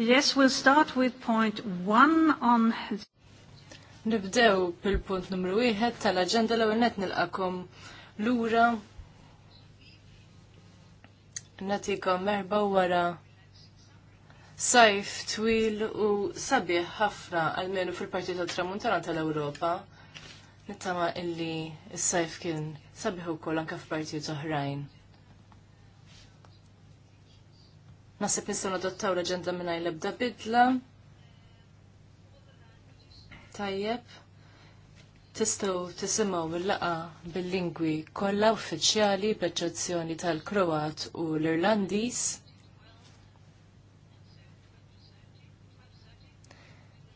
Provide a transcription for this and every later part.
Yes, we'll start with point one on... Nibdew pil punt numru wieħed tal-agenda l għennet nilqakom l-ura natikom merba wara sajf twil u sabiħ ħafna għalmenu fil parti tal-Tramuntana tal-Ewropa. Nittama illi s-sajf kien sabiħ u anke anka f'partijiet oħrajn. Nasib nistgħu nadottaw l agenda mingħajr l-ebda bidla. Tajjeb. Tistgħu tisimgħu mill-laqa bil-lingwi kollha uffiċjali bl-eċċezzjoni tal-Kroat u l-Irlandiż.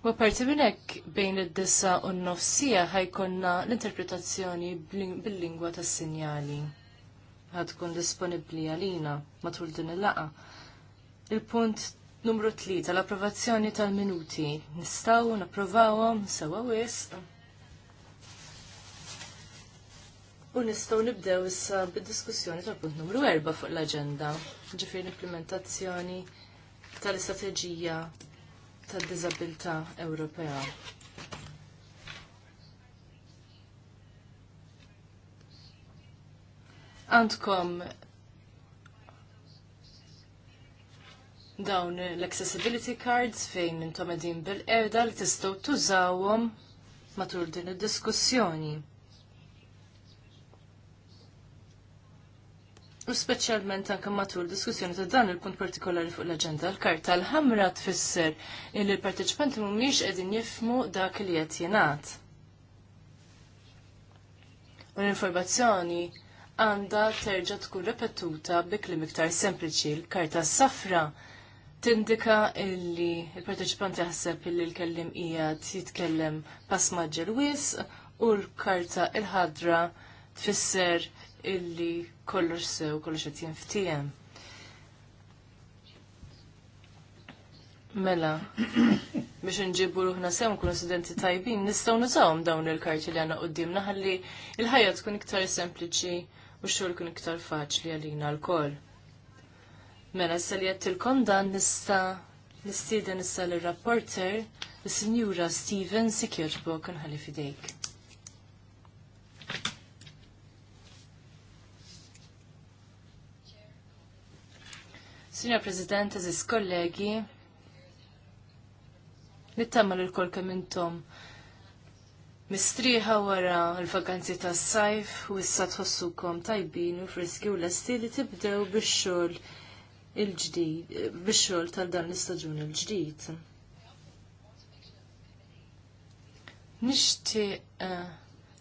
U parti minn hekk bejn id-disa u n-nofsija ħajkonna l-interpretazzjoni bil-lingwa tas-sinjali ħad tkun disponibbli għalina matul din il-laqa il-punt numru 3 tal approvazzjoni tal-minuti. Nistaw napprovawhom sewa wisq. U nistaw nibdew issa bid-diskussjoni tal-punt numru 4 fuq l-aġenda, ġifier l-implementazzjoni tal-istrateġija tad-diżabilità Ewropea. għandkom dawn l-accessibility cards fejn intom edin bil-erda li tistgħu tużawhom matul din id-diskussjoni. U speċjalment anke matul diskussjoni ta' dan il-punt partikolari fuq l-aġenda l-karta l-ħamra tfisser li l-partiċipanti mhumiex qegħdin jifmu dak li qed jingħad. U l-informazzjoni għandha terġa' tkun repetuta bi kliem iktar sempliċi l-karta s-safra tindika illi il parteċipanti jaħseb illi l-kellim hija titkellem pass maġġel wisq u l-karta il-ħadra tfisser illi kollox sew kollox qed jinftiem. Mela, biex nġibu ruħna sew nkunu studenti tajbin, nistgħu nużawhom dawn il-karti li għandna qudiemna ħalli il-ħajja tkun iktar sempliċi u x-xogħol ikun iktar faċli għalina l-koll. Mela, issa li għed il-kondan nista istida issa l-rapporter, l-Sinjura Steven Sikjoġbok, nħalli fidejk. Signor President, aziz kollegi, nittamal il-kol kamintom mistriħa wara l-vakanzi tas sajf u issa tħossukom tajbin u friski u l-esti tibdew biex xogħol il-ġdid, bix-xogħol tal dan l-istaġun il-ġdid. Nixtieq eh,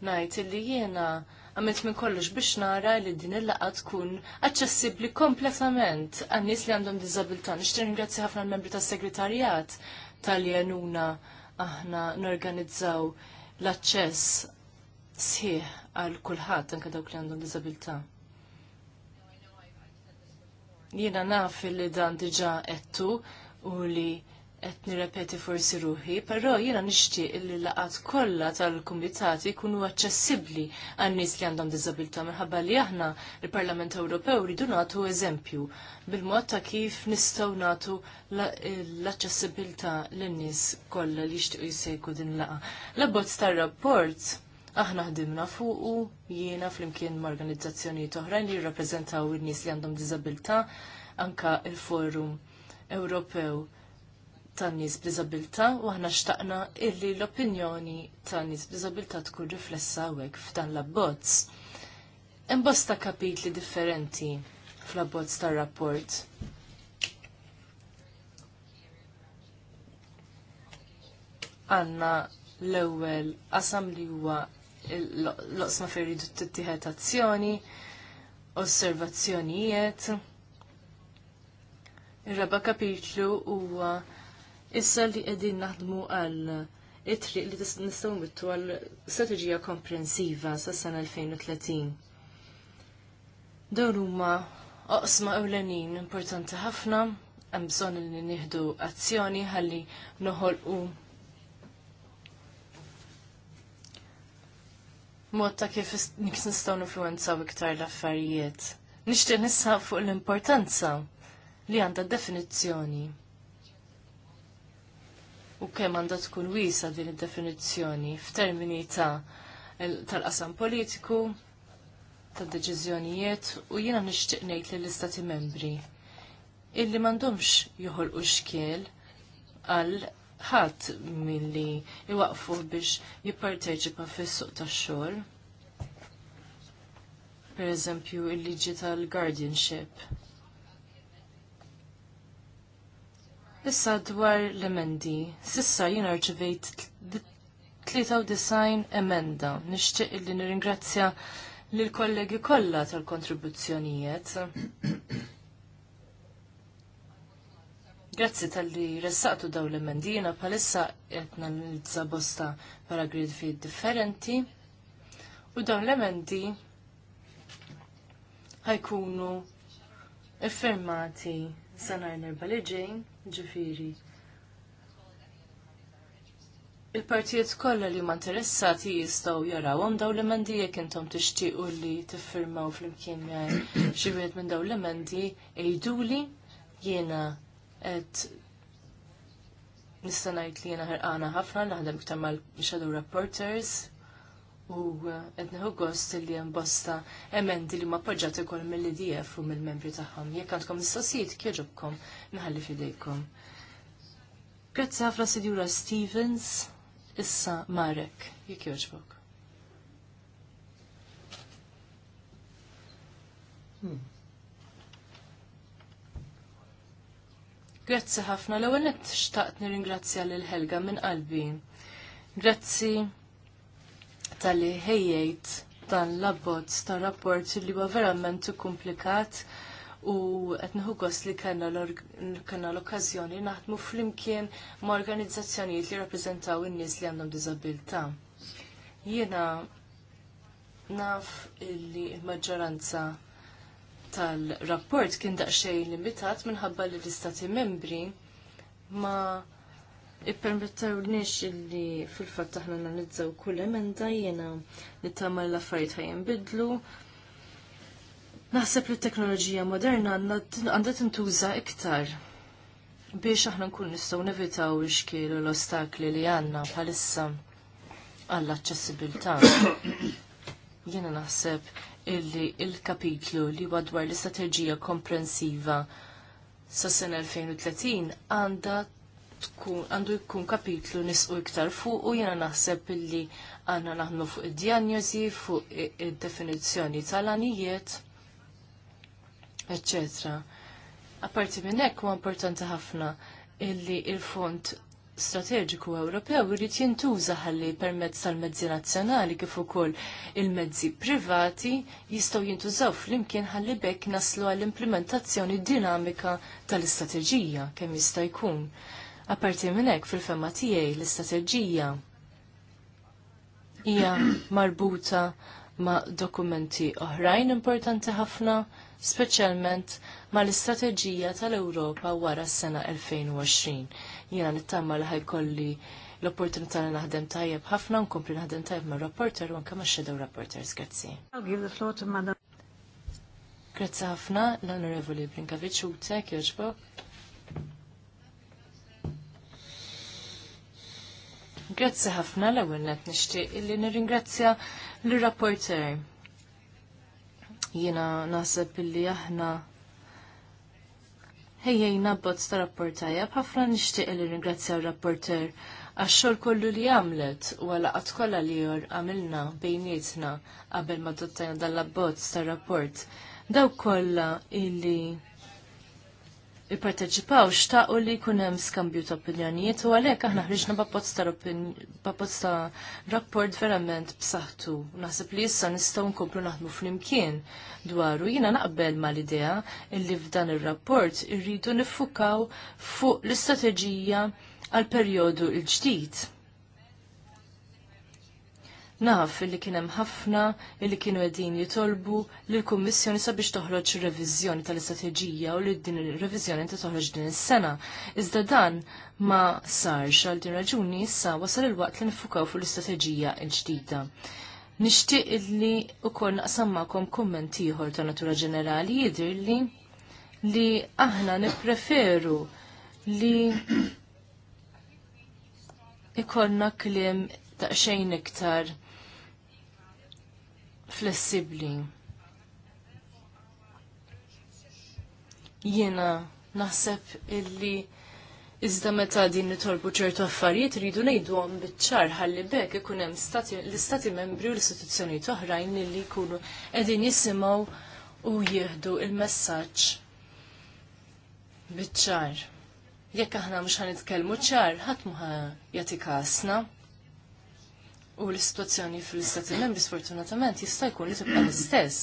ngħid li jiena għamilt minn kollox biex nara li din il-laqa tkun aċċessibbli kompletament għan nies li għandhom diżabilità. Nixtieq ringrazzi ħafna l-membri tas-segretarjat tal-jenuna aħna norganizzaw l-aċċess sħiħ għal kulħadd anke dawk li għandhom diżabilità. Jiena naf li dan diġa ettu u li qed nirrepeti forsi ruħi, però jiena nixtieq li laqat kollha tal-kumitati jkunu aċċessibbli għan nies li għandhom diżabilità minħabba li aħna il-Parlament Ewropew ridu nagħtu eżempju bil-mod ta' kif nistgħu nagħtu l-aċċessibilità lin-nies kollha li jixtiequ jsejku din laqa. L-abbozz tar-rapport Aħna ħdimna u jiena flimkien ma' organizzazzjoni toħrajn li jirrappreżentaw il nies li għandhom diżabilità anka il-Forum Ewropew tan-nies b'diżabilità u aħna xtaqna illi l-opinjoni tan-nies b'diżabilità tkun riflessa hawnhekk f'dan l-abbozz. Imbosta kapitli differenti fl-abbozz tar-rapport. Għanna l-ewwel qasam li huwa l-oqsma fejn t tittieħed azzjoni, osservazzjonijiet. Ir-raba kapitlu huwa issa li qegħdin naħdmu għal it-triq li nistgħu mittu għal strateġija komprensiva sas sena 2030. Dawn huma oqsma ewlenin importanti ħafna, hemm bżonn li nieħdu azzjoni ħalli noħolqu mod ta' kif nistgħu influenzaw iktar l-affarijiet. Nixtieq nisħab fuq l-importanza li għandha definizzjoni. U kemm għandha tkun wiesa din id-definizzjoni f'termini ta' tal-qasam politiku, tad deċiżjonijiet u jiena nixtieq ngħid lill-istati membri illi m'għandhomx joħolqu xkiel għal ħadd milli iwaqfu biex jipparteċipa fis-suq tax-xogħol. Pereżempju il-liġi tal-guardianship. Issa dwar l-emendi, sissa jien arċivejt 93 emenda. Nixtieq li nirringrazzja lill kollegi kollha tal-kontribuzzjonijiet. Grazzi tal-li ressaqtu daw l-emendina palissa jatna l-zabosta gridfi differenti u dawn l-emendi ħajkunu iffirmati sanar nerba li ġifiri. Il-partijiet kollha li huma interessati jistgħu jarawhom dawn l-emendi jekk intom tixtiequ li tiffirmaw flimkien imkien xi wieħed minn dawn l-emendi ejduli jiena et nista' ngħid li jena ħerqana ħafna naħdem iktar mal-shadow reporters u uh, qed neħu gost li hemm bosta emendi li ma poġġat ukoll mill-IDF u mill-membri tagħhom. Jekk għandkom mistoqsijiet kieġobkom nħalli fidejkom. Grazzi ħafna Sidjura Stevens, issa Marek, jek jogħġbok. Hmm. Grazzi ħafna l ewwel xtaqt nirringrazzja lil Helga minn qalbi. Grazzi tal-li ħejjejt dan l-abbozz ta' rapport li huwa verament komplikat u qed nieħu gost li kellna l-okkażjoni naħdmu flimkien ma' organizzazzjonijiet li rappreżentaw in-nies li għandhom diżabilità. Jiena naf li l-maġġoranza tal-rapport kien daqsxejn limitat minħabba li l-istati membri ma Ippermettawniex illi fil-fatt aħna analizzaw kull emenda jiena nittama l-affarijiet bidlu. Naħseb li t-teknoloġija moderna għandha tintuża iktar biex aħna nkun nistgħu nevitaw ix u l-ostakli li għandna bħalissa għall-aċċessibilità. Jiena naħseb illi il-kapitlu li wadwar l-istrateġija komprensiva sa sena 2030 għanda tkun għandu jkun kapitlu nisqu iktar fuq u jena naħseb illi għanna naħnu fuq id dijanjozi fuq id-definizzjoni tal-għanijiet, eccetera. Apparti minn hekk huwa importanti ħafna illi il-fond strateġiku Ewropew irid jintuża ħalli permezz tal-mezzi nazzjonali kif ukoll il-mezzi privati jistgħu jintużaw flimkien ħalli bekk naslu għall-implementazzjoni dinamika tal-istrateġija kemm jista' jkun. Apparti minn hekk fil-fema tiegħi l-istrateġija hija marbuta ma' dokumenti oħrajn importanti ħafna, speċjalment mal istrateġija tal-Ewropa wara s-sena 2020 Jena nittamma li ħajkolli l-opportunità li naħdem tajjeb ħafna nkompli naħdem tajjeb ma' rapporter u anke ma' shadow rapporters. Grazzi. Grazzi ħafna l-Onorevoli Brinkavic u tek joġbok. Grazzi ħafna l-ewwel qed nixtieq illi nirringrazzja l-rapporter. Jiena naħseb illi aħna ħejjejna bozz ta' rapport tajjeb, ħafna nixtieq li ringrazzja r-rapporter għax-xogħol kollu li għamlet u għalaqat kollha li għamilna bejnietna qabel ma dottajna dan l-abbozz tar rapport. Daw kollha illi ipparteċipaw xtaqu li jkun hemm skambju ta' opinjonijiet u għalhekk aħna ħriġna b'appozz ta' rapport verament b'saħħtu. Naħseb li issa nistgħu nkomplu naħdmu flimkien dwaru. Jiena naqbel mal-idea illi f'dan ir-rapport irridu niffukaw fuq l-istrateġija għal perjodu l-ġdid Naf illi kien hemm ħafna illi kienu qegħdin jitolbu li l-Kummissjoni sabiex toħroġ reviżjoni tal-istrateġija u li din ir-reviżjoni ta' toħroġ din is-sena. Iżda dan ma sarx għal din raġuni issa wasal il-waqt li nifukaw fuq l-istrateġija l-ġdida. Nixtieq illi ukoll naqsam magħkom kumment ieħor ta' natura ġenerali jidhirli li aħna nippreferu li ikollna kliem xejn iktar flessibli. Jiena naħseb illi Iżda meta din nitolbu ċertu affarijiet rridu ngħiduhom biċ-ċar ħalli bekk ikun hemm l-istati membri u l-istituzzjonijiet oħrajn li jkunu qegħdin jisimgħu u jieħdu il-messaġġ biċ-ċar. Jekk aħna mhux ħanitkellmu ċar, ħadd ma jagħti kasna u l-situazzjoni fil-Istati Membri sfortunatament jista' jkun li tibqa' l-istess.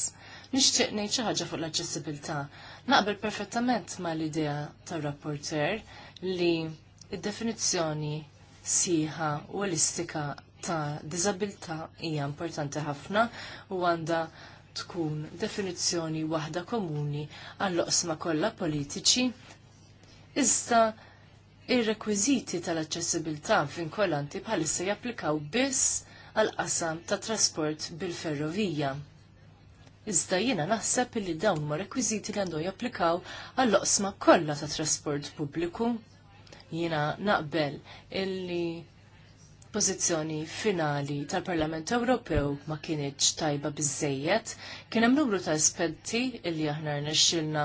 Nixtieq ngħid xi ħaġa fuq l-aċċessibilità. Naqbel perfettament mal-idea tar-rapporter li id-definizzjoni siħa u l ta' disabilità hija importanti ħafna u għandha tkun definizzjoni waħda komuni għall-oqsma kollha politiċi. Iżda ir-rekwiżiti tal-aċċessibilità vinkolanti bħalissa japplikaw biss għal-qasam ta' trasport bil-ferrovija. Iżda jiena naħseb li dawn ma' rekwiżiti li għandu japplikaw għall-oqsma kollha ta' trasport pubbliku. Jiena naqbel illi pożizzjoni finali tal-Parlament Ewropew ma kienieċ tajba biżejjed, kien hemm numru ta' aspetti illi aħna rnexxilna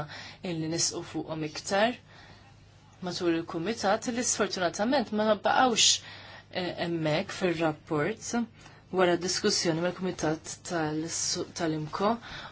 illi nisqu fuqhom iktar matul il-kumitat li sfortunatament ma baqgħux emmek fil-rapport wara diskussjoni mal kumitat tal-Imko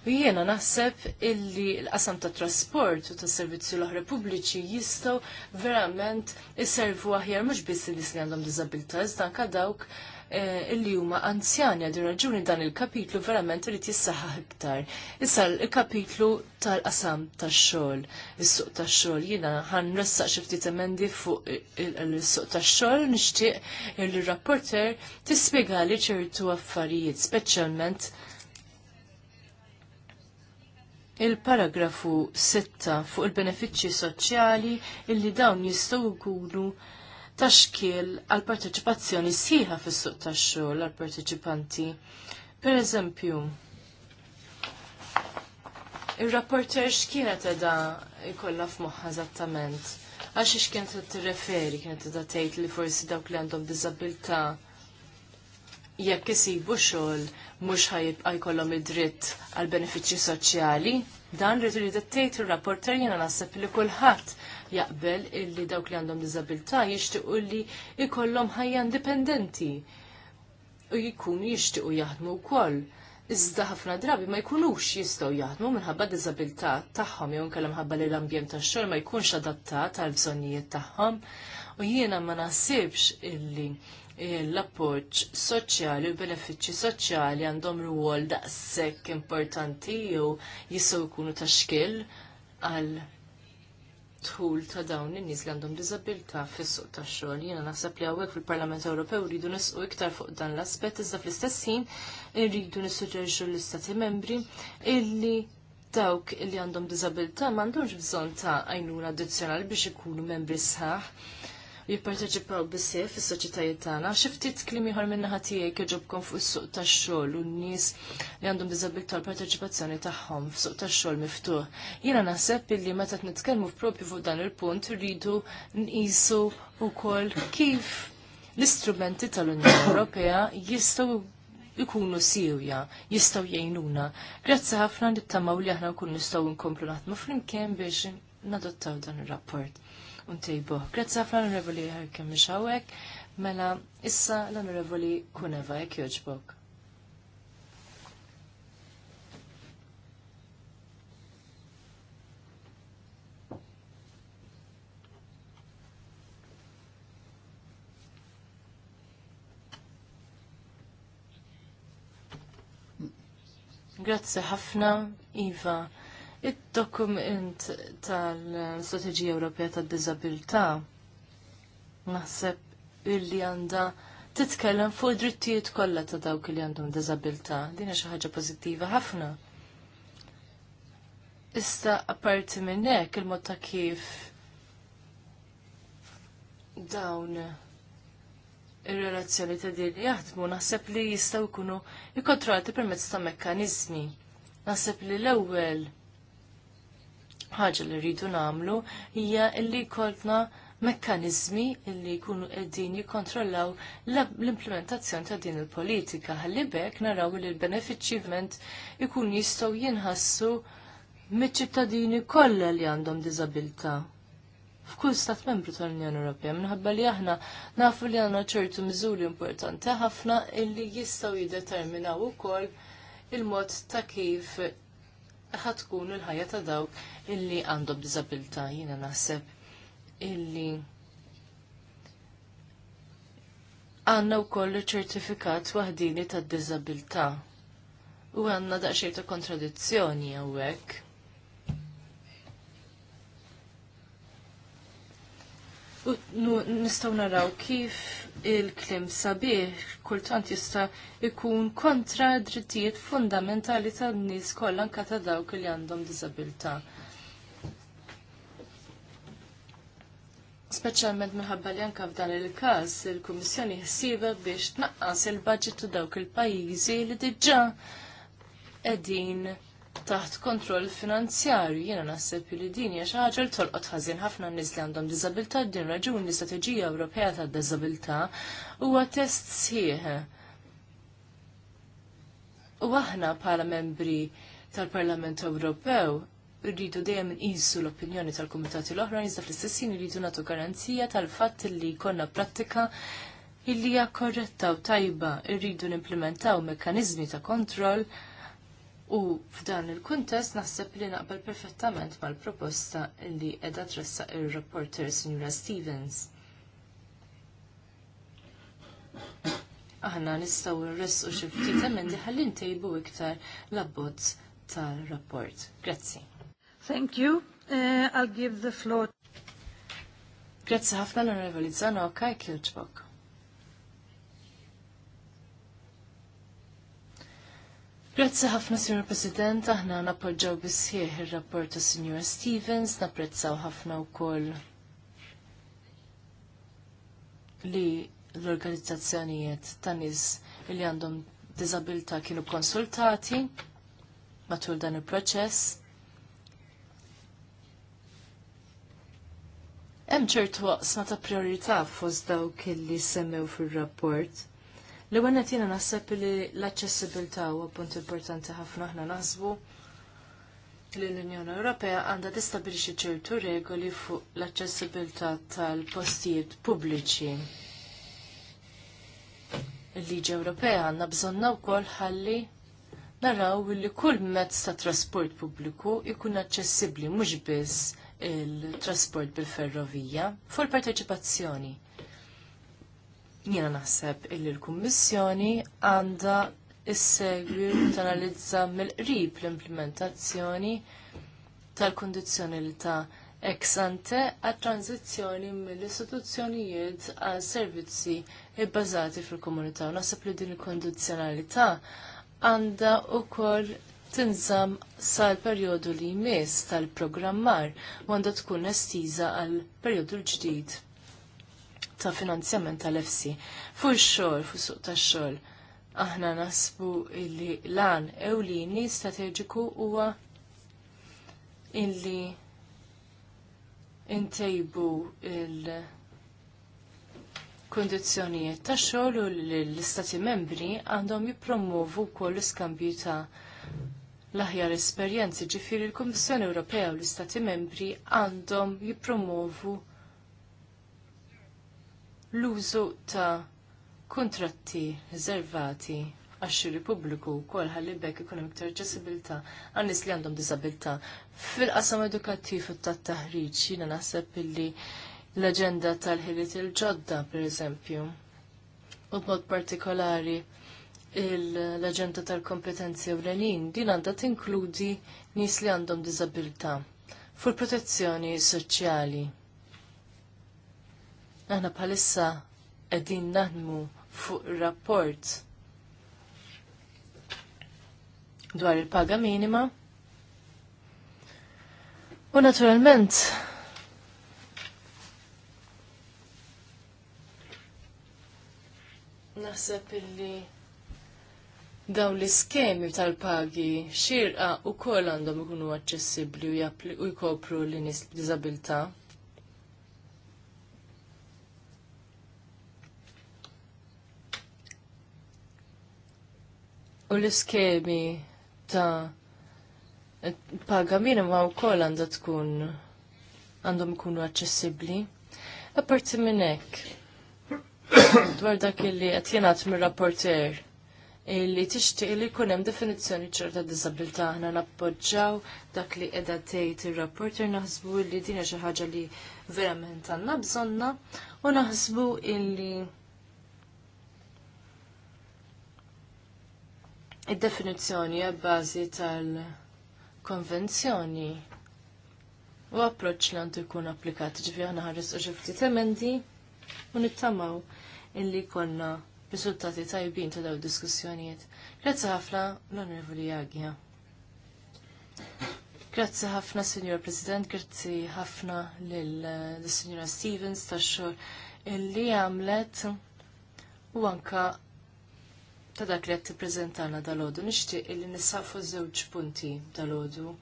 u jiena naħseb illi l-qasam ta' trasport u ta' servizzi l-oħra pubbliċi jistaw verament iservu aħjar mhux biss li għandhom diżabilità iżda anke dawk Eh, illi huma anzjani għal raġuni dan il-kapitlu verament irid jissaħa iktar. Issa il kapitlu tal-qasam tax-xogħol, is-suq tax-xogħol jiena ħan nressaq xi ftit emendi fuq is-suq tax-xogħol nixtieq li rapporter tispjegali ċertu affarijiet, speċjalment il-paragrafu 6 fuq il-benefiċċji soċjali illi dawn jistgħu jkunu taxkil għal parteċipazzjoni sħiħa fis-suq tax-xogħol għal parteċipanti. Per eżempju, ir-rapporter x'kienet edha jkollha f'moħħa eżattament. Għax ix kienet qed tirreferi, kienet edha tgħid li forsi dawk li għandhom diżabilità jekk isibu xogħol mhux ħajibqa' jkollhom id-dritt għal benefiċċji soċjali. Dan rrid irid tgħid ir-rapporter jiena naħseb li kulħadd jaqbel illi dawk li għandhom diżabilità jixtiequ li jkollhom ħajja indipendenti u jkunu jixtiequ jaħdmu wkoll. Iżda ħafna drabi ma jkunux jistgħu jaħdmu minħabba diżabilità tagħhom jew inkella minħabba li l-ambjent tax-xogħol ma jkunx adattat għal bżonnijiet tagħhom. U jiena ma nasibx illi l-appoġġ soċjali u benefiċċji soċjali għandhom rwol daqshekk importanti jew jistgħu jkunu ta' xkil għal Tħul ta' dawn in-nies li għandhom diżabilità fis-suq tax-xogħol. Jiena naħseb li hawnhekk fil-Parlament Ewropew rridu nisqu iktar fuq dan l-aspett iżda fl-istess ħin irridu nissuġġerixxu l-istati membri illi dawk li għandhom diżabilità m'għandhomx bżonn ta' għajnuna addizzjonali biex ikunu membri sħaħ jipparteċipaw bisseħ fis-soċjetajiet tagħna. Xi ftit kliem ieħor min-naħa tiegħek fuq is-suq tax-xogħol u n-nies li għandhom diżabilità l-parteċipazzjoni tagħhom f'suq tax-xogħol miftuħ. Jiena naħseb illi meta qed nitkellmu propju fuq dan il-punt rridu nqisu wkoll kif l-istrumenti tal-Unjoni Ewropea jistgħu ikunu siwja, jistaw jgħinuna. Grazzi ħafna li t-tamaw li aħna nkunu nistaw nkomplu naħdmu flimkien biex nadottaw dan il-rapport untejbuħ. Grazzi għafna l-onorevoli ħarkem miexawek, mela issa l-onorevoli kuneva jek joġbok. Grazzi ħafna, Iva. Id-dokument tal-Strategija Ewropea tad-Diżabilità naħseb illi għandha titkellem fuq drittijiet kollha ta' dawk li għandhom diżabilità. Din xi ħaġa pożittiva ħafna. Issa apparti minn hekk il-mod ta' kif dawn ir-relazzjoni ta' din jaħdmu naħseb li jistgħu jkunu ikkontrollati permezz ta' mekkaniżmi. Naħseb li l-ewwel ħaġa li rridu namlu hija illi jkollna mekkanizmi li jkunu qegħdin jikkontrollaw l-implementazzjoni ta' din il-politika ħalli bekk naraw li l benefiċċjiment ikun jistgħu jinħassu miċ-ċittadini kollha li għandhom diżabilità. F'kull stat membru tal-Unjoni Ewropea minħabba li aħna nafu li għandna ċertu miżuri importanti ħafna illi jistgħu jiddeterminaw ukoll il-mod ta' kif tkun il-ħajja ta' dawk illi għandhom diżabilità jiena naħseb illi għandna wkoll ċertifikat waħdini tad-diżabilità. U għandna daqsxejn ta' kontradizzjoni għawek. U nistaw naraw kif il-klim sabiħ kultant jista' ikun kontra drittijiet fundamentali tan-nies kollha anke ta' dawk li għandhom diżabilità. Speċjalment minħabba li anke f'dan il-każ il-Kummissjoni ħsiba biex tnaqqas il baġit ta' dawk il-pajjiżi li diġà qegħdin taħt kontroll finanzjarju. Jiena naħseb li din hija xi ħaġa li tolqot ħażin ħafna nies li għandhom diżabilità din raġun l-Istrateġija Ewropea tad-Diżabilità huwa test sħiħ. U aħna bħala membri tal-Parlament Ewropew rridu dejjem inqisu l-opinjoni tal-kumitati l-oħra iżda fl-istess ħin irridu nagħtu garanzija tal-fatt li jkollna prattika illi hija korretta u tajba rridu nimplementaw mekkaniżmi ta' kontroll U f'dan il-kuntest naħseb li naqbel perfettament mal-proposta li edha tressa il-reporter Signora Stevens. Aħna nistaw nressu xi ftit emendi ħalli ntejbu iktar l-abbozz tal-rapport. Grazzi. Thank you. Uh, I'll give the floor. Grazzi ħafna l-onorevoli Zanoka, Kilchbok. Grazzi ħafna, Sr. President, aħna nappoġġaw bisħieħ ir-rapport ta' Sr. Stevens, napprezzaw ħafna wkoll li l-organizzazzjonijiet ta' nies li għandhom diżabilità kienu konsultati matul dan il-proċess. Hemm ċertu waqsma ta' priorità fost dawk li semmew fir-rapport l għanna qed jiena naħseb li l-aċċessibilità huwa punt importanti ħafna aħna nazbu li l-Unjoni Ewropea għandha tistabilixxi ċertu regoli fuq l-aċċessibilità tal-postijiet pubbliċi. Il-liġi Ewropea għandna bżonna wkoll ħalli naraw li kull mezz ta' trasport pubbliku jkun aċċessibbli mhux biss il-trasport bil-ferrovija fuq il-parteċipazzjoni. Jiena naħseb illi l-Kummissjoni għandha segwi u tanalizza mill-qrib l-implementazzjoni tal-kondizzjoni ta' ex ante għat-tranzizzjoni mill-istituzzjonijiet għal servizzi bbażati fil-komunità. Naħseb li din il-kondizzjonalità għandha wkoll tinżam sal-perjodu li jmiss tal-programmar għanda tkun estiża għal perjodu l-ġdid ta' finanzjament tal-EFSI. Fu x-xol, fu suq ta' xol, aħna nasbu illi lan ewlini strategiku huwa illi intejbu il- kondizjonijiet ta' xogħol u l-istati membri għandhom jippromovu wkoll l-iskambju ta' l-aħjar esperjenzi ġifieri l-Kummissjoni Ewropea u l-Istati Membri għandhom jippromovu l-użu ta' kontratti riservati għax Republiku wkoll ħalli bekk ikun hemm iktar ċessibilità għan-nies li għandhom diżabilità Fil-qasam edukattiv u tat-taħriġ jiena naħseb illi l-aġenda tal-ħiliet il-ġodda pereżempju u b'mod partikolari l-aġenda tal-kompetenzi ewlenin din għandha tinkludi nies li għandhom diżabilità fuq protezzjoni soċjali. Aħna bħalissa qegħdin naħdmu fuq rapport dwar il-paga minima. U naturalment naħseb illi dawn l-iskemi tal-pagi xirqa u koll għandhom ikunu aċċessibbli u, jkopru l-nis b'diżabilità. U l-iskemi ta' paga minima u kol għanda tkun għandhom ikunu aċċessibbli. Apparti minn hekk, dwar dak li qed mir-rapporter li tixtieq li jkun hemm definizzjoni ċerta diżabilità aħna nappoġġaw dak li qiegħda tgħid ir-rapporter naħsbu li din hija xi ħaġa li verament għandna bżonna u naħsbu illi id-definizzjoni għabbażi tal-konvenzjoni u approċ li għandu jkun applikat ġifi għana ħarris u ġifti temendi u nittamaw illi konna risultati tajbin ta' daw diskussjonijiet. Grazzi ħafna l-Onorevoli Jagja. Grazzi ħafna, Signor President, grazzi ħafna l-Signora Stevens ta' xor illi għamlet u anka ta' dak li qed tippreżentana dal ħodu Nixtieq illi nissafu żewġ punti dal ħodu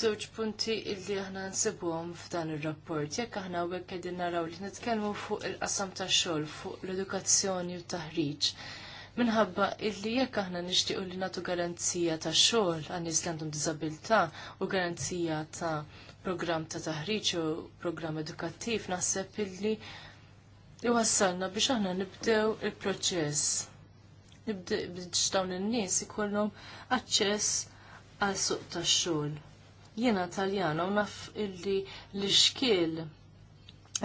Żewġ punti illi aħna nsibuhom f'dan ir-rapport. Jekk aħna għek għedin naraw li nitkellmu fuq il-qasam tax-xogħol, fuq l-edukazzjoni u t-taħriġ. Minħabba illi jekk aħna nixtiequ li nagħtu garanzija ta' xogħol għan nies li għandhom diżabilità u garanzija ta' programm ta' taħriġ u programm edukattiv naħseb illi iwassalna biex aħna nibdew il-proċess biex dawn in-nies ikollhom aċċess għal suq tax-xogħol. Jiena Taljana u naf illi l-xkiel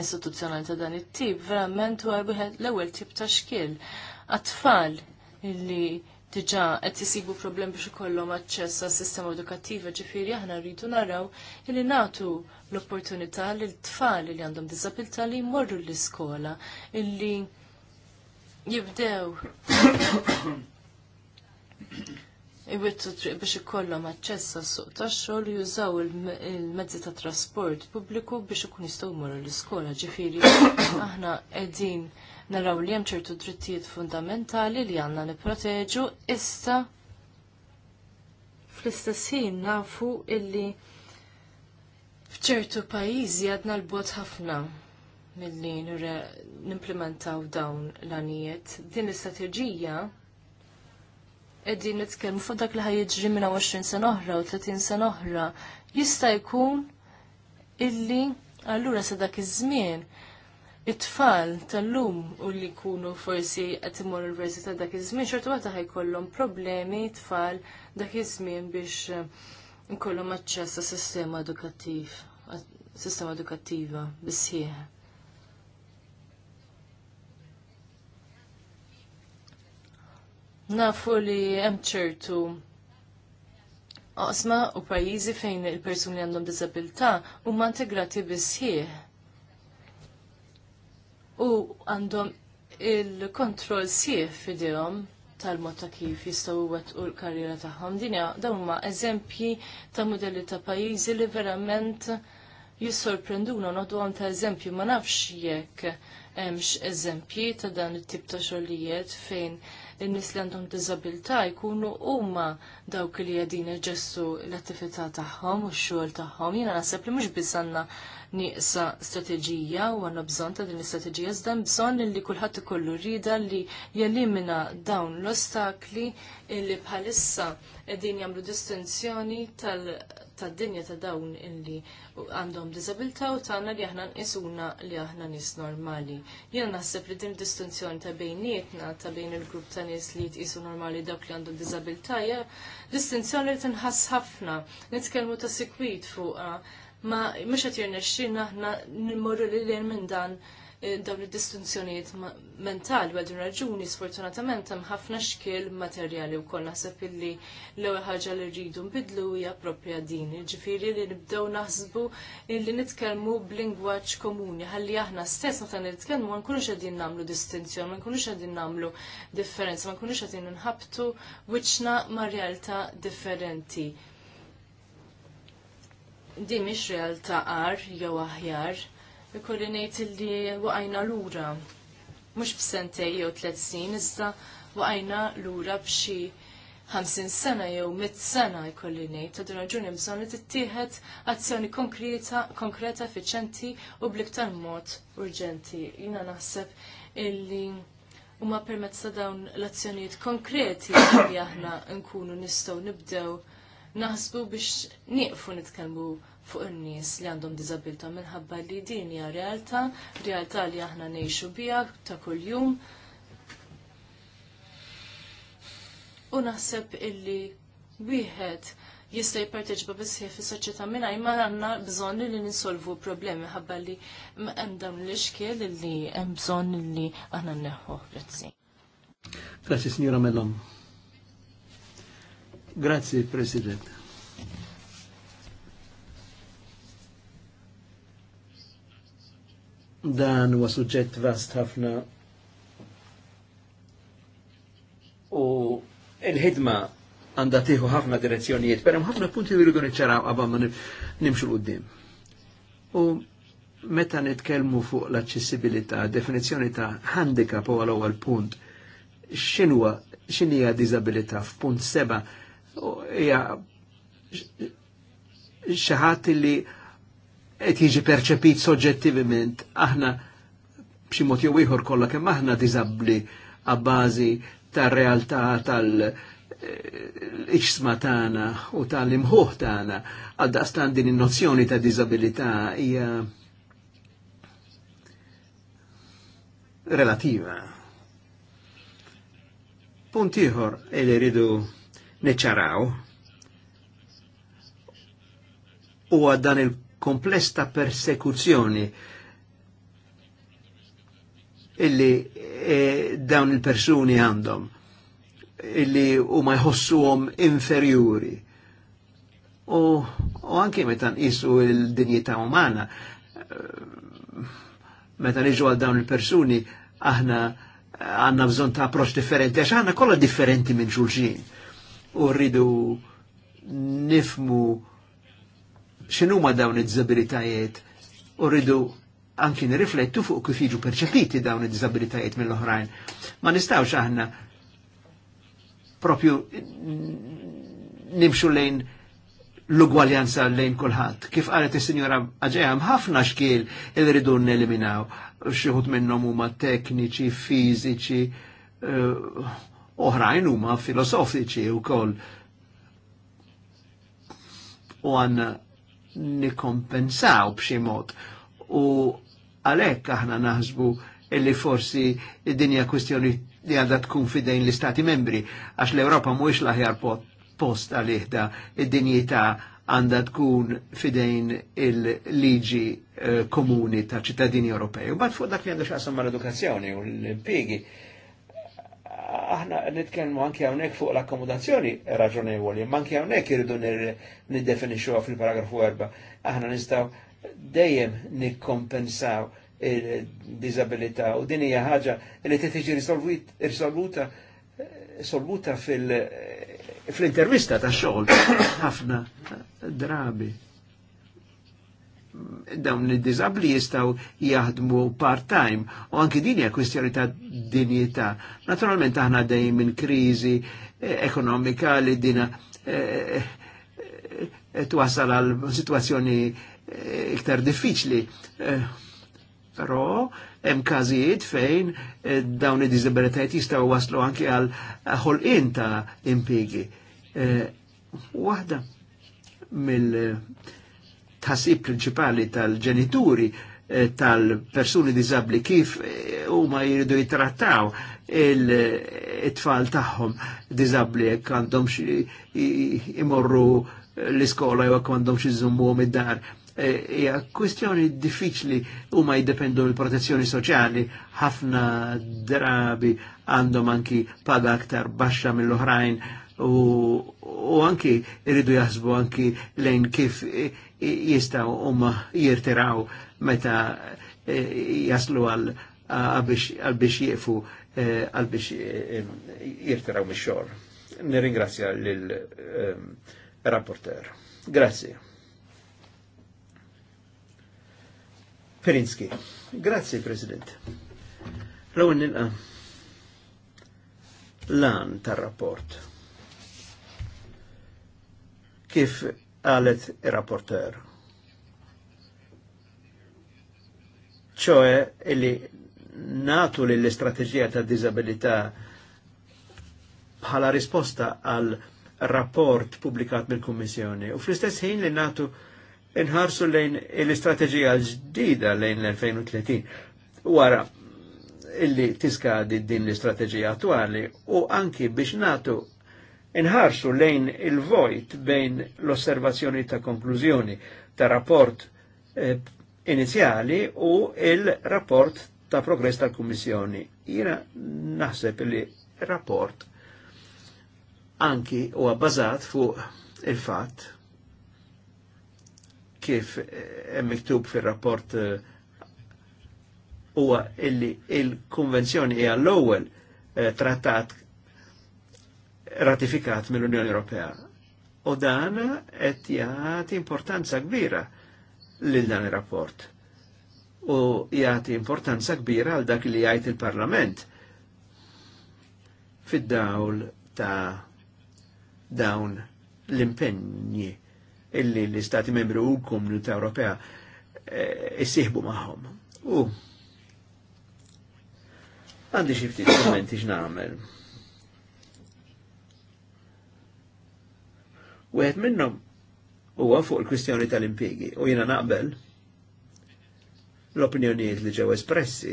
istituzzjonali ta' dan it-tip verament huwa wieħed l-ewwel tip ta' xkiel. Għat-tfal illi diġa qed isibu problem biex ikollhom aċċess għas sistema edukattiva ġifieri aħna rridu naraw li nagħtu l-opportunità lil tfal li għandhom diżabilità li jmorru l-iskola illi jibdew iwittu triq biex ikollhom aċċessa suq tax-xogħol jużaw il-mezzi ta' trasport pubbliku biex ikun jistgħu jmorru l-iskola. Ġifieri aħna qegħdin naraw li hemm ċertu drittijiet fundamentali li għandna nipproteġu issa fl-istess ħin nafu illi f'ċertu pajjiżi għadna l-bot ħafna milli nimplementaw dawn l għanijiet Din l-istrateġija qegħdin nitkellmu fuq dak li ħajjiġri minn 20 sena oħra u 30 sena oħra. Jista' jkun illi allura sa dak iż-żmien it-tfal tal-lum u li jkunu forsi qed imorru l ta' dak iż-żmien xorta waħda ħajkollhom problemi tfal dak iż-żmien biex nkollhom eh, aċċess għas-sistema edukattiv, sistema edukattiva bis-sieħ. Nafu li hemm ċertu oqsma u pajjiżi fejn il-persuni għandhom diżabilità huma integrati bisħieħ. U għandhom il-kontroll sieħ f'idejhom tal-mod ta' kif jistgħu u l-karriera tagħhom. Dinja dawn huma eżempji ta' modelli ta' pajjiżi li verament jissorprenduna noqdu għam ta' eżempju ma nafx jekk hemmx eżempji ta' dan it-tip ta' xogħlijiet fejn n-nis li għandhom diżabilità jkunu huma dawk li qegħdin iġessu l-attività tagħhom u x-xogħol tagħhom. Jiena naħseb li mhux biss għandna nieqsa strateġija u għandna bżonn ta' din l-istrateġija iżda bżonn li kulħadd ikollu rida li jelimina dawn l-ostakli li bħalissa qegħdin jagħmlu distinzjoni tal- tad-dinja ta' dawn illi għandhom diżabilità u tagħna li aħna nqisuna li aħna nies normali. Jien naħseb li din distinzjoni ta' bejnietna ta' bejn il-grupp ta' nies li jtqisu normali dawk li għandhom diżabilità hija distinzjoni li tinħass ħafna. Nitkellmu ta' sikwit fuqha ma mhux qed jirnexxina aħna nmorru lil minn dan dawn id-distinzjonijiet mentali għal raġuni sfortunatament hemm ħafna xkil materjali wkoll naħseb illi l-ewwel ħaġa li rridu nbidlu hija proprja din, Ġifieri li nibdew naħsbu illi nitkellmu b'lingwaġġ komuni ħalli aħna stess meta nitkellmu ma nkunux qegħdin nagħmlu distinzjoni, ma nkunux qegħdin nagħmlu differenza, ma nkunux qegħdin inħabtu wiċċna ma' realtà differenti. Din mhix realtà qar jew aħjar ikolli ngħid illi waqajna lura. Mhux b'sentej jew tliet snin, iżda waqajna lura b'xi 50 sena jew mit sena jkolli ngħid, ta' raġuni bżonn li tittieħed azzjoni konkreta, konkreta effiċenti u bliktar mod urġenti. Jiena naħseb illi huma permezz ta' dawn l-azzjonijiet konkreti li aħna nkunu nistgħu nibdew naħsbu biex nieqfu nitkellmu fuq in-nies li għandhom diżabilità minħabba li din hija realtà, realtà li aħna ngħixu biha ta' kuljum. U naħseb illi wieħed jista' jipparteċipa biss fis-soċjetà mingħajr ma għandna bżonn li ninsolvu problemi ħabba li hemm dawn l-ixkiel li hemm bżonn li aħna nneħħu. Grazzi. Grazzi, Signora Mellom. Grazie, Presidente. Dan huwa suġġett vast ħafna u il-ħidma għandha tieħu ħafna direzzjonijiet, però ħafna punti li rridu niċċaraw qabel ma nimxu l-qudiem. U meta nitkellmu fuq l-aċċessibilità, definizzjoni ta' handicap huwa l-ewwel punt. X'inhuwa hija diżabilità f'punt seba' hija xi ħadd li et jiġi perċepit soġġettivament. Aħna b'xi mod jew ieħor kollha kemm aħna diżabbli għabbażi tar-realtà tal- l-iċsma eh, tana u tal-imħuħ tagħna għaddaqstan din in-nozzjoni ta' diżabilità hija relativa. Punt ieħor e li rridu neċaraw u għaddan il kompless ta' persekuzzjoni illi e, dawn il-persuni għandhom illi u ma jħossuhom inferjuri. U, u anki meta nqisu il-dinjità umana, eh, meta niġu għal dawn il-persuni, aħna eh, għanna bżon ta' approċ differenti, għax għanna kolla differenti minn xulxin. U rridu nifmu x'inhuma dawn id-diżabilitajiet u rridu anki nirriflettu fuq kif jiġu perċepiti dawn id dizabilitajiet mill-oħrajn. Ma nistgħux aħna propju nimxu lejn l-ugwaljanza lejn kulħadd. Kif qalet is-Sinjora Aġeja ħafna xkiel il rridu neliminaw. Xieħut minnhom huma tekniċi, fiżiċi, eh, oħrajn huma filosofiċi wkoll. U għanna nikompensaw b'xi mod. U għalhekk aħna naħsbu illi forsi id-dinja kwistjoni li għadha tkun fidejn l-Istati membri, għax l-Ewropa mhuwiex l-aħjar post għal-ihda id-dinjità għandha tkun fidejn il-liġi eh, komuni ta' ċittadini Ewropej. U bad fuq dak li għandu xasam mal-edukazzjoni u l-impjegi aħna nitkellmu anke hawnhekk fuq l-akkomodazzjoni raġonevoli, ma anke hawnhekk irridu niddefinixxuha fil-paragrafu 4. Aħna nistgħu dejjem nikkompensaw il-disabilità u din hija ħaġa li tiġi risolvuta solvuta fil-intervista ta' xogħol ħafna drabi dawn id-dizabli jistaw jaħdmu part-time u anki din hija kwestjoni ta' dinjità. Naturalment aħna dejjem minn kriżi eh, ekonomika li dina eh, eh, eh twasal għal situazzjoni iktar diffiċli. Però hemm każijiet fejn dawn id-diżabilitajiet jistgħu waslu anke għal ħolqien ta' impigi. Waħda mill- tħassib prinċipali tal-ġenituri eh, tal-persuni disabli kif eh, huma jiridu jitrattaw il-tfal eh, tagħhom disabli jekk għandhom imorru l-iskola jew għandhom xi żummuhom id-dar. Hija kwestjoni kwistjoni diffiċli huma jiddependu l-protezzjoni soċjali ħafna drabi għandhom anki paga aktar baxxa mill-oħrajn u, anki irridu jaħsbu anki lejn kif jistaw um jirtiraw meta eh, jaslu għal biex jiefu għal biex jirtiraw mix-xogħol. Nirringrazzja lill-rapporter. Eh, Grazie. Perinski. Grazie, President. Rawin nilqa lan tar-rapport. Kif għalet il-rapporter. ċoħe illi natu li l-istrategija ta' disabilità bħala risposta għal rapport publikat mill-Kummissjoni u fl-istess ħin li natu inħarsu lejn l istrategija ġdida lejn l-2030 wara illi tiskadi din l istrategija attuali u anki biex natu inħarsu lejn il-vojt bejn l-osservazzjoni ta' konklużjoni ta' rapport eh, inizjali u il-rapport ta' progress tal-Kummissjoni. Jina naħseb li rapport anki u għabbażat fu il-fat kif eh, hemm miktub fir-rapport eh, huwa illi il-konvenzjoni hija l-ewwel eh, trattat ratifikat mill-Unjoni Ewropea. U dan qed jagħti importanza kbira lil dan ir-rapport. U jagħti importanza kbira għal dak li jgħid il-Parlament fid-dawl ta' dawn l-impenji illi l-Istati membri u l-Komunità Ewropea jissieħbu eh, e, magħhom. U għandi xi ftit kommenti x'nagħmel. Wieħed minnhom huwa fuq il-kwistjoni tal-impjegi u jina naqbel l-opinjonijiet li ġew espressi.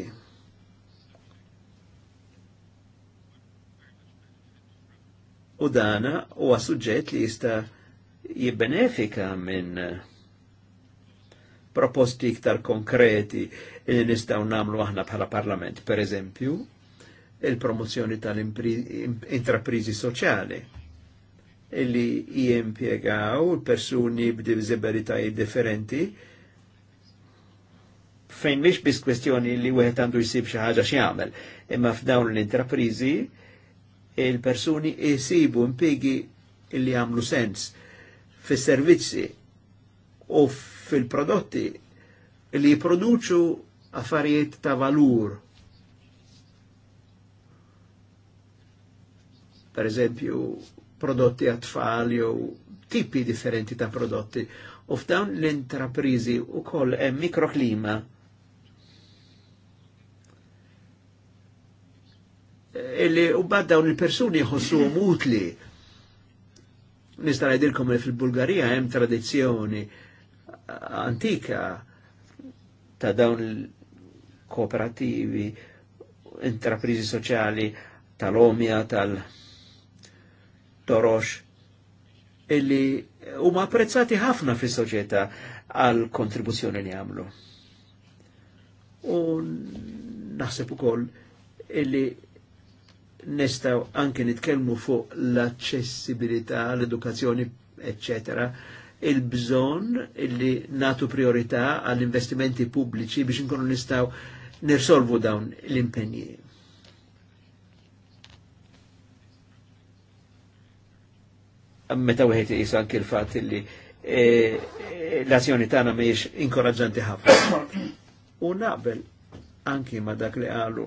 U dana huwa suġġett li jista' jibbenefika minn proposti iktar konkreti li nistgħu nagħmlu aħna bħala parlament, per eżempju, il-promozzjoni tal-intraprizi soċjali li jimpiegaw persuni b'dizabilitajiet differenti fejn mhix biss kwestjoni li wieħed għandu jsib xi ħaġa x'jagħmel, imma f'dawn l-intrapriżi il-persuni jisibu impiegi li għamlu sens fis-servizzi u fil-prodotti li jipproduċu affarijiet ta' valur. Per eżempju, prodotti għat-tfal jew tipi differenti ta' prodotti. U f'dawn l-intraprizi u koll hemm mikroklima illi u bad dawn il-persuni jħossu mutli. Nista' ngħidilkom li fil-Bulgarija hemm tradizzjoni antika ta' dawn il-kooperativi, intraprizi soċjali tal-omja, tal-, -omja, tal torox illi huma apprezzati ħafna fis soċjetà għal kontribuzzjoni li għamlu. U naħseb ukoll illi nistaw anke nitkellmu fuq l-aċċessibilità, l-edukazzjoni, eccetera, il-bżon illi natu priorità għall-investimenti pubbliċi biex nkunu nistaw nirsolvu dawn l-impenji meta wieħed jisa anki l-fatt li e, e, l-azzjoni tagħna mhijiex inkoraġġanti ħafna. U naqbel anki ma dak li qalu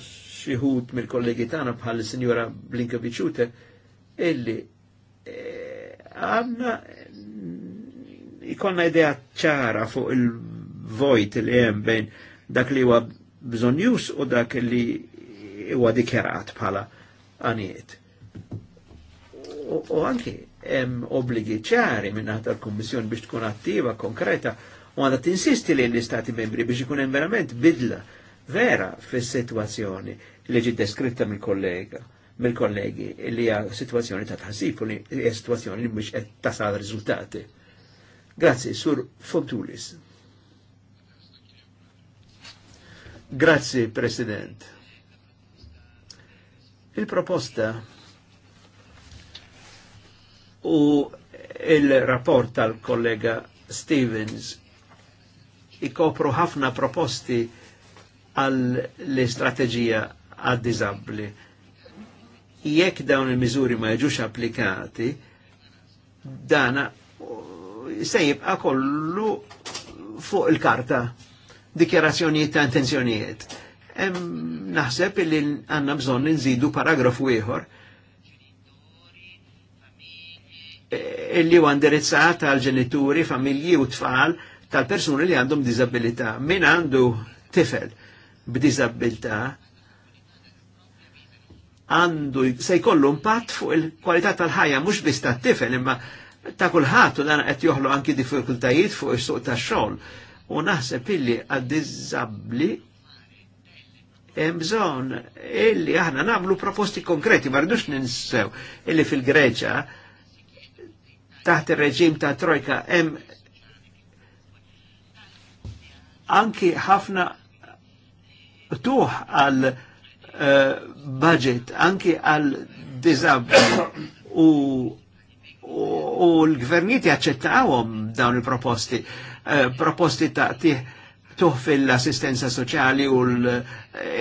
xi ħud mill-kollegi tagħna bħal sinjora Blinkeviċute illi e, għanna ikonna idea ċara fuq il-vojt li hemm bejn dak li huwa bżonjus u dak li huwa dikjarat bħala għaniet u anki hemm obbligi ċari minn tal-Kummissjoni biex tkun attiva, konkreta, u għandha tinsisti li l-Istati membri biex ikun hemm verament bidla vera fis-sitwazzjoni li ġi deskritta mill-kollega mill-kollegi li hija sitwazzjoni ta' tħassib u li hija sitwazzjoni li mhux qed tasal riżultati. Grazzi, Sur Fontulis. Grazzi, President. Il-proposta u il-rapport tal-kollega Stevens ikopru ħafna proposti għall-istrateġija għad-dizabli. Jekk dawn il-miżuri ma jġux applikati, dana se jibqa kollu fuq il-karta dikjarazzjonijiet ta' intenzjonijiet. Naħseb li għanna bżonn nżidu paragrafu ieħor li huwa għandirizzat għal ġenituri, familji u tfal tal-persuni li għandhom disabilità. Min għandu tifel b'disabilità għandu se jkollu impatt fuq il-kwalità tal-ħajja mhux biss tat-tifel imma ta' kulħadd u dan qed joħlu anki diffikultajiet fuq is-suq tax-xogħol. U naħseb illi għad-diżabbli hemm bżonn illi aħna nagħmlu proposti konkreti ma rridux ninsew illi fil-Greċja taħt il reġim ta' trojka hemm anki ħafna tuħ għal eh, budget, anki għal dizab u, u, l gvernieti jaċċettawhom dawn il-proposti, eh, proposti ta' tih tuħfi l-assistenza soċjali u eh,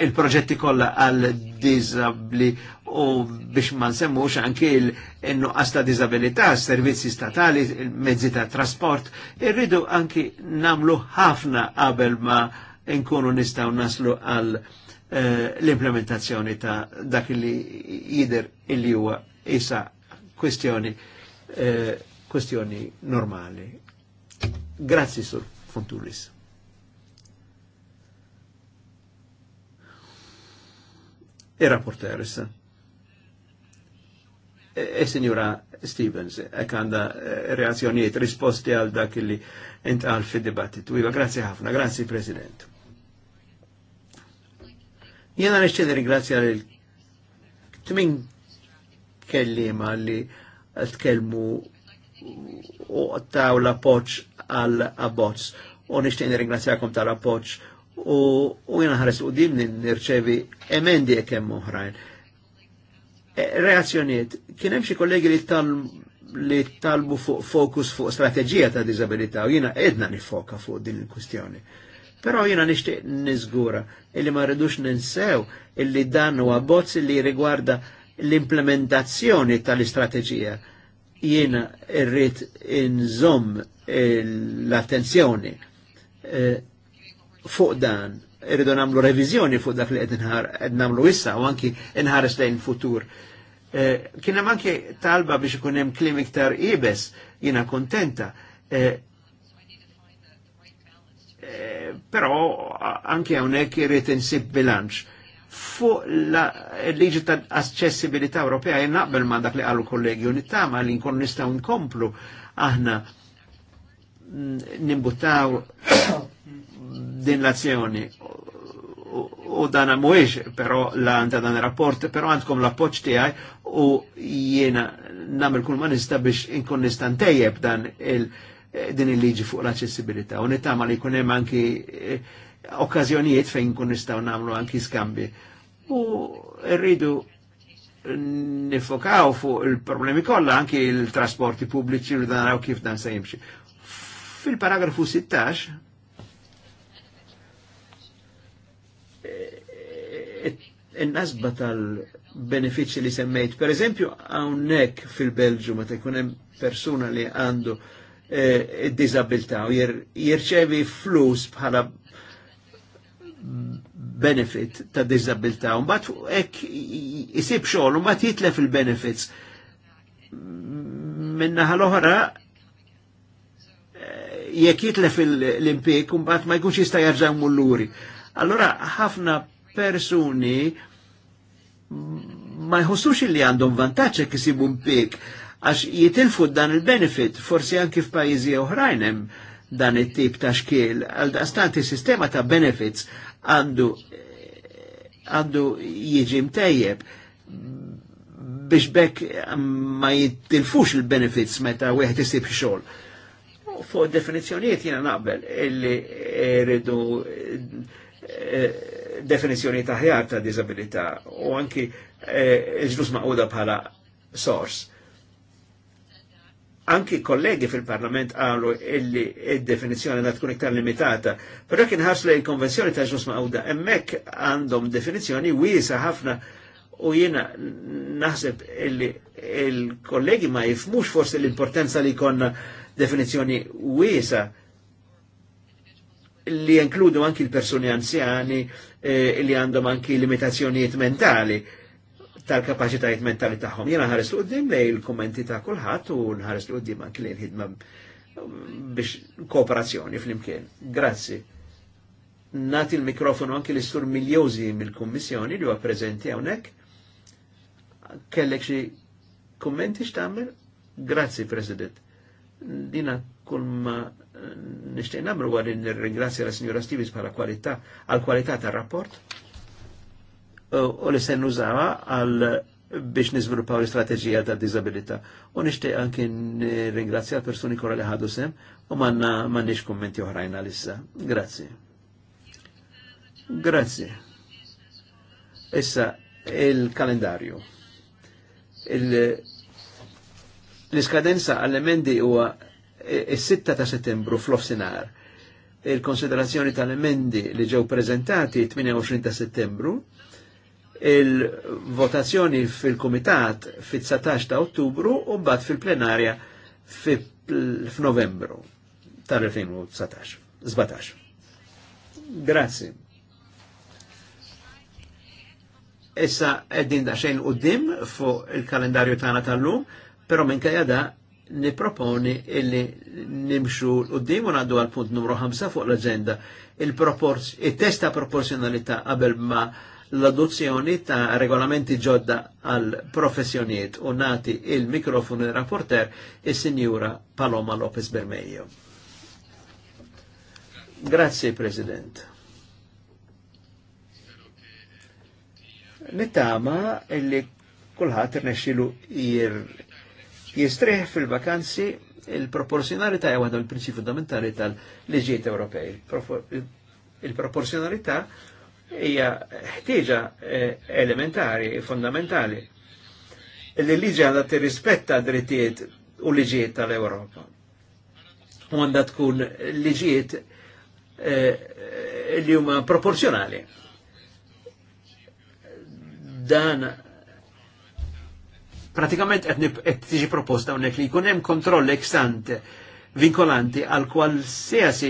l-proġetti kollha għal disabli u biex ma nsemmux anki l-nuqqas ta' disabilità, servizzi statali, mezzi ta' trasport, irridu anki namlu ħafna qabel ma nkunu nistaw naslu għal eh, l-implementazzjoni ta' dak li jider il-li huwa isa kwestjoni eh, kwestjoni normali. Grazzi sur Fonturis. Ir-rapporter issa. E-Sinjura e Stevens, ek għanda e, reazzjonijiet, risposti għal dak li int għal fi dibattitu. Iva, grazie ħafna, grazie President. Jena nixċed ringrazja l-tmin kellima li tkellmu u taw l-appoċ għal-abbozz. U ringrazja nixċed ringrazzjakom tal-appoċ u, u jena ħares u dim nirċevi emendi kemm uħrajn. E, Reazzjoniet, kienem xie kollegi li tal li talbu fuq fokus fuq strategija ta' disabilità u jina edna nifoka fuq din il-kustjoni. Però jina nishtiq nizgura illi ma rridux ninsew illi dan u bozz li rigwarda l-implementazzjoni tal-istrateġija. Jiena irrid inżomm l-attenzjoni. E, fuq dan irridu namlu revizjoni fuq dak li qed namlu issa u anki inħares lejn futur. Eh, Kien hemm anki talba biex ikun hemm klim iktar ibes, jiena kontenta. Eh, eh, Però anki hawnhekk irid insib bilanċ. Fuq il-liġi ta' accessibilità Ewropea jien naqbel ma' dak li qalu kollegi u nittama li nkun nistgħu nkomplu aħna nimbuttaw din l-azzjoni u dan mhuwiex pero lan għanta dan rapport pero għandkom l-appoġġ tijaj u jiena nagħmel kull ma nista' biex inkun nista' ntejjeb dan il din il-liġi fuq l-aċċessibilità u nittama li jkun hemm anki eh, okkażjonijiet fejn nkun nistgħu nagħmlu anki skambi. U rridu nifokaw fuq il-problemi kolla anki il-trasporti pubbliċi u dan kif dan se jimxi. Fil-paragrafu 16, il-nasba tal-benefici li semmejt, per eżempju, għawnek fil-Belġu, ma tekunem persuna li għandu eh, disabilta u jirċevi flus bħala benefit ta' disabilta, un bat ek jisib xol, un bat jitlef il-benefits. Minna ħal-ohra jekk jitlef l-impik mbagħad ma jkunx jista' jerġa' mulluri. Allora ħafna persuni ma jħossux li għandhom vantaġġ jekk isibu impik għax jitilfu dan il-benefit, forsi anki f'pajjiżi oħrajn hemm dan it-tip ta' xkiel, għal daqstanti sistema ta' benefits għandu għandu jiġi mtejjeb biex bekk ma jittilfux il-benefits meta wieħed isib xogħol. Fuq definizjoniet jina naqbel illi rridu eh, definizjoni ta' ħjar ta' disabilità u anki ġlus eh, maqoda bħala source. Anki kollegi fil-parlament għalu illi il definizjoni na tkun iktar limitata, pero kien ħaslu il-konvenzjoni ta' ġlus maquda, emmek għandhom definizjoni wisa ħafna u jina naħseb illi il-kollegi ma jifmux forse l-importanza li konna definizjoni wiesa li jinkludu anki l-persuni anzjani eh, li għandhom anki limitazzjonijiet mentali tal-kapacitajiet mentali tagħhom. Jiena ħares l qudiem lej il-kommenti ta' kulħadd u nħares l qudiem anki lejn ħidma biex kooperazzjoni fl-imkien. Grazzi. Nati l mikrofonu anki l-istur miljozi mill-kommissjoni li huwa preżenti hawnhekk. Kellek xi kummenti x'tagħmel? Grazzi, President Dina kull ma eh, nishtiq namru għalli nirringrazzja l-Signora Stivis bħala kwalità għal kwalità tar-rapport u li sen nużawa għal biex nizviluppaw l-istrateġija ta' disabilita. U nishtiq anki ringrazzja l personi kora li ħadu sem u manna mannix kommenti uħrajna lissa. Grazie. Grazie. Issa, il-kalendarju. Il L-iskadenza għall-emendi huwa e, e, il 6 ta' settembru fl-ofsinar. Il-konsiderazzjoni tal-emendi li ġew prezentati 28 ta' settembru, il-votazzjoni fil-komitat fit-19 ta' ottubru u bat fil-plenarja f'Novembru tal-2019. 17. Grazzi. Issa qegħdin xejn quddiem fuq il-kalendarju tagħna tal-lum Pero minn kajada niproponi illi nimxu l-qoddim u għaddu għal punt numru 5 fuq l-agenda il-testa il proporzjonalità qabel ma l-adozzjoni ta' regolamenti ġodda għal professjoniet u nati il-mikrofonu rapporter il-Sinjura Paloma Lopez Bermejo. Grazie, President. Nittama illi kullħat rnexxilu jistreħ fil-vakanzi il-proporzjonalità jew waħda mill-prinċipji fundamentali tal-liġijiet Ewropej. Il-proporzjonalità hija ħtieġa eh, elementari, fondamentali. Il-liġi għandha tirrispetta drittijiet u liġijiet tal-Ewropa. U għandha tkun liġijiet eh, li huma proporzjonali. Dan Pratikament qed tiġi proposta hawnhekk li jkun hemm kontroll eksante vinkolanti għal kwalsiasi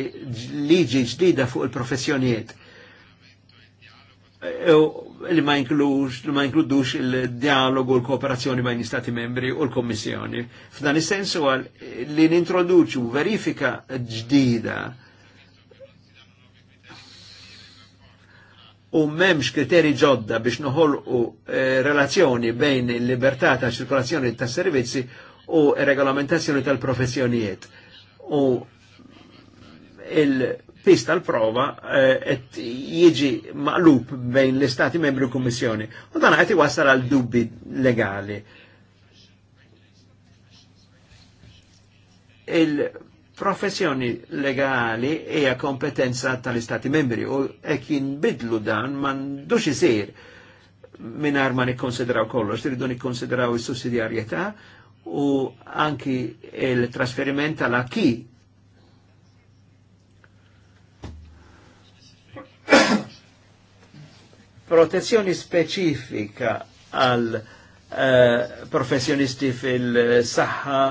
liġi ġdida fuq il-professjonijiet li ma jinklux, li ma jinkludux il-dialogu, l-kooperazzjoni il bajn istati membri u l-Kommissjoni. F'dan is-sensu għal li nintroduċu verifika ġdida u memx kriteri ġodda biex noħolqu eh, relazzjoni bejn il-libertà ta' ċirkolazzjoni ta' servizzi u regolamentazzjoni tal-professjonijiet. U il-pist tal-prova qed eh, maqlub bejn l-Istati membri u Kommissjoni. U dan qed wasal għal dubbi legali. Il professjoni legali hija kompetenza tal-Istati membri u hekk jinbidlu dan m'għandux isir mingħajr ma nikkonsidraw kollox, tridu nikkonsidraw is-sussidjarjetà u anki il-trasferiment tal-aki protezzjoni specifika għal eh, professjonisti fil-saħħa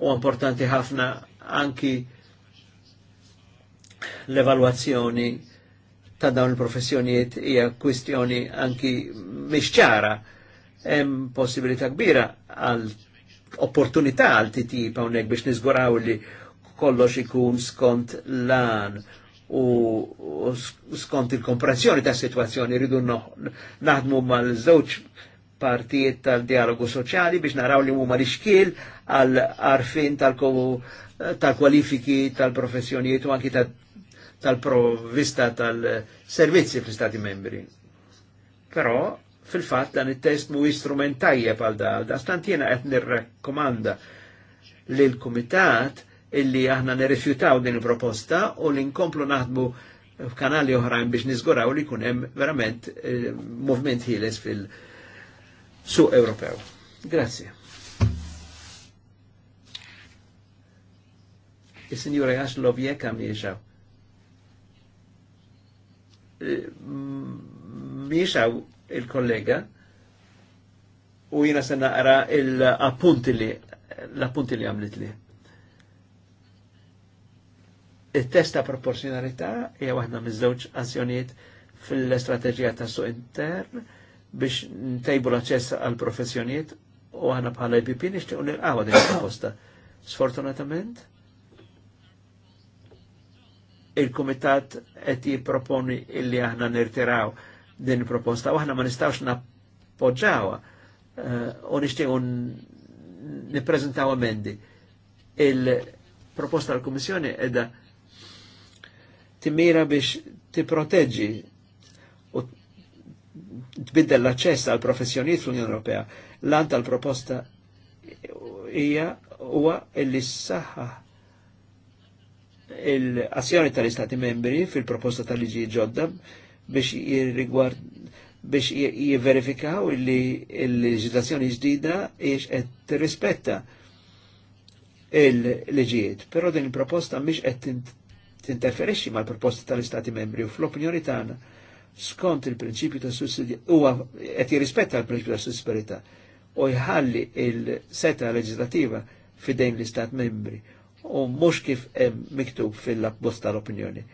u importanti ħafna anki l evaluazzjoni ta' dawn il-professjonijiet hija kwistjoni anki mixċara. Hemm possibilità kbira għal opportunità għal titjib hawnhekk biex niżguraw li kollox ikun skont lan u skont il-komprensjoni ta' situazzjoni rridu naħdmu mal-żewġ partijiet tal-dialogu soċjali biex naraw li huma l-ixkiel għal arfin tal-komu tal-kwalifiki, tal-professjonijiet u anki tal provista tal-servizzi fl-Stati membri. Però, fil-fat, dan il-test mu istrumentajja pal da, da stantina qed nirrekomanda li l-Kumitat illi aħna nirrifjutaw din il-proposta u li nkomplu naħdmu f'kanali oħrajn biex nizguraw li kunem hemm verament eh, movement ħieles fil Su Ewropew. Grazie. il-Sinjura l-objek għam jiexaw. Miexaw e, il-kollega u jina sena għara l-appunti li l-appunti li għamlit li. Il-testa proporzjonalità hija waħda miż-żewġ azzjonijiet fil-istrateġija ta' suq intern biex ntejbu l-aċċess għal professjonijiet u għana bħala IPP nixtiequ nilqgħu din il-posta. Sfortunatament, il-Kumitat qed jipproponi illi aħna nirtiraw din il-proposta u aħna ma nistgħux nappoġġawha eh, u nixtiequ nippreżentaw amendi. Il-proposta tal-Kummissjoni qiegħda timira biex tipproteġġi u tbiddel l-aċċess għal professjonijiet fl-Unjoni Ewropea. L-ant tal-proposta hija huwa illi s-saħħa l azzjoni tal-Istati membri fil-proposta tal-liġi ġodda biex jirrigward biex jiverifikaw li l-leġislazzjoni ġdida ix qed tirrispetta il-leġijiet. Però din il-proposta mhix qed tinterferixxi mal-proposta tal-Istati membri u fl-opinjoni tagħna skont il-prinċipju ta' sussidja huwa qed jirrispetta l-prinċipju ta' sussidjarità u jħalli il-seta leġislativa fidejn l-Istat membri u mux kif miktub fil bosta l opinjoni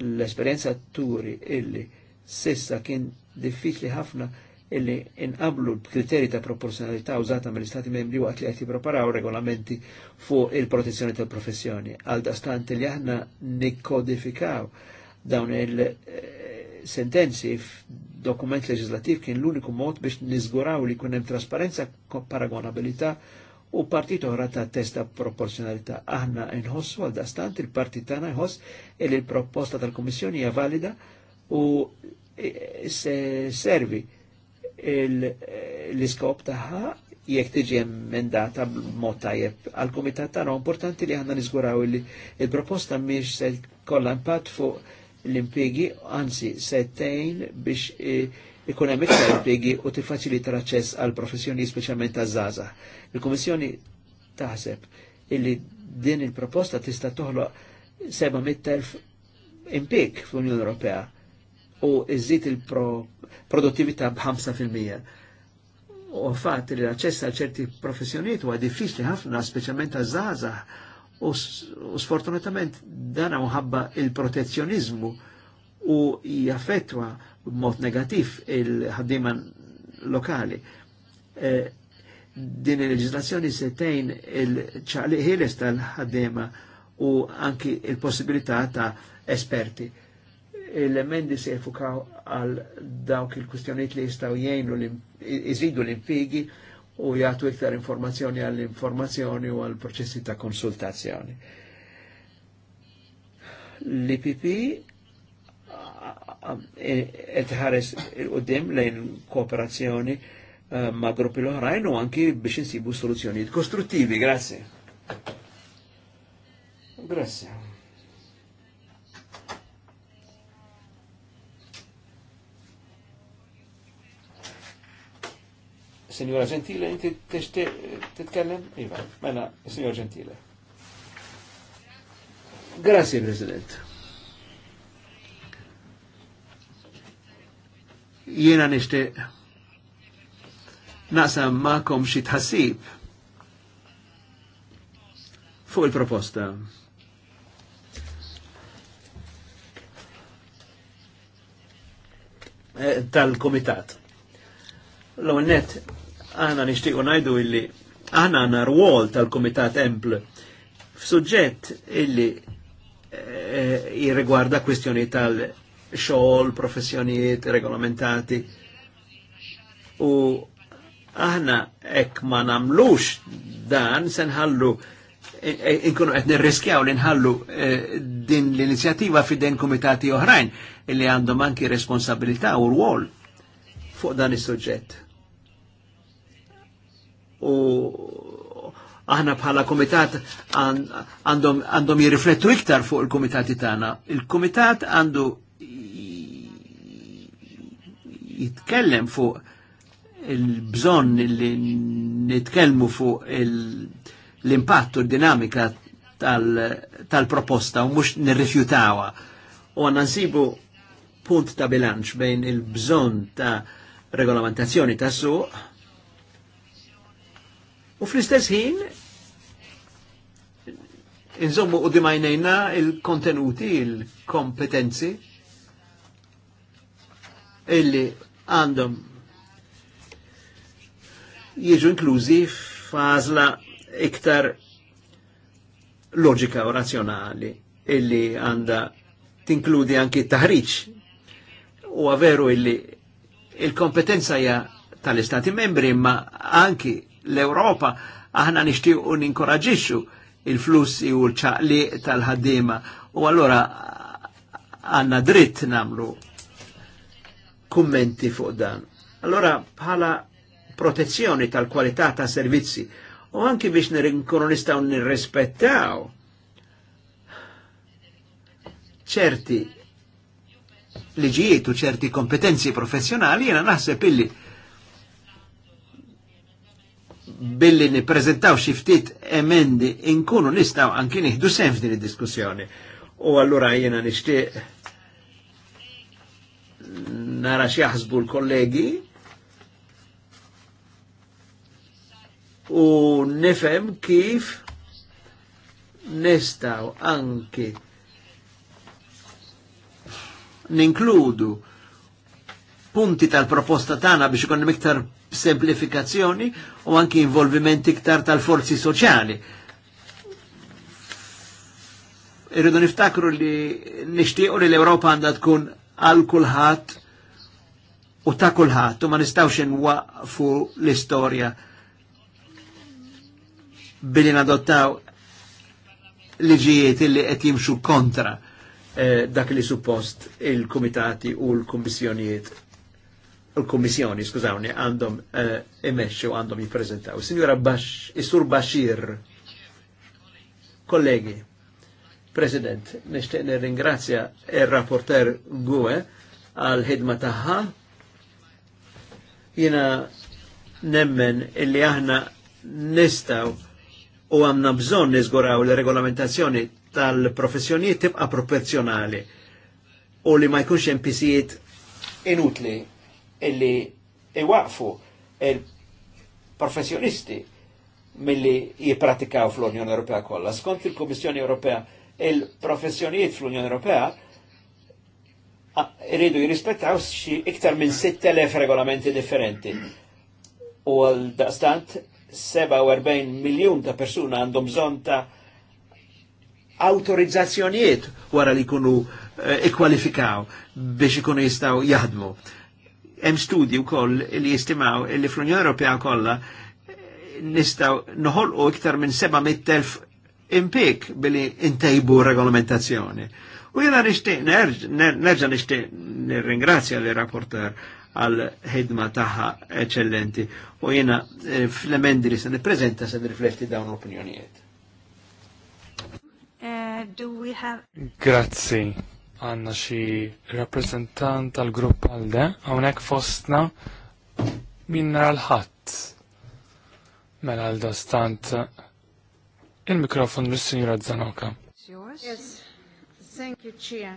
l esperienza turi illi sissa kien diffiċli ħafna illi inqablu kriteri ta' proporzjonalità użata mill-Istati membri waqt li qed jippreparaw regolamenti fuq il-protezzjoni tal-professjoni. Għal dastant li aħna nikkodifikaw dawn il-sentenzi eh, f'dokument leġislativ kien l-uniku mod biex niżguraw li kunem trasparenza, paragonabilità u partit oħra ta' testa proporzjonalità. Aħna nħossu għal dastant il-partit tagħna jħoss il il-proposta tal-Kummissjoni hija valida u e, se servi l-iskop tagħha jekk tiġi emendata b'mod tajjeb għall-kumitat tagħna importanti li aħna niżguraw li il-proposta mhix se kollha impatt fuq l-impjegi, anzi se tgħin biex e, ikun hemm iktar impjegi u tiffaċilita l-aċċess għall professjoni speċjalment taż-żgħażagħ il kommissjoni taħseb illi din il-proposta tista' toħlo 700.000 impik fl-Unjoni Ewropea u iżid il-produttività b'5%. U fatt li l-aċċess għal ċerti professjoniet huwa diffiċli ħafna, speċjalment għaż-żgħażagħ u sfortunatament dan ħabba il-protezzjonizmu u jaffettwa b'mod negattiv il-ħaddiema lokali. Eh, din il-leġislazzjoni setejn il-ċaliħiles tal-ħaddema u anki il-possibilità ta' esperti. Il-emendi se fukaw għal dawk il-kustjoniet li jistaw jgħinu iżidu l-impigi u jgħatu iktar informazzjoni għall-informazzjoni u għall-proċessi ta' konsultazzjoni. L-IPP etħares e- il-qoddim lejn kooperazzjoni Eh, ma' gruppi l-oħrajn u anki biex insibu soluzzjonijiet kostruttivi. Grazie. Grazie. Signora Gentile, inti t-teċte t-tkellem? Iva, mena, signor Gentile. Grazie, President. Jena nishtiq naqsam ma'kom xi tħassib fuq il-proposta. Eh, tal-komitat. L-għonnet, għana nishtiqo najdu illi għana għana rwol tal-komitat empl f'suġġett illi eh, jirregwarda kwistjoni tal-xol, professjonijiet regolamentati u Aħna ek ma namlux dan senħallu inkunu qed nirriskjaw li nħallu eh, din l-inizjattiva fidejn komitati oħrajn illi għandhom anki responsabilità u rwol fuq dan is-suġġett. U aħna bħala komitat għandhom jirriflettu iktar fuq il-komitati tagħna. Il-komitat għandu jitkellem fuq il-bżon li nitkelmu fuq l-impatt u d-dinamika tal-proposta u mux nirrifjutawa. U għanna nsibu punt ta' bilanċ bejn il-bżon ta' regolamentazzjoni ta' suq u fl-istess ħin Inżommu u dimajnejna il-kontenuti, il-kompetenzi illi għandhom jieġu inklużi fazla iktar loġika u razzjonali illi għanda tinkludi anki taħriċ U għaveru illi il-kompetenza hija tal-Istati membri, ma anki l-Europa aħna nixtiequ ninkoraġixxu il-flussi u l-ċaqli tal ħaddima U allora għanna dritt namlu kummenti fuq dan. Allora bħala protezzjoni tal-kwalità ta' servizzi u anki biex nirinkunu nistaw nirrespettaw ċerti liġijiet u ċerti kompetenzi professjonali jena naħseb illi billi niprezentaw xiftit emendi inkunu nistaw anki nieħdu sem f'din id-diskussjoni. U allura jena nishtiq nara xjaħsbu l-kollegi u nifem kif nistaw anki ninkludu punti tal-proposta tana biex ikon miktar semplifikazzjoni u anki involvimenti iktar tal-forzi soċjali. Irridu niftakru li nishtiqu li l-Europa għandha tkun għal kulħadd u ta' kulħadd u ma nistgħux inwaqfu l-istorja billi nadottaw liġijiet li qed jimxu kontra eh, dak li suppost il-komitati u l-kommissjonijiet l-kommissjoni, skużawni, għandhom eh, emesċu, għandhom jiprezentaw. Signora Bash, Isur Bashir, kollegi, President, nishtiq nirringrazzja il-rapporter Gue għal-ħidma taħħa. Jina nemmen illi aħna nistaw u għamna bżon nizguraw l-regolamentazzjoni tal-professjonijiet tibqa proporzjonali u li ma jkunx NPCijiet inutli illi iwaqfu il-professjonisti mill-li jipratikaw fl-Unjoni Ewropea kollha. Skont il-Kummissjoni Ewropea, il-professjonijiet fl-Unjoni Ewropea iridu jirrispettaw xi iktar minn 6,000 regolamenti differenti. U għal daqstant 47 miljon ta' persuna għandhom bżon ta' autorizzazzjonijiet wara li kunu eh, ikkwalifikaw biex ikunu jistaw jaħdmu. Hemm studju wkoll li jistimaw li fl-Unjoni Ewropea kollha eh, nistaw noħolqu iktar minn 700.000 impik billi intejbu regolamentazzjoni. U jena nishtiq, nerġa nishtiq nirringrazzja li rapporter għal ħidma taħħa eccellenti u jena eh, fl-emendi li se nipprezenta se nirrifletti dawn l-opinjonijiet. Eh, Grazzi. Għanna xi rappresentant tal-grupp għalde, hawnhekk fostna min nara l-ħadd. Mela għal stant il-mikrofon mis-Sinjura Zanoka. Yes. Thank you, Chia.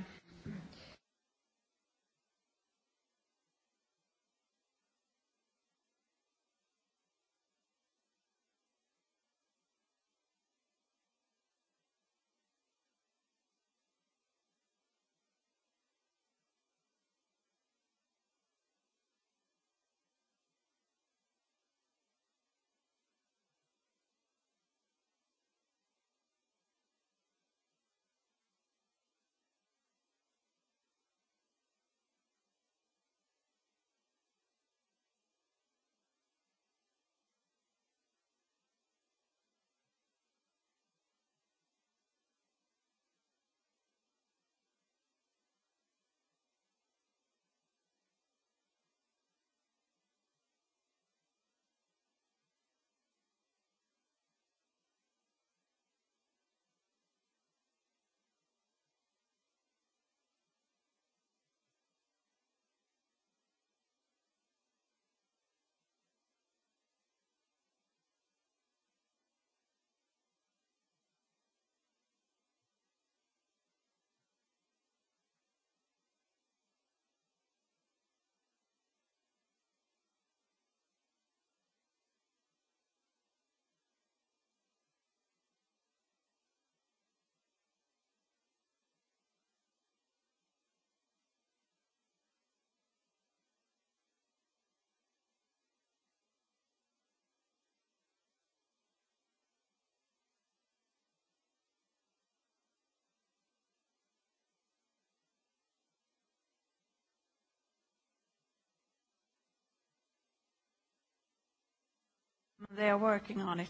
They are working on it.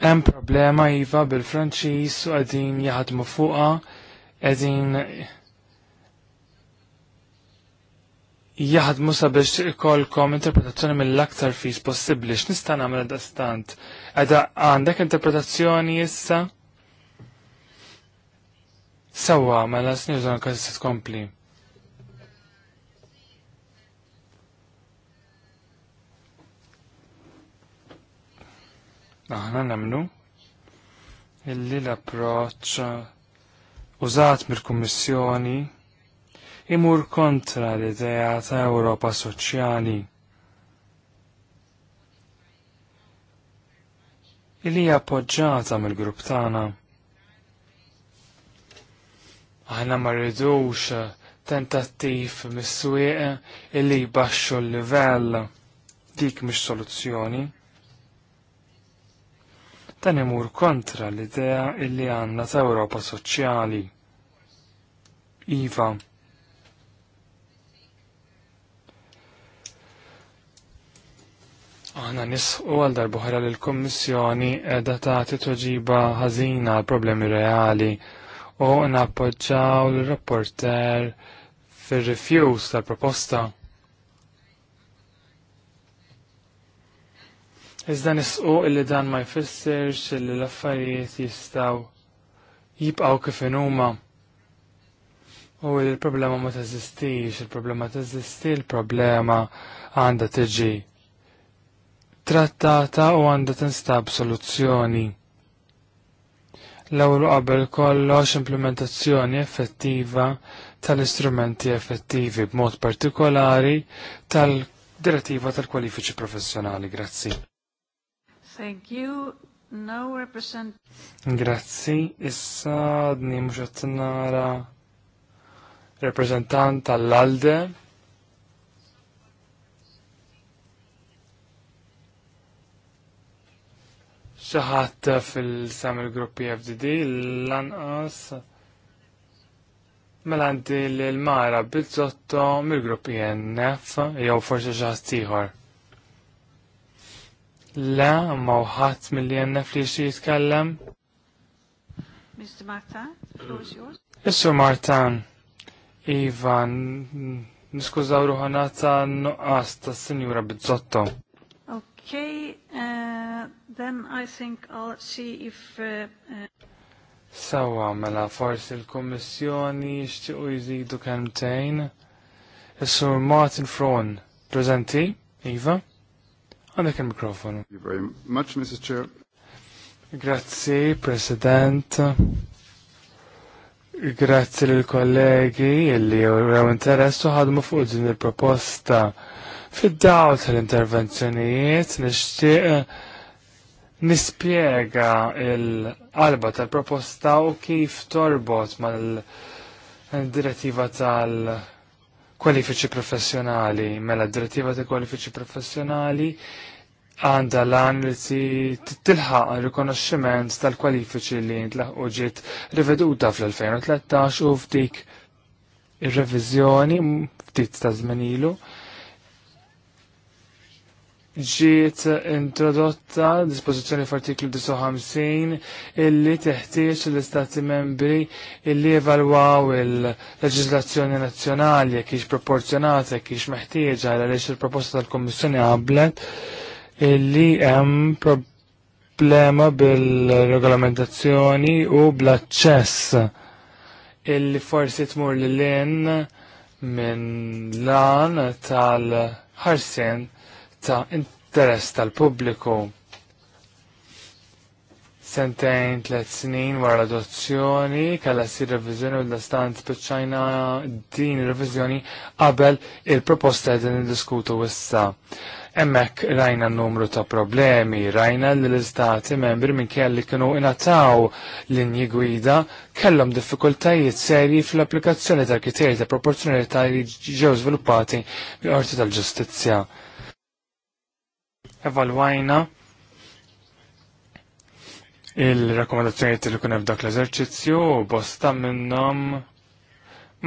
Hemm problema iva bil-Franċiż u qegħdin jaħdmu fuqha, qegħdin jaħdmu sabiex ikollkom interpretazzjoni mill-aktar fis possibbli. X'nista' nagħmel dastant? Għada għandek interpretazzjoni issa? Sewwa mela sniżon każi se tkompli. Aħna nemnu illi l-approċ użat mill-Kummissjoni imur kontra l-idea ta' Ewropa Soċjali. Illi appoġġata mill-grupp tagħna. Aħna ma rridux tentattiv mis-swieq illi jbaxxu l-livell dik mhix soluzzjoni. Dan imur kontra l-idea illi għanna ta' Ewropa soċjali. Iva. Għana nisqu għal darbuħra l-Kommissjoni edha ta' titoġiba ħażina għal problemi reali u nappoġġaw l-rapporter fir-refjus tal-proposta. Iżda nisqu illi dan ma jfissirx illi l-affarijiet jistaw jibqaw kif huma. U il-problema ma teżistix, il-problema teżisti, il-problema għanda tiġi trattata u għanda tinstab soluzzjoni. L-ewwel qabel kollox implementazzjoni effettiva tal-istrumenti effettivi b'mod partikolari tal-direttiva tal-kwalifiċi professjonali. Grazzi. Thank you. No represent. Grazzi, issa dni mux nara reprezentant tal-ALDE. ċaħat fil samil il-gruppi FDD l-lanqas melanti l-mara bil-zotto mill-gruppi NF jew forse ċaħat tiħor. La, ma uħat mill-li jennef li xie jitkellem. Mr. Martin, the floor is yours. Issu Martin, Ivan, ta' nuqqas ta' Bizzotto. Okay, uh, then I think I'll see if... Uh, uh Sawa, mela forsi l-Kommissjoni xtiqu jżidu kemtejn. Issu Martin Fron, prezenti, Iva? Għandek il-mikrofonu. Grazzi, President. Grazzi l-kollegi illi raw interessu ħadmu fuq din il-proposta. Fid-daw tal-intervenzjonijiet nixtieq eh, nispjega il-qalba tal-proposta u kif torbot mal-direttiva tal-, -proposta, kwalifiċi professjonali, mela d-direttiva ta' kwalifiċi professjonali għanda lan li tilħaq rikonoxximent tal-kwalifiċi li ntlaħqu ġiet riveduta fl-2013 u f'dik ir-reviżjoni ftit ta' żmien ilu ġiet introdotta dispożizzjoni f'artiklu 59 illi teħtieġ l-Istati membri illi evalwaw il-leġiżlazzjoni nazzjonali jekk hix proporzjonata jekk hix meħtieġa għaliex il-proposta tal-Kommissjoni qablet illi hemm problema bil-regolamentazzjoni u bl-aċċess illi forsi tmur lil minn lan tal-ħarsien ta' interess tal-pubbliku. Sentejn tliet snin wara l-adozzjoni kellha ssir reviżjoni u l istant spiċċajna din ir-reviżjoni qabel il-proposta qegħdin diskutu issa. Emmek rajna n-numru ta' problemi, rajna li l-istati membri minn kelli kienu inataw linji gwida kellhom diffikultajiet serji fl-applikazzjoni tal kriterji ta' proporzjonalità li ġew żviluppati mill-Qorti tal-Ġustizzja evalwajna il-rakkomandazzjoniet li kun f'dak l-eżerċizzju u bosta minnhom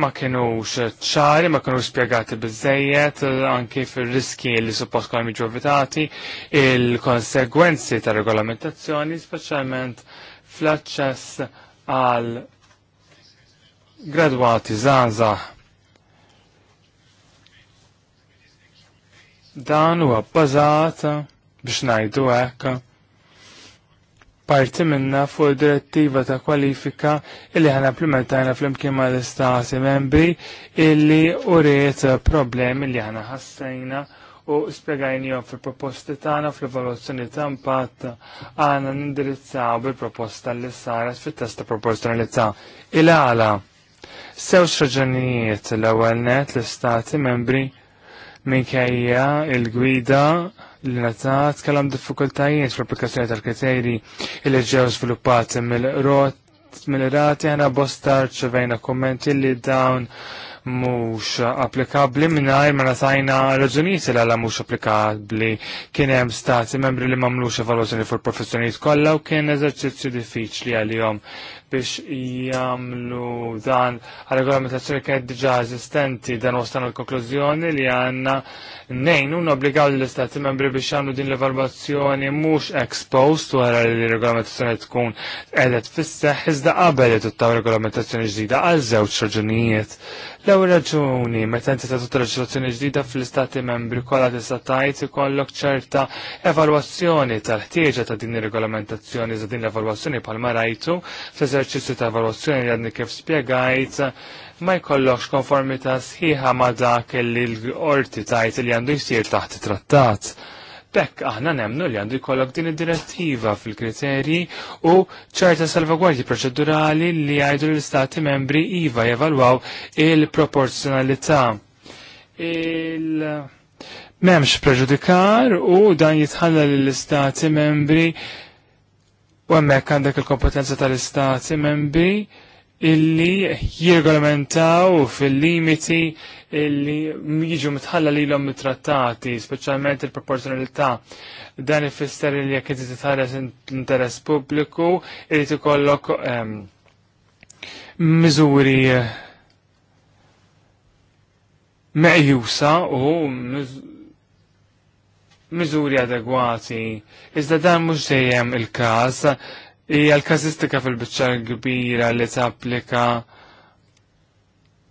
ma kienu ċari, ma kienu spiegati bizzejiet, anki fil-riski li suppost kolom jiġu evitati, il-konsegwenzi ta' regolamentazzjoni, specialment fl-aċċess għal gradwati zanza Dan huwa bbażat biex ngħidu hekk parti minna fuq direttiva ta' kwalifika illi ħana implementajna fl-imkien ma' l-istati membri illi uriet problemi li ħana ħassajna u spiegajnijom fil-proposti tagħna fl-evoluzzjoni ta' impatt għana nindirizzaw bil-proposta li saras fit-testa proporzjonalità il-għala. Sewx raġunijiet l-ewwel net l-istati membri minkejja il-gwida li natat kalam diffikultajiet fl-applikazzjoni tal-kriterji li ġew sviluppati mill-rot mill-rati għana bostar ċevejna kommenti li dawn mux applikabli minnajr ma natajna raġunijiet li għalla mux applikabli kien hemm stati membri li mamlux evaluazzjoni fuq professjonijiet kollha u kien eżerċizzju diffiċli għalihom biex jamlu dan għal-regolamentazzjoni kienet diġa eżistenti dan wastan l-konklużjoni li għanna nejnu n-obligaw l-istati membri biex jamlu din l-evalvazzjoni mux exposed wara li l-regolamentazzjoni tkun edet fisseħ iżda qabel li tuttaw regolamentazzjoni ġdida għal żewġ raġunijiet. L-ewwel raġuni meta inti tagħtu leġislazzjoni ġdida fl-istati membri kollha tista' tajt ikollok ċerta evalwazzjoni tal-ħtieġa ta' din ir-regolamentazzjoni za din l-evalwazzjoni bħalma rajtu f'eżerċizzju ta' evalwazzjoni li għadni kif spjegajt ma jkollokx konformità sħiħa ma dak li l-qorti tajt li għandu jsir taħt trattat. Bekk aħna nemnu li għandu jkollok din id-direttiva fil-kriterji u ċerta salvagwardji proċedurali li għajdu l-istati membri iva jevalwaw il-proporzjonalità. Il Memx preġudikar u dan jitħalla l-istati membri u għemmek għandek il-kompetenza tal-istati membri illi jirgolamentaw fil-limiti illi jiġu mitħalla li l-om trattati, specialment il-proporzjonalità. Dan ifisser li jekk inti titħares interess pubbliku, illi kollok ehm, miżuri meqjusa u miżuri adegwati. Iżda dan mhux dejjem il-każ, hija l-każistika fil-biċċa kbira li tapplika applika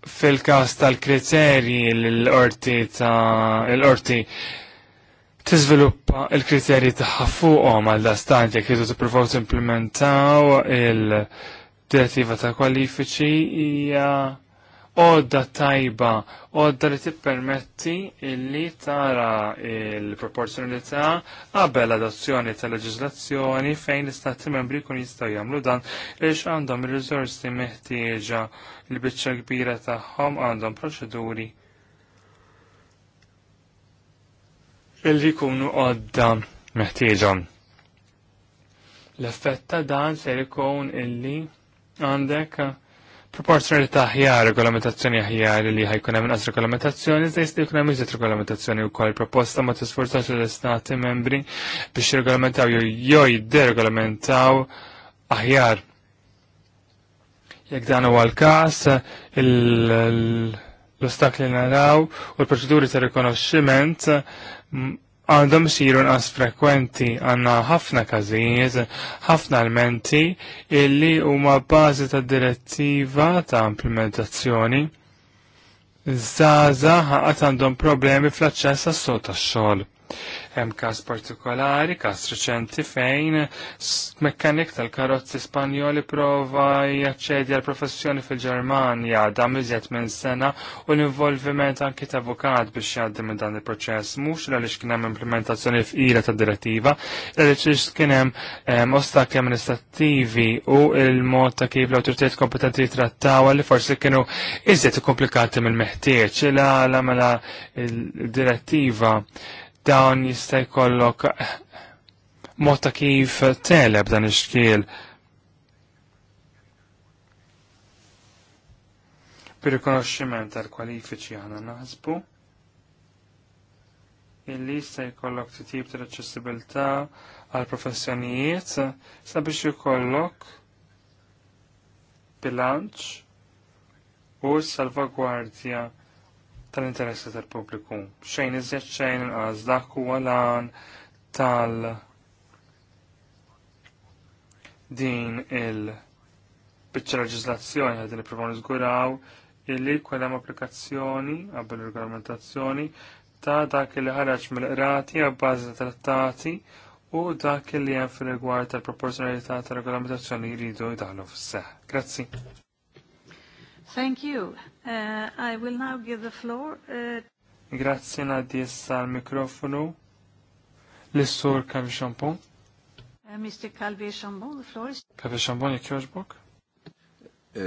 fil-kas tal-kriterji l-orti ta' l-orti tiżviluppa il-kriterji ta' fuqhom għal dastant t-provaw t timplementaw il-direttiva ta' kwalifiċi hija odda tajba, odda li tippermetti illi tara il-proporzjonalità qabel adozzjoni tal leġislazzjoni fejn l-istati membri kun jistaw jagħmlu dan lix għandhom ir-riżorsi meħtieġa li biċċa kbira tagħhom għandhom proċeduri illi jkunu għodda meħtieġa. L-effett ta' dan se jkun illi għandek proporzjonalità ħjar, regolamentazzjoni ħjar li ħajkun hemm inqas regolamentazzjoni, iżda jista' jkun hemm iżjed regolamentazzjoni wkoll proposta ma tisforzax l-istati membri biex jirregolamentaw jew jidderegolamentaw aħjar. Jekk dan huwa l-każ, l-ostakli naraw u l-proċeduri ta' rikonoxximent għandhom isiru nqas frekwenti għandna ħafna każijiet, ħafna elementi illi huma bażi ta' direttiva ta' implementazzjoni. Zaza ħaqat għandhom problemi fl-aċċess għas-sot tax-xogħol. Hemm każ partikolari, każ reċenti fejn mekkanik tal-karozzi Spanjoli prova jaċċedi għal professjoni fil-Ġermanja da iżjed minn sena u l-involviment anki ta' avukat biex jgħaddi minn dan il-proċess mhux għaliex kien hemm implementazzjoni f'ira ta' direttiva, għaliex kien hemm ehm, ostakli amministrattivi u il-mod ta' kif l-awtoritajiet kompetenti jitrattaw li forsi kienu iżjed komplikati mill-meħtieġ il-għala mela il-direttiva dawn jista' jkollok mod kif teleb dan iċkiel. Per Bir-rikonoxximent tal-kwalifiċi aħna naħsbu illi jista' jkollok tip tal-aċċessibilità għal professjonijiet sabiex jkollok bilanċ u salvagwardja tal-interessi tal-pubbliku. Xejn iżjed xejn inqas dak huwa lan tal- din il-bicċa leġislazzjoni għad il-proponu zguraw illi kwellem applikazzjoni għabbel regolamentazzjoni ta' dak li ħarraċ mill-qrati għabbażi ta' trattati u dak li hemm fil-rigward tal-proporzjonalità ta' regolamentazzjoni jridu jdaħlu f seħ Grazzi. Thank you. Uh, I will now give the floor. Uh... Grazie Nadia al microfono. Le sor Kavi Champon. Uh, Mr. Calvi Champon, the floor is... Kavi Shampon, jek joġbok? Uh,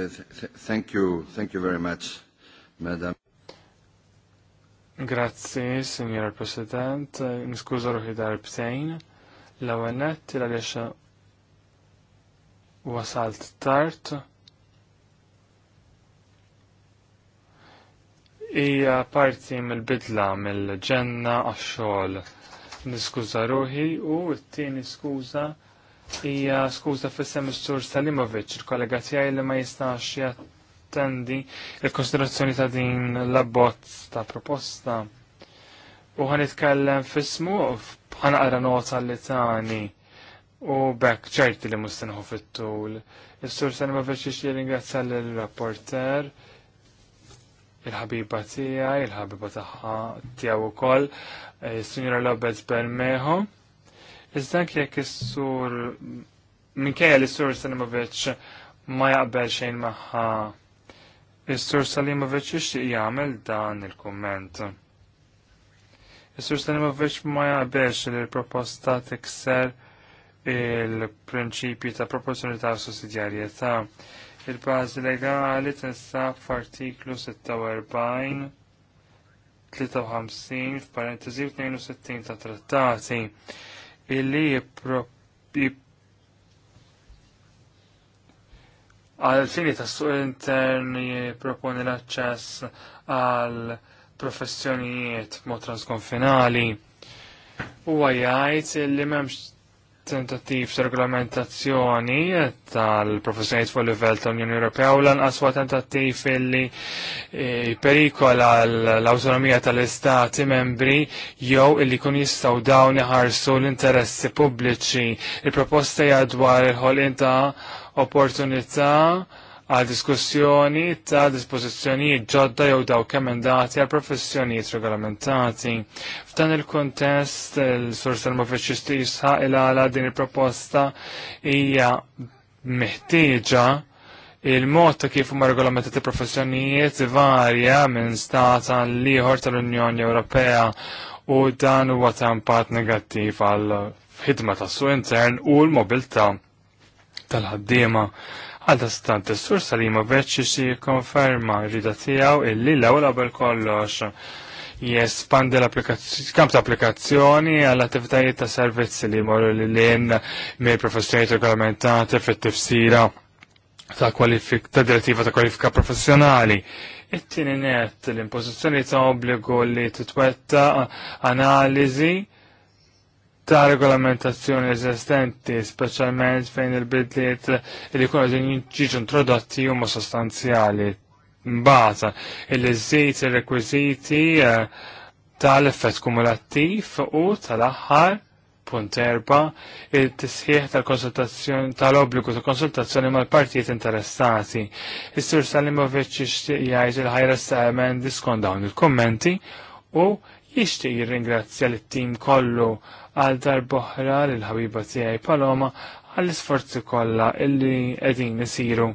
th thank you, thank you very much, madam. Grazzi, signora scuso Niskuza ruħi darbtejn. La għawenet la għaliex wasalt tart. hija parti mill-bidla mill-ġenna għax-xogħol. Niskuża ruħi u t-tieni skuża hija skuża fis sur Salimovic, il-kollega tiegħi li ma jistax jattendi il-konsiderazzjoni ta' din l-abbozz ta' proposta. U għan itkellem fis għan għara nota li tani. U bekk ċerti li mustinħu fit-tul. Is-sur Salimovic ixtieq ringrazzja lill-rapporter il-ħabiba tija, il-ħabiba taħħa tijaw u koll, il-Sinjora eh, Lopez Bermejo. Iżdan jekk il-sur, minkajja l-sur Salimovic ma jaqbel xejn maħħa. Il-sur Salimovic ixtiq jgħamil dan il-komment. Il-sur Salimovic ma jaqbelx li l-proposta tikser il prinċipji ta' proporzjonalità u sussidjarjetà. Ta' Il-bażi legali tinsab f'artiklu 46, 53 f'parentesi 62 ta' trattati illi għal fini ta' suq intern proponi l-aċċess għal professjonijiet mod transkonfinali u għajajt li memx tentativ ta' regolamentazzjoni tal professjonijiet fuq livell tal Unjoni Ewropea u lanqas huwa tentattiv illi eh, perikola l-awtonomija tal-istati membri jew illi kun jistgħu dawn iħarsu l-interessi pubbliċi. Il-proposta hija dwar il-ħolqien ta' opportunità għal diskussjoni ta' dispożizzjonijiet ġodda jew daw kemendati għal professjonijiet regolamentati. F'dan il-kontest, il-Sors tal-Mofeċisti jisħaq il-għala din il-proposta hija meħtieġa Il-mod ta' kif huma regolamentati professjonijiet varja minn stat għal ieħor tal-Unjoni Ewropea u dan huwa ta' impatt negattiv għal ħidma tas su intern u l-mobilità tal-ħaddiema. Għadastant, s sur Salimovic xie konferma rrida tijaw illi l għabel kollox jespandi l-kamp ta' applikazzjoni għall attivitajiet ta' servizzi li morru li l-in mill professjoni regolamentati fit-tifsira ta' kwalifik ta' direttiva ta' kwalifika professjonali. It-tieni net l-impożizzjoni ta' obbligu li titwetta analiżi ta' regolamentazzjoni eżistenti, speċjalment fejn il-bidliet li kuna din jiġu introdotti huma sostanzjali. Mbagħad illi żżid ir-rekwiżiti eh, tal-effett kumulattiv u tal-aħħar punt erba il tisħieħ tal-konsultazzjoni tal-obbligu ta' konsultazzjoni mal-partijiet interessati. Is-Sur Salimovic jixtieq jgħid il-ħajra sa' emendi dawn il-kommenti u jixtieq jirringrazzja lit-tim kollu għal darboħra l-ħabiba tiegħi Paloma għall isforzi kollha illi qegħdin isiru.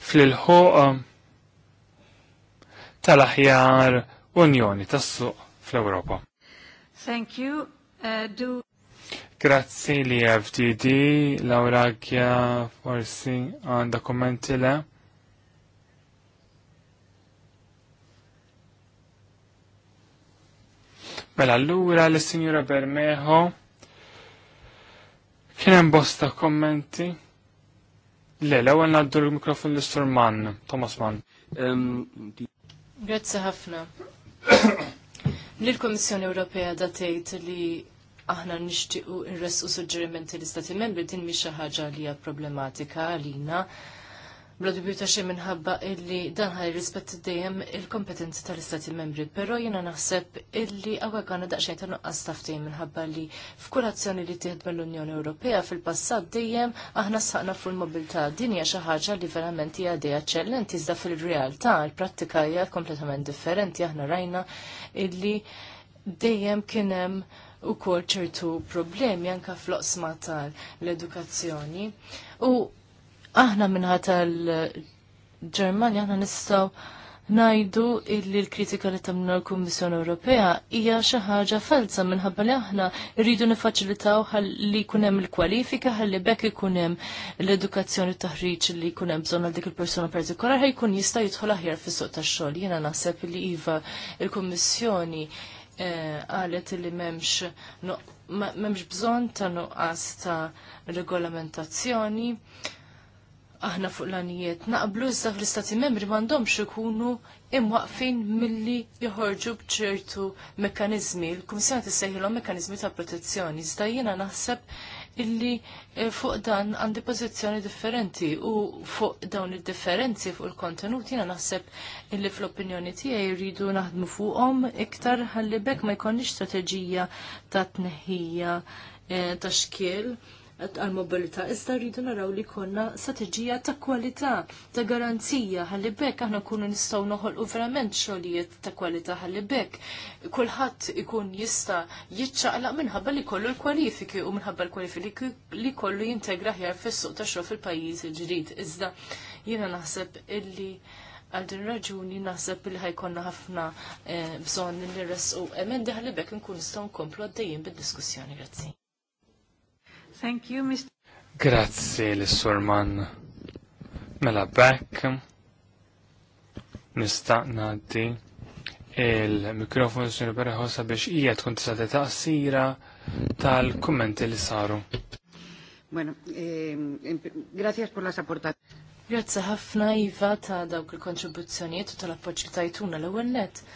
Fl-ilħuq tal-aħjar Unjoni tas-suq fl-Ewropa. Thank you. Uh, do... Grazzi li FDD, Laura Gja, forsi għanda kommenti le. Mela allura l-Sinjura Bermejo kien hemm bosta kommenti. Le, l-ewwel ngħaddu l-mikrofon l-Istur Mann, Thomas Mann. Ehm, Grazzi ħafna. Lill-Kummissjoni Ewropea da tgħid li aħna nixtiequ irresqu suġġerimenti l-Istati Membri din mhi xi ħaġa li hija problematika għalina bla dubju ta' minħabba illi dan ħaj dejjem il-kompetenzi tal-Istati Membri, però jiena naħseb illi hawnhekk għana daqsxejn ta' għastafti minħabba li f'kull azzjoni li tieħed mill-Unjoni Ewropea fil-passat dejjem aħna saqna fuq il-mobilità din hija xi ħaġa li verament hija dejja eċċellenti iżda fil-realtà l-prattika hija kompletament differenti aħna rajna illi dejjem kien hemm u ċertu problemi anka fl-oqsma tal-edukazzjoni. U Aħna minnħat tal-Ġermanja aħna nistgħu ngħidu illi l-kritika li tagħmlu l-Kummissjoni Ewropea hija xi ħaġa falsa minħabba li aħna rridu nifaċilitaw ħalli jkun hemm il-kwalifika ħalli bekk ikun hemm l-edukazzjoni taħriġ li jkun hemm bżonn għal dik il-persuna partikolari ħajkun jista' jidħol aħjar fis-suq tax-xogħol. Jiena naħseb li iva l kummissjoni eh, qalet li m'hemmx m'hemmx bżonn ta' nuqqas ta' regolamentazzjoni aħna fuq l għanijiet naqblu iżda fl-istati membri m'għandhomx ikunu imwaqfin milli joħorġu bċertu mekkanizmi. Il-Kummissjoni tissejħilhom mekkanizmi ta' protezzjoni. Iżda jiena naħseb illi eh, fuq dan għandi pozizjoni differenti u fuq dawn il-differenzi fuq il-kontenut jina naħseb illi fl-opinjoni tiegħi jridu naħdmu fuqhom iktar ħalli bekk ma jkollniex strateġija ta' tneħħija eh, ta' xkiel għal mobilita iżda rridu naraw li konna strategija ta' kwalità, ta' garanzija, ħalli bekk aħna kunu nistgħu noħolqu verament xogħlijiet ta' kwalità ħalli bekk kulħadd ikun jista' jiċċaqlaq minħabba li kollu l-kwalifiki u minħabba l-kwalifiki li kollu jintegra ħjar fis-suq ta' xogħol fil-pajjiż il ġrid. Iżda jiena naħseb illi għal din raġuni naħseb li ħajkonna ħafna eh, bżonn li nirresqu emendi ħalli bekk nkun nistgħu nkomplu għaddejjin bid-diskussjoni. Grazzi. Thank you, Mr. Grazzi l-Surman. Mela Beck. Nista' ngħaddi il-mikrofon s-sur Berħosa biex hija tkun tista' taqsira tal-kummenti li saru. Bueno, eh, grazie per la sapportata. Grazzi ħafna Iva ta' dawk il-kontribuzzjonijiet u tal-appoġġ li tajtuna l-ewwel net.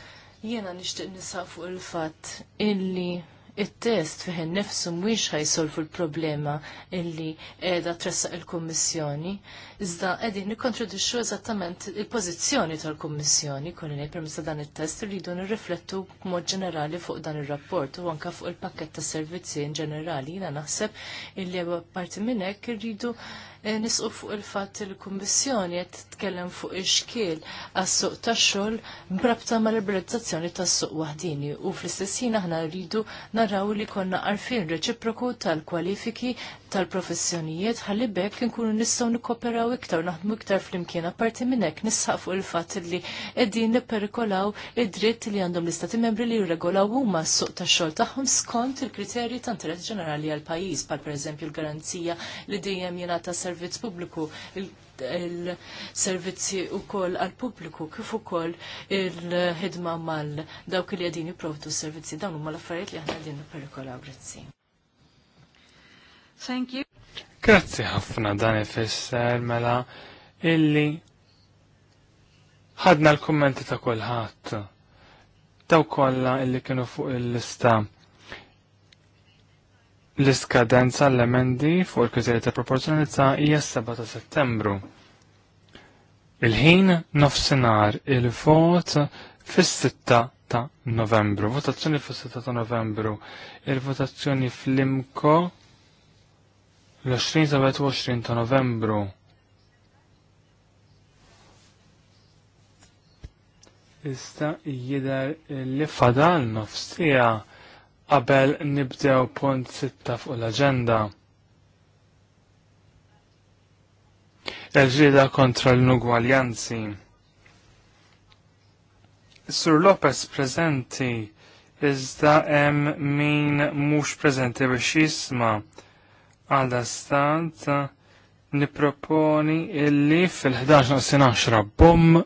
Jiena nixtieq nisa fuq il-fatt illi it-test fih innifsu ħaj solfu l-problema illi qiegħda tressaq il-Kummissjoni iżda qegħdin nikkontradixxu eżattament il-pożizzjoni tal-Kummissjoni kolli ngħid permessa dan it-test irridu nirriflettu b'mod ġenerali fuq dan ir-rapport u anke fuq il-pakkett ta' servizzi in ġenerali jiena naħseb illi parti minn hekk irridu eh, nisqu fuq il-fatt li l-Kummissjoni qed titkellem fuq ix-xkiel għas-suq tax-xogħol brabta mal-liberalizzazzjoni tas-suq waħdini u fl-istess ħin aħna rridu naraw li konna għarfien reċiproku tal-kwalifiki tal-professjonijiet ħalli bekk nkunu nistgħu nikkoperaw nikkooperaw iktar, naħdmu iktar flimkien. Apparti minn hekk nisħaq fuq il-fatt li qegħdin nipperikolaw id-dritt li għandhom l-istati membri li jirregolaw huma s-suq tax-xogħol tagħhom skont il-kriterji ta' interess ġenerali għal pajjiż, bħal pereżempju l-garanzija li dejjem jingħata servizz pubbliku, il-servizzi u koll għal pubbliku kif u koll il-ħidma mal dawk li qegħdin jiprovdu s-servizzi dawn u mal-affarijiet li qegħdin perikola grazzi. Thank you. Grazzi ħafna dan ifisser mela illi ħadna l-kummenti ta' kulħadd. Daw kollha illi kienu fuq il-lista l-iskadenza l-emendi fuq il-kriterji ta' proporzjonalità hija 7 ta' Settembru. Il-ħin nofsinhar il-vot fis-6 ta' Novembru. Votazzjoni fis-6 ta' Novembru. Il-votazzjoni fl-imko l-20 ta' novembru. Ista jider li fadal nofstija qabel nibdew punt sitta fuq l-agenda. Il-ġrida kontra l-nugwaljanzi. Sur Lopez prezenti iżda hemm min mhux prezenti biex jisma' għal stant niproponi illi fil-11 sin 10 bum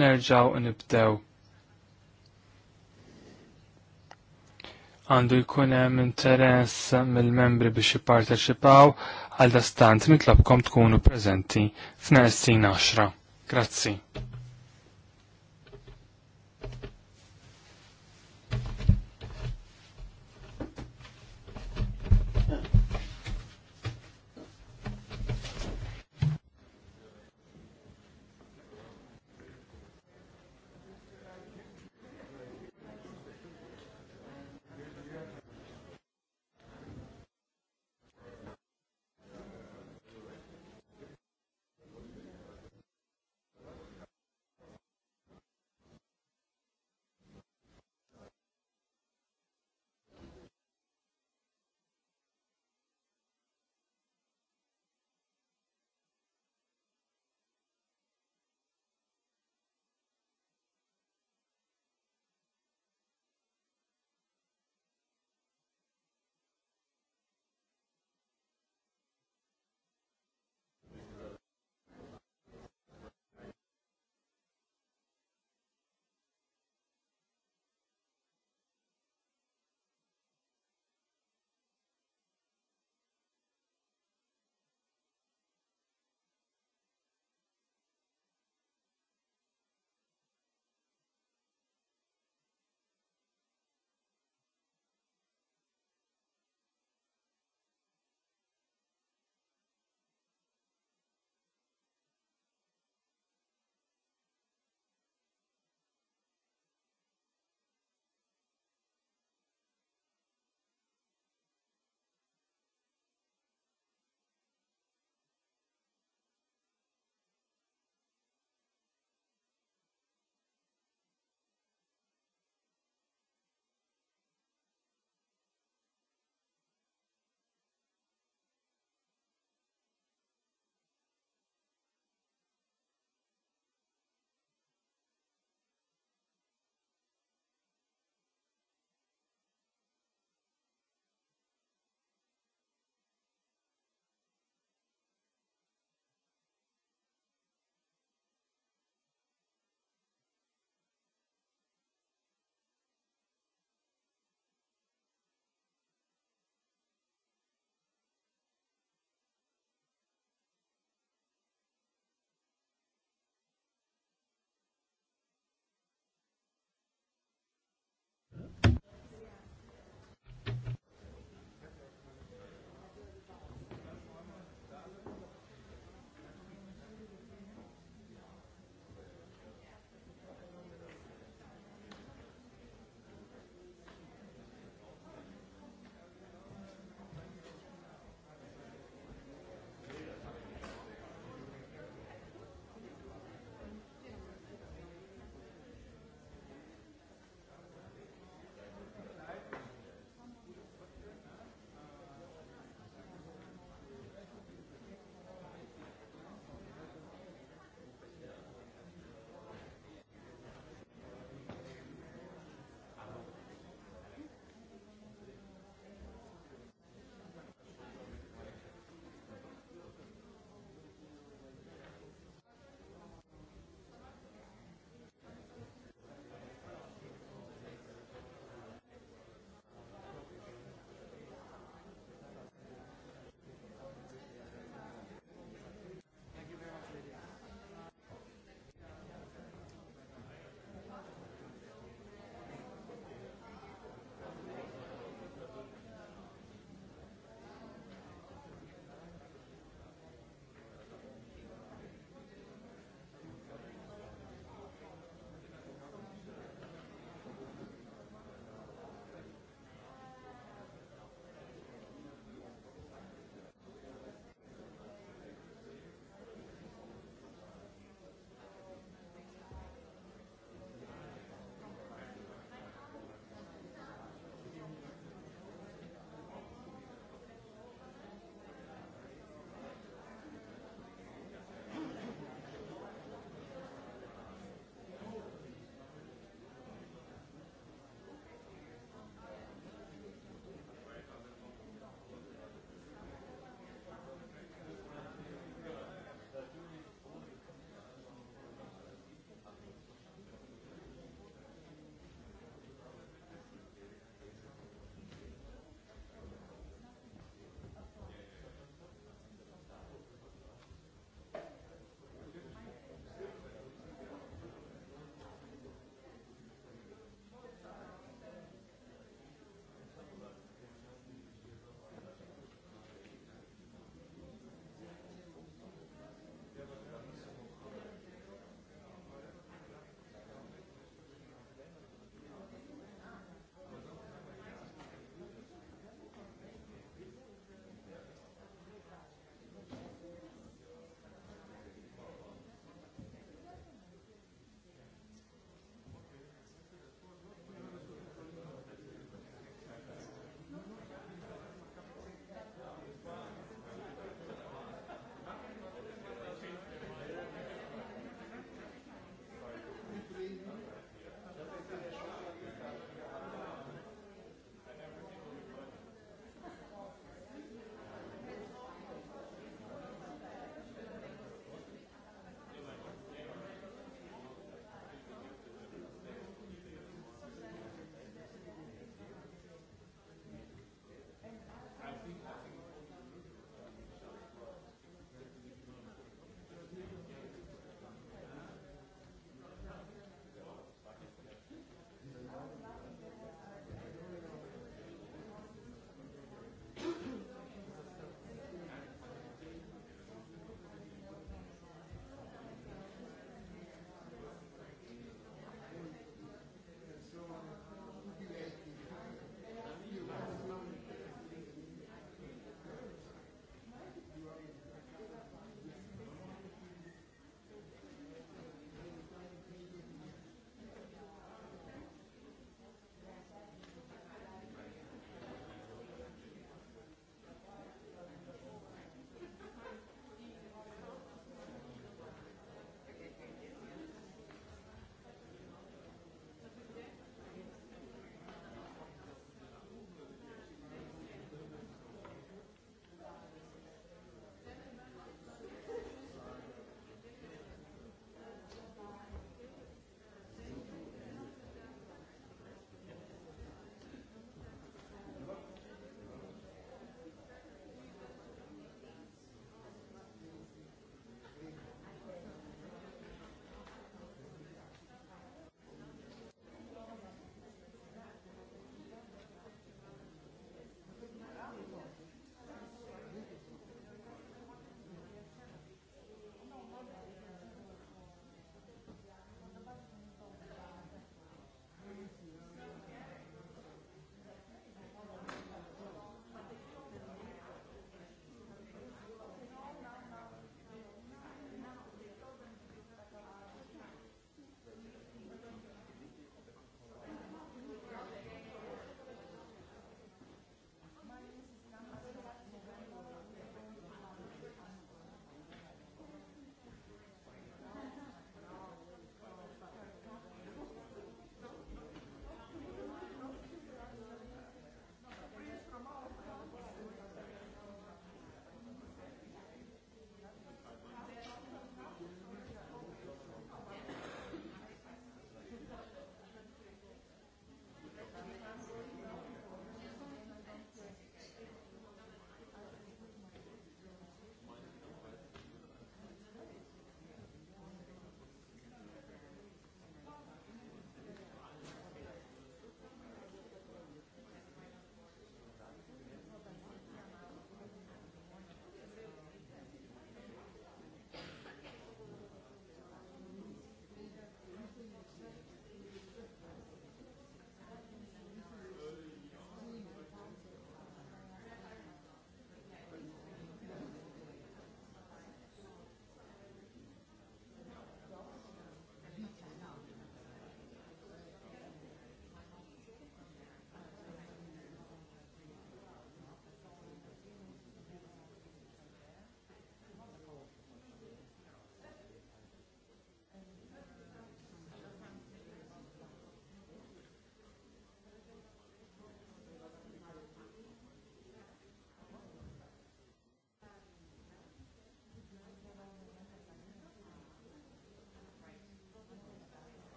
nerġaw nibdew. Għandu jkun hemm interess mill-membri biex jipparteċipaw għal dastant mitlabkom tkunu preżenti f'nersin 10. Grazzi.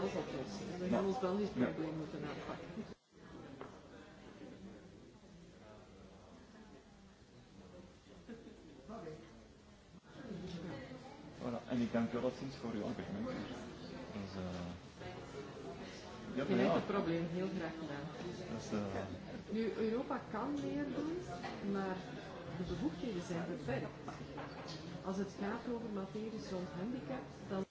knows that person. Everybody no. knows Belgium's problem no. with an outfit. Voilà, en ik dank u wel voor uw engagement. Je hebt het probleem heel graag gedaan. Uh, nu, Europa kan meer doen, maar de bevoegdheden zijn beperkt. Als het gaat over materies rond handicap, dan...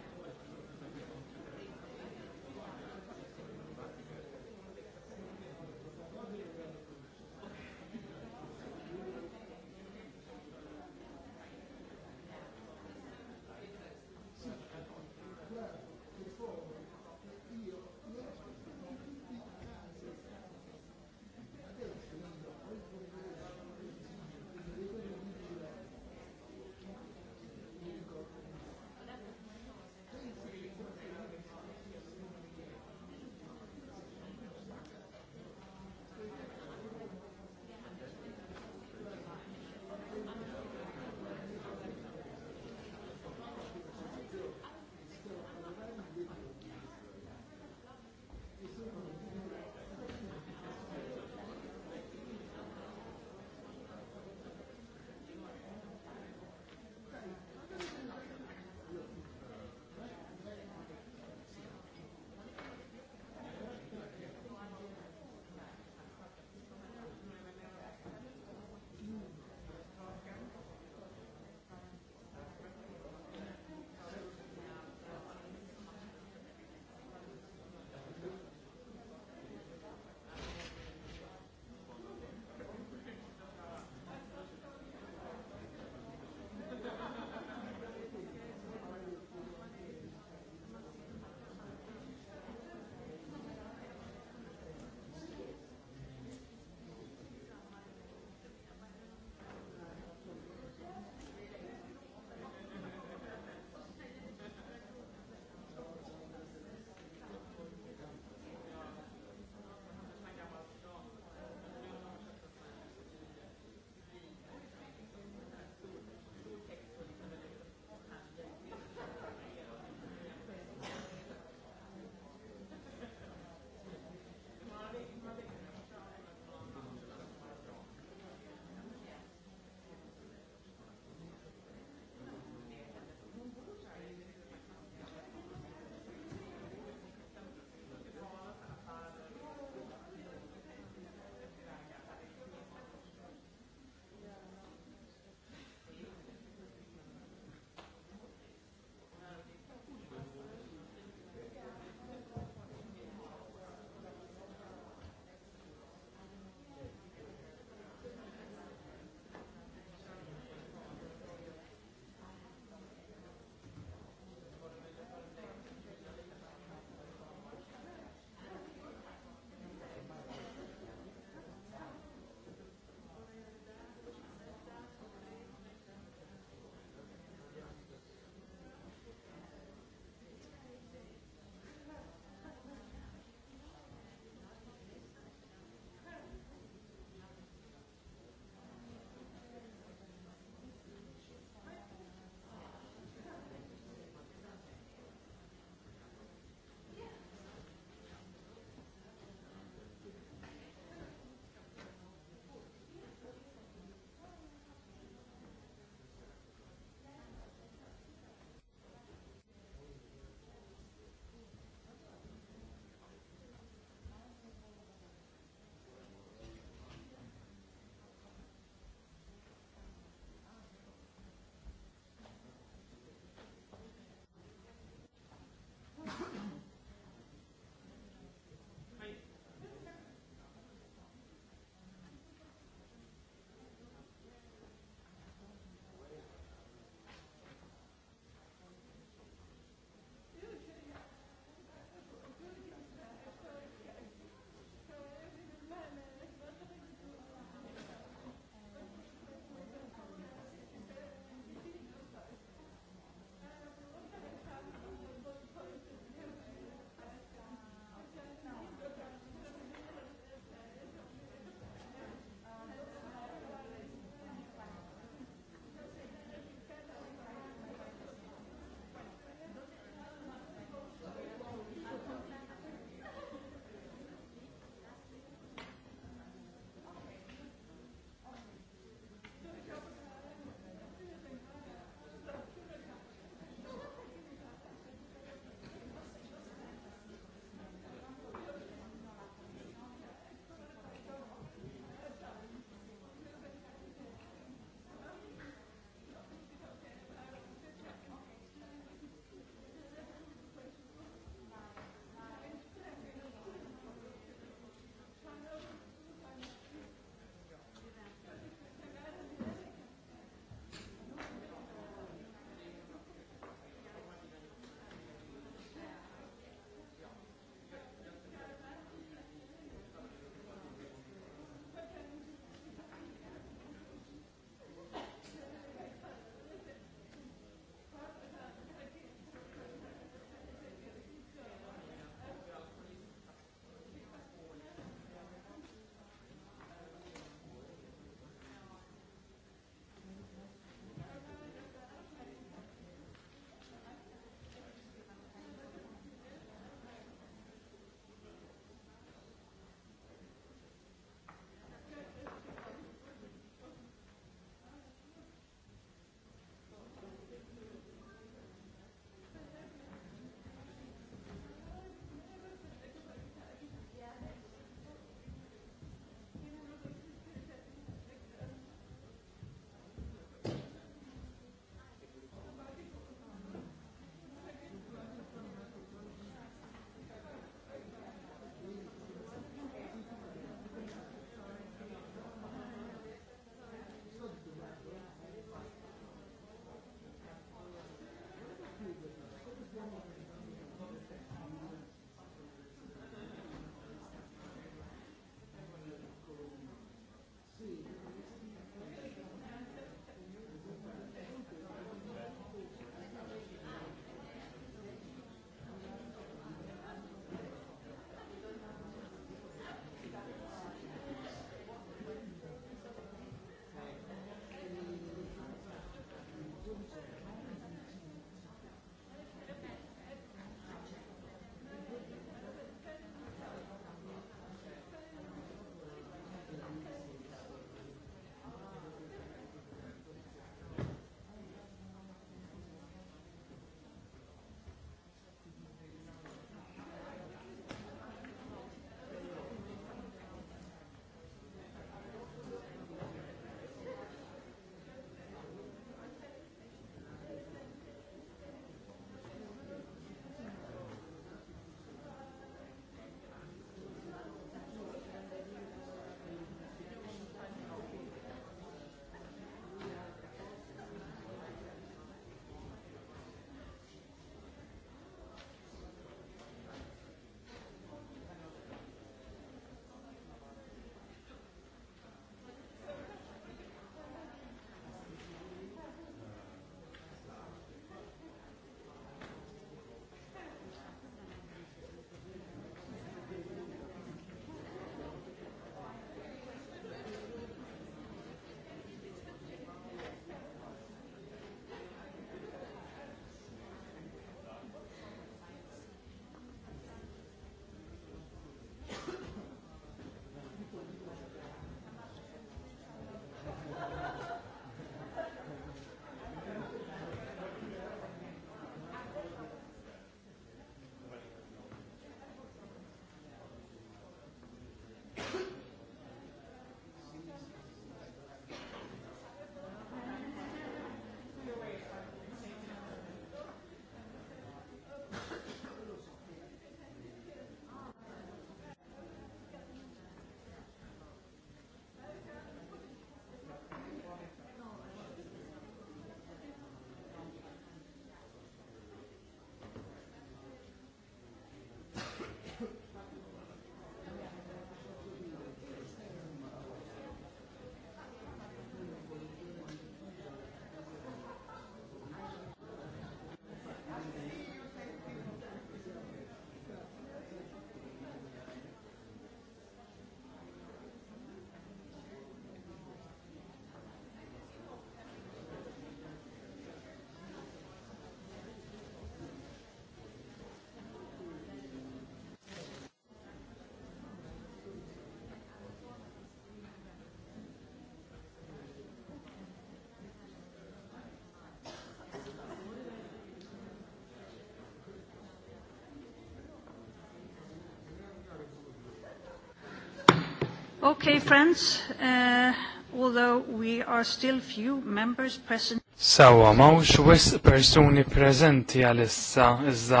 Okay, friends, uh, although we are still few members present. Sawa, mawx wis persuni prezenti għal-issa, iżda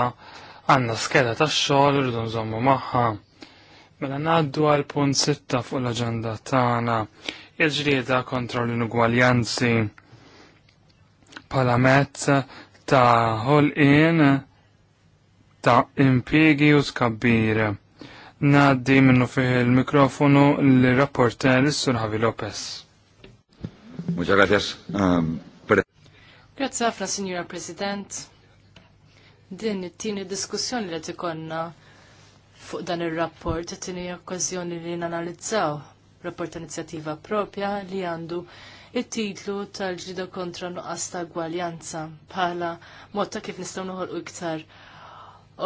għanna skeda ta' xogħol rridun zommu magħha. Mela ngħaddu għal punt sitta fuq l-aġenda tagħna il-ġrieda kontra l-inugwaljanzi Pala mezz ta' hol-in ta' impjiegi u skabbire. Naddi minnu fih il-mikrofonu l-rapporter Sur Javi Lopez. Muchas gracias. Grazie ħafna, Signora President. Din it-tieni diskussjoni li tikonna fuq dan ir-rapport it tini okkażjoni li nanalizzaw rapport inizjattiva propja li għandu it-titlu tal ġida kontra nuqqas ta' gwaljanza bħala mod kif nistgħu noħolqu iktar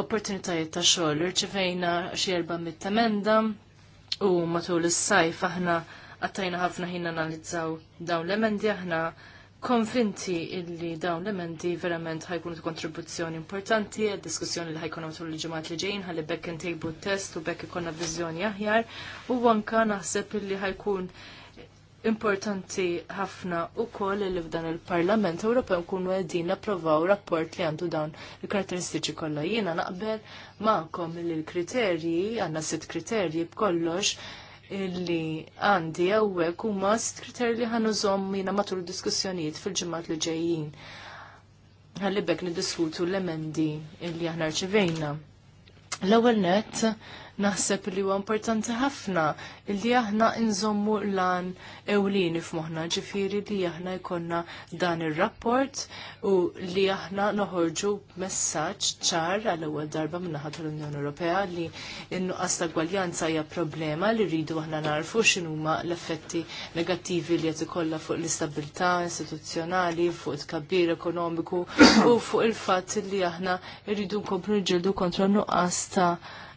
opportunitajiet ta' xogħol. Irċivejna xi erba' mit emenda u matul is-sajf aħna għattajna ħafna ħin analizzaw dawn l-emendi aħna konvinti illi dawn l-emendi verament ħajkunu kontribuzzjoni importanti għad diskussjoni li ħajkunu matul il-ġemat li ġejn ħalli bekk intejbu test u bekk ikonna viżjoni aħjar u anka naħseb illi ħajkun importanti ħafna u koll li f'dan il-Parlament Ewropew nkunu qegħdin napprovaw rapport li għandu dawn il-karatteristiċi kollha. Jiena naqbel magħkom li l-kriterji għandna sitt kriterji b'kollox illi għandi hawnhekk huma sitt kriterji li ħanużhom jiena matul diskussjonijiet fil-ġimgħat li ġejjin. Ħallibek niddiskutu l-emendi illi aħna rċivejna. L-ewwel nett naħseb li huwa importanti ħafna li aħna nżommu lan ewlieni f'moħħna ġifieri li aħna jkollna dan ir-rapport u li aħna noħorġu messaġġ ċar għal ewwel darba minn naħa tal-Unjoni Ewropea li n-nuqqas ta' gwaljanza hija problema li rridu aħna narfu x'inhuma l-effetti negattivi li qed ikollha fuq l-istabilità istituzzjonali, fuq tkabbir ekonomiku u fuq il-fatt li aħna rridu nkomplu ġildu kontra nuqqas ta'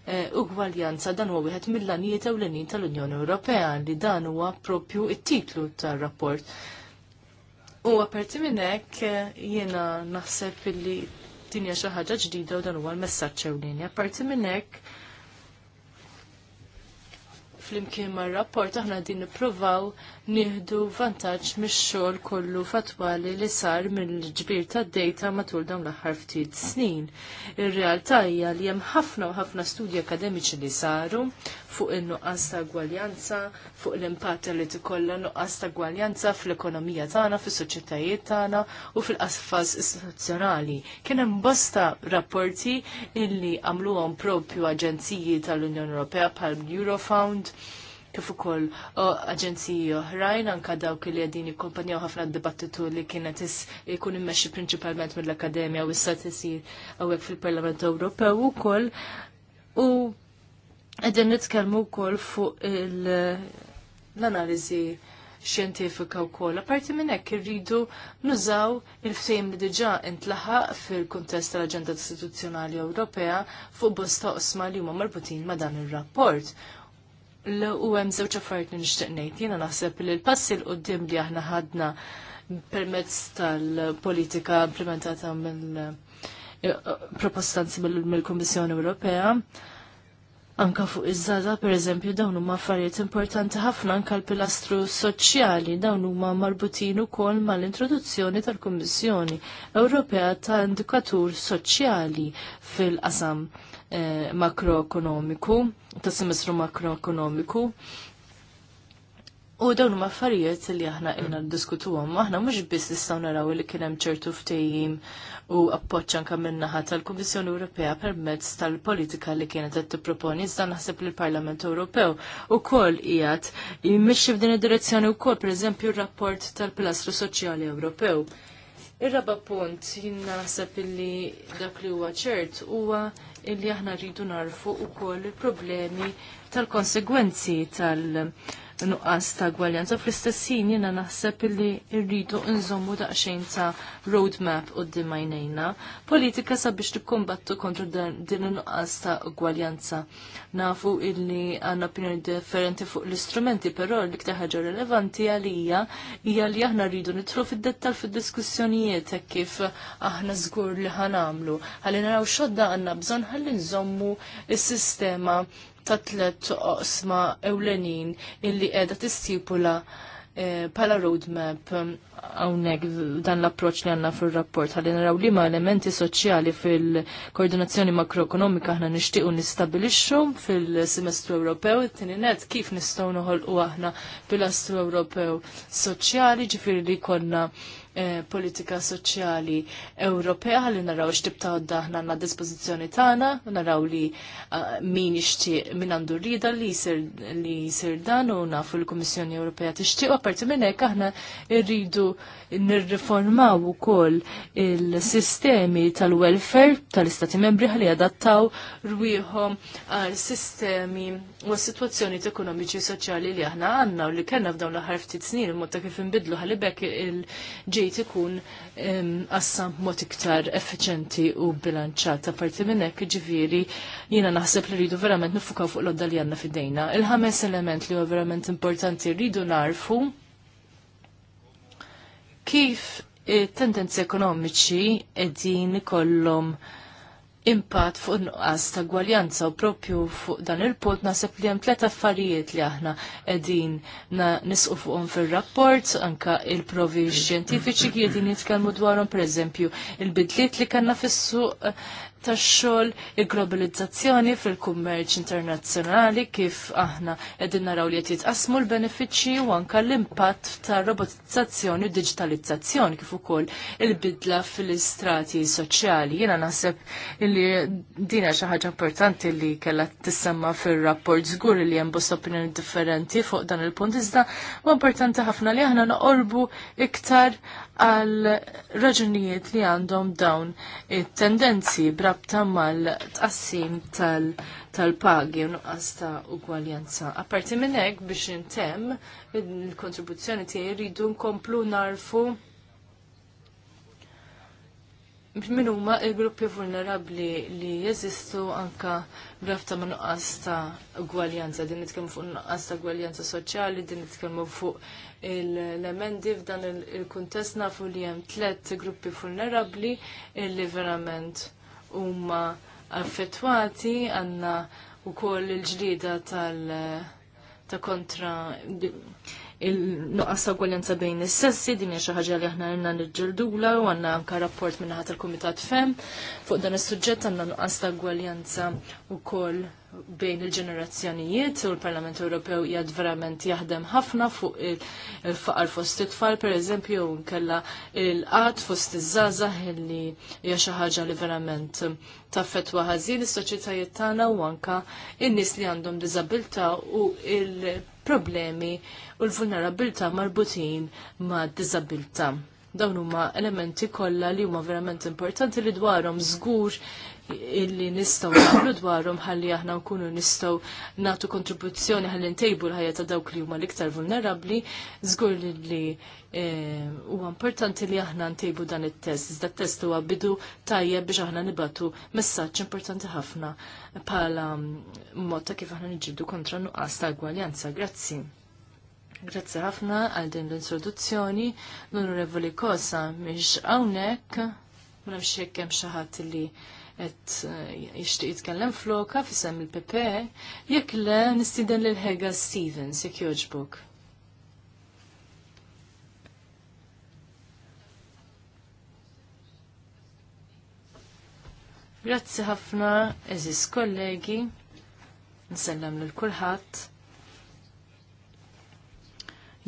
Eh, ugwaljanza dan huwa wieħed mill lanijiet ewlenin tal-Unjoni Ewropea li dan huwa propju it-titlu tar-rapport. U aperti minn hekk eh, jiena naħseb li hija xi ħaġa ġdida u dan huwa l-messaġġ ewlieni. Apparti minn hekk flimkien mar-rapport aħna din nippruvaw nieħdu vantaġġ mix-xogħol kollu fatwali li sar mill-ġbir tad-dejta matul dawn l-aħħar ftit snin. Ir-realtà hija li hemm ħafna u ħafna studji akademiċi li saru fuq in-nuqqas ta' gwaljanza, fuq l-impatt li tikollha nuqqas ta' gwaljanza fl-ekonomija tagħna, fis-soċjetajiet tagħna u fil-qasfas istituzzjonali. Kien hemm bosta rapporti illi għamluhom propju aġenziji tal-Unjoni Ewropea bħal Eurofound kif ukoll aġenziji oħrajn anka dawk li qegħdin jikkumpanjaw ħafna d-dibattitu li kienet jkun immexxi prinċipalment mill-Akademja u issa tisir hawnhekk fil-Parlament Ewropew ukoll u qegħdin nitkellmu wkoll fuq l-analiżi xjentifika wkoll. Apparti minn hekk irridu nużaw il fejm li diġà intlaħaq fil-kuntest tal-Aġenda Istituzzjonali Ewropea fuq bosta osma li huma marbutin ma' dan ir-rapport. L-UM żewġ affarijiet li nixtieq ngħid. Jiena naħseb li l-passi l qudiem li aħna ħadna permezz tal-politika implementata mill eh, propostanzi mill-Kummissjoni Ewropea anka fuq iż-żada pereżempju dawn huma affarijiet importanti ħafna anka l-pilastru soċjali dawn huma marbutin ukoll mal-introduzzjoni tal-Kummissjoni Ewropea ta' Indikatur Soċjali fil-qasam Eh, makroekonomiku, ta' semestru makroekonomiku. U dawn huma affarijiet li aħna qilna ndiskutuhom, aħna mhux biss nistgħu naraw li kien hemm ċertu ftehim u appoġġ anke min-naħa tal-Kummissjoni Ewropea permezz tal-politika li kienet qed tipproponi iżda naħseb li l-Parlament Ewropew ukoll qiegħed jmixxi f'din id-direzzjoni wkoll pereżempju r-rapport tal-Pilastru Soċjali Ewropew. Ir-raba punt jien naħseb illi dak li huwa ċert huwa illi aħna rridu narfu koll il-problemi tal-konsegwenzi tal-, -konsegwenzi tal nuqqas ta' gwaljanza. Fl-istessin jina naħseb li rridu nżommu daqxejn ta' roadmap u d-dimajnejna. Politika sabiex t-kombattu kontra din nuqqas ta' gwaljanza. Nafu illi għanna opinjoni differenti fuq l-istrumenti, però l-iktar ħaġa relevanti għalija hija li aħna rridu nitru fid-dettal fid-diskussjonijiet kif aħna żgur li ħanamlu. Ħalli naraw xodda għandna bżonn ħalli nżommu il sistema ta' tlet oqsma ewlenin illi qiegħda tistipula eh, pala roadmap għawnek um, dan l-approċ li għanna fil-rapport għalli naraw li ma elementi soċjali fil-koordinazzjoni makroekonomika aħna nixtiequ nistabilixxu fil-semestru Ewropew, it-tininet kif nistgħu noħolqu aħna pilastru Ewropew soċjali ġifieri li konna Eh, politika soċjali Ewropea li naraw x'tib ta' daħna għandna dispożizzjoni tagħna, naraw li eh, min jixtieq min għandu rida li jsir li jsir dan u nafu l-Kummissjoni Ewropea tixtieq apparti minn hekk aħna rridu nirriformaw ukoll il-sistemi tal-welfare tal-Istati Membri għalli għadattaw rwiħom għal sistemi u s-sitwazzjoni ekonomiċi soċjali li aħna għandna u li kellna f'dawn l-aħħar ftit snin imma ta' kif inbidlu ħalibek il ġejt ikun assam mod iktar effiċenti u bilanċata Parti minn hekk jina jiena naħseb li rridu verament nifukaw fuq l-odda li għandna fidejna. Il-ħames element li huwa verament importanti rridu narfu kif eh, tendenzi ekonomiċi edin kollom impatt fuq nuqqas ta' gwaljanza u propju fuq dan il-punt nasib li hemm tliet affarijiet li aħna qegħdin nisqu fuqhom fir-rapport anka il-provi mm. xjentifiċi li qegħdin jitkellmu dwarhom pereżempju il-bidliet li kellna fis-suq tax-xogħol, il-globalizzazzjoni fil-kummerċ internazzjonali kif aħna qegħdin naraw li qed jitqasmu l-benefiċċji u anke l-impatt ta' robotizzazzjoni u diġitalizzazzjoni kif ukoll il-bidla fil-istrati soċjali. Jiena naħseb li din xi ħaġa importanti li kellha tissemma fir-rapport żgur li hemm bost opinjoni differenti fuq dan il-punt iżda u importanti ħafna li aħna noqorbu iktar għal raġunijiet li għandhom dawn it-tendenzi brabta mal-tqassim tal-pagi u nuqqas ta' ugwaljanza. Apparti minn hekk biex intemm il-kontribuzzjoni tiegħi rridu nkomplu narfu Minu ma il-gruppi vulnerabbli li jeżistu anka b'rafta ma' nuqqas ta' gwaljanza, din nitkellmu fuq nuqqas ta' gwaljanza soċjali, din nitkellmu fuq l-emendi f'dan il-kuntest nafu li hemm tliet gruppi vulnerabbli li verament huma affettwati għandna wkoll il-ġlida tal- ta' kontra il-nuqqas għagwaljanza bejn is-sessi, din hija xi ħaġa li aħna rinna niġġeldula u għandna anke rapport minn ħadd il-Kumitat Fem fuq dan is-suġġett għandna nuqqas ta' gwaljanza wkoll bejn il-ġenerazzjonijiet u l-Parlament Ewropew jgħad verament jaħdem ħafna fuq il-faqar fost it-tfal, per eżempju, nkella il-qat fost iż-żaza li hija xi ħaġa li verament taffetwa ħażin is-soċjetajiet tagħna u anke in-nies li għandhom diżabilità u il- problemi u l-vulnerabilità marbutin ma' disabilità. Dawn huma elementi kollha li huma verament importanti li dwarhom żgur illi nistaw nagħmlu dwarhom ħalli aħna nkunu nistaw nagħtu kontribuzzjoni ħalli ntejbu l-ħajja ta' dawk li huma l-iktar vulnerabbli, żgur li eh, huwa importanti li aħna ntejbu dan it-test. Iżda t-test huwa bidu tajjeb biex aħna nibatu messaġġ importanti ħafna bħala mm, mod ta' kif aħna niġġieldu kontra nuqqas ta' gwaljanza. Grazzi. Grazzi ħafna għal din l-introduzzjoni. L-Onorevoli Kosa miex hawnhekk, ma nafx hekk hemm xi ħadd li qed eh, jixtieq jitkellem floka f'isem il pepe jekk le nistieden l-ħega Stevens jekk jogħġbok. Grazzi ħafna, eżis kollegi, nsellem lil kulħadd.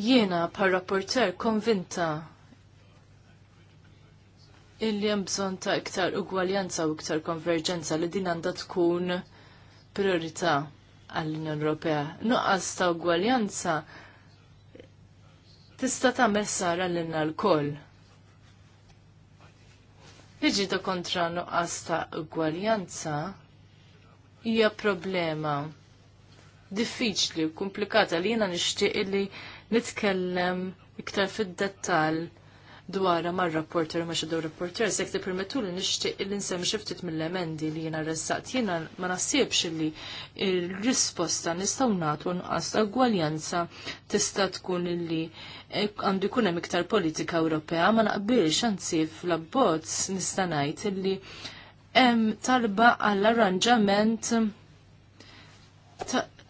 Jiena par rapporter konvinta illi hemm bżonn ta' iktar ugwaljanza u iktar konverġenza li din għandha tkun priorità għall-Unjoni Ewropea. Nuqqas ta' ugwaljanza tista' tagħmel sara inna l-koll. Iġi ta' kontra nuqqas ta' ugwaljanza hija problema diffiċli u komplikata li jiena nixtieq li nitkellem iktar fid-dettall Dwarra mar-rapporter ma' xedew rapporter jekk permettu li nixtieq li nsemmi xi ftit mill-emendi li jiena ressaqt jiena ma naħsibx li r-risposta nistgħu nagħtu nqas ta' gwaljanza tista' tkun illi eh, għandu jkun hemm iktar politika Ewropea ma naqbilx anzi fl-abbozz nista' ngħid illi hemm talba għall arranġament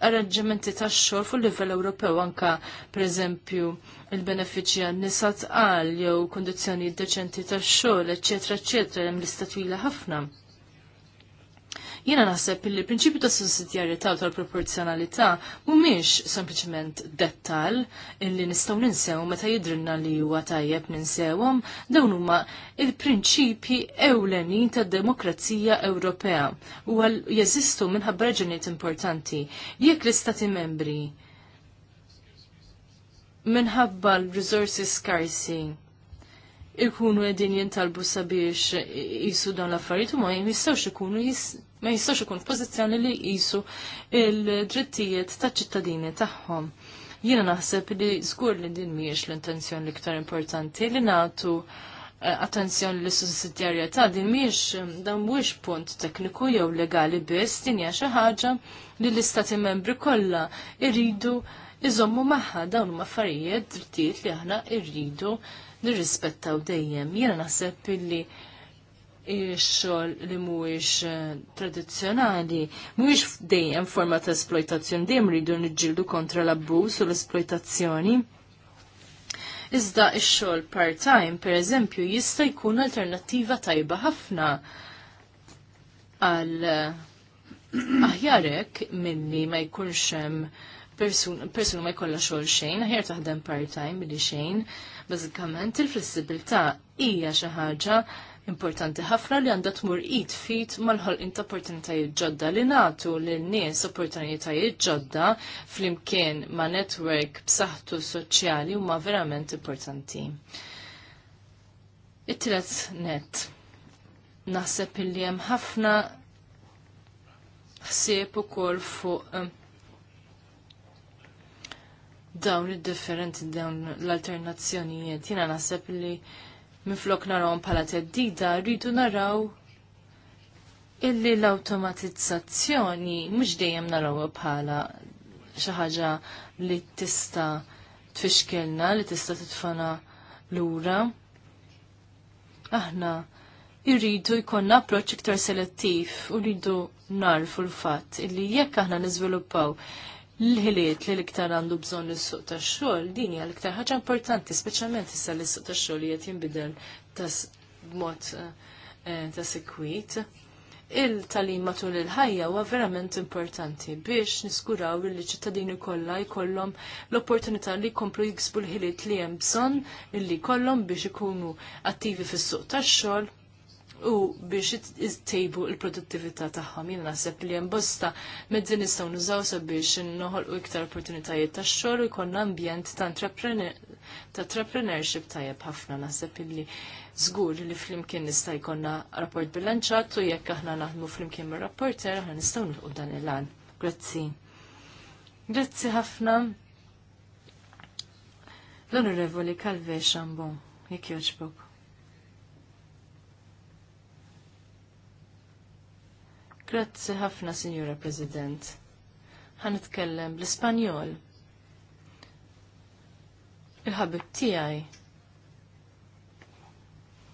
arranġamenti ta' xogħol fuq livell Ewropew anka pereżempju il-benefiċċji għan-nisa tqal jew kondizzjoni deċenti ta' xogħol, eċetera, eċetera, hemm lista twila ħafna. Jiena naħseb li l-prinċipju ta' sussidjarjetà u tal-proporzjonalità mhumiex sempliċement dettal illi nistgħu ninsew meta jidrilna li huwa tajjeb ninsewhom dawn huma il-prinċipji ewlenin tad-demokrazija Ewropea u għal jeżistu minħabba raġunijiet importanti. Jekk l-istati membri minħabba l-resources skarsi ikunu edin jintalbu sabiex jisu dan l-affarijiet ma jistawx ikunu ma jistawx ikun f'pożizzjoni li jisu il-drittijiet ta' ċittadini tagħhom. Jiena naħseb li żgur li din mhijiex l-intenzjoni l-iktar importanti li nagħtu eh, attenzjoni l sussidjarjetà din mhijiex dan mhuwiex punt tekniku jew legali biss din hija xi ħaġa li l-istati membri kollha iridu iżommu magħha dawn huma affarijiet drittijiet li aħna rridu nirrispettaw dejjem. Jiena naħseb illi xogħol li mhuwiex eh, tradizzjonali mhuwiex dejjem forma ta' esploitazzjoni dejjem rridu niġġieldu kontra l-abbuż u l-esploitazzjoni. Iżda x-xogħol part-time, pereżempju, jista' jkun alternattiva tajba ħafna għal eh, aħjarek milli ma jkunx hemm persuna ma jkollha xogħol xejn, aħjar taħdem part-time li xejn, bażikament il-flessibilità hija xi ħaġa importanti ħafna li għandha tmur id fit mal-ħolqin opportunitajiet ġodda li nagħtu lil nies opportunitajiet ġodda flimkien ma' netwerk b'saħħtu soċjali huma verament importanti. It-tielet net. Naħseb illi hemm ħafna ħsieb ukoll fuq eh, dawn id-differenti dawn l-alternazzjonijiet. Jina naħseb li miflok narawhom bħala teddida rridu naraw illi l-automatizzazzjoni mhux dejjem naraw bħala xi ħaġa li tista' tfixkelna, li tista' titfana lura. Aħna irridu jkollna approċċ iktar selettiv u rridu narfu l-fatt illi jekk aħna niżviluppaw l-ħiliet li l-iktar għandu bżonn is-suq tax-xogħol din hija l-iktar ħaġa importanti, speċjalment issa l suq tax-xogħol qed jinbidel b'mod eh, eh, ta' sekwit. Il-talim matul il-ħajja huwa verament importanti biex niskuraw li ċittadini kollha jkollhom l-opportunità li jkomplu jiksbu l-ħiliet li hemm bżonn illi jkollhom biex ikunu attivi fis-suq tax-xogħol u biex jittejbu il-produttività tagħhom. Jien naħseb li hemm bosta mezzi nistgħu nużaw sabiex u iktar opportunitajiet tax-xogħol u jkollna ambjent ta' entrepreneurship tajjeb ħafna naħseb illi żgur li flimkien nista' jkollna rapport bilanċat u jekk aħna naħdmu flimkien mir-rapporter aħna nistgħu nilqu dan il-għan. Grazzi. Grazzi ħafna. L-Onorevoli Calve Chambon, jekk jogħġbok. Grazzi ħafna, Signora President. Ħanitkellem bl-Ispanjol. Il-ħabib tiegħi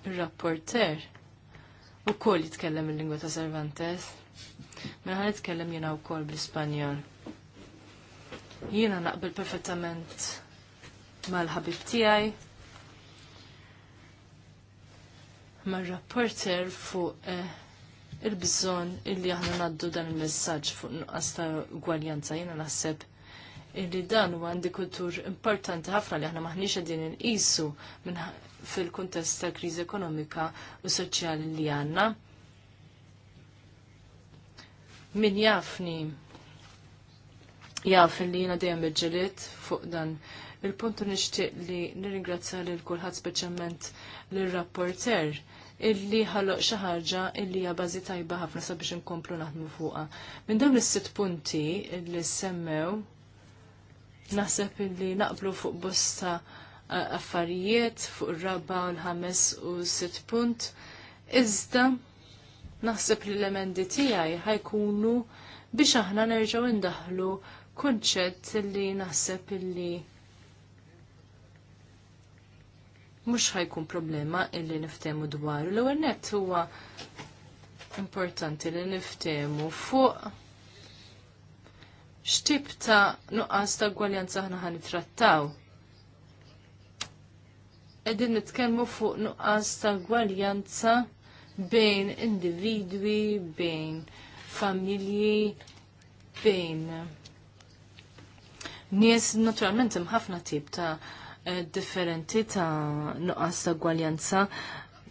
il-rapporter u jitkellem il-lingwa ta' Cervantes. Mela ħan jitkellem jena u bl-Ispanjol. Jena naqbel perfettament mal-ħabib tijaj, Ma rapporter fuq eh, il-bżon illi aħna naddu dan il-messagġ fuq nuqqas ta' gwaljanza jena naħseb illi dan huwa kultur importanti ħafna li aħna maħniex il inqisu fil-kuntest ta' kriżi ekonomika u soċjali li għandna. Min jafni jaf li jiena dejjem iġġeliet fuq dan il-punt nixtieq li nirringrazzja lil kulħadd speċjalment lir-rapporter illi ħalloq xi ħaġa illi hija bażi tajba ħafna sabiex inkomplu naħdmu fuqha. Minn dawn is-sitt punti illi semmew naħseb illi naqblu fuq bosta affarijiet fuq ir-raba u l-ħames u sitt punt. Iżda naħseb li l-emendi tiegħi ħajkunu biex aħna nerġgħu indaħlu kunċett illi naħseb illi mhux ħajkun problema illi niftemu dwaru. L-ewwel nett huwa importanti li niftemu fuq x'tip ta' nuqqas ta' gwaljanza aħna nittrattaw? Qegħdin nitkellmu fuq nuqqas ta' gwaljanza bejn individwi, bejn familji, bejn nies naturalment hemm ħafna tip ta' Eh, differenti ta' nuqqas ta' gwaljanza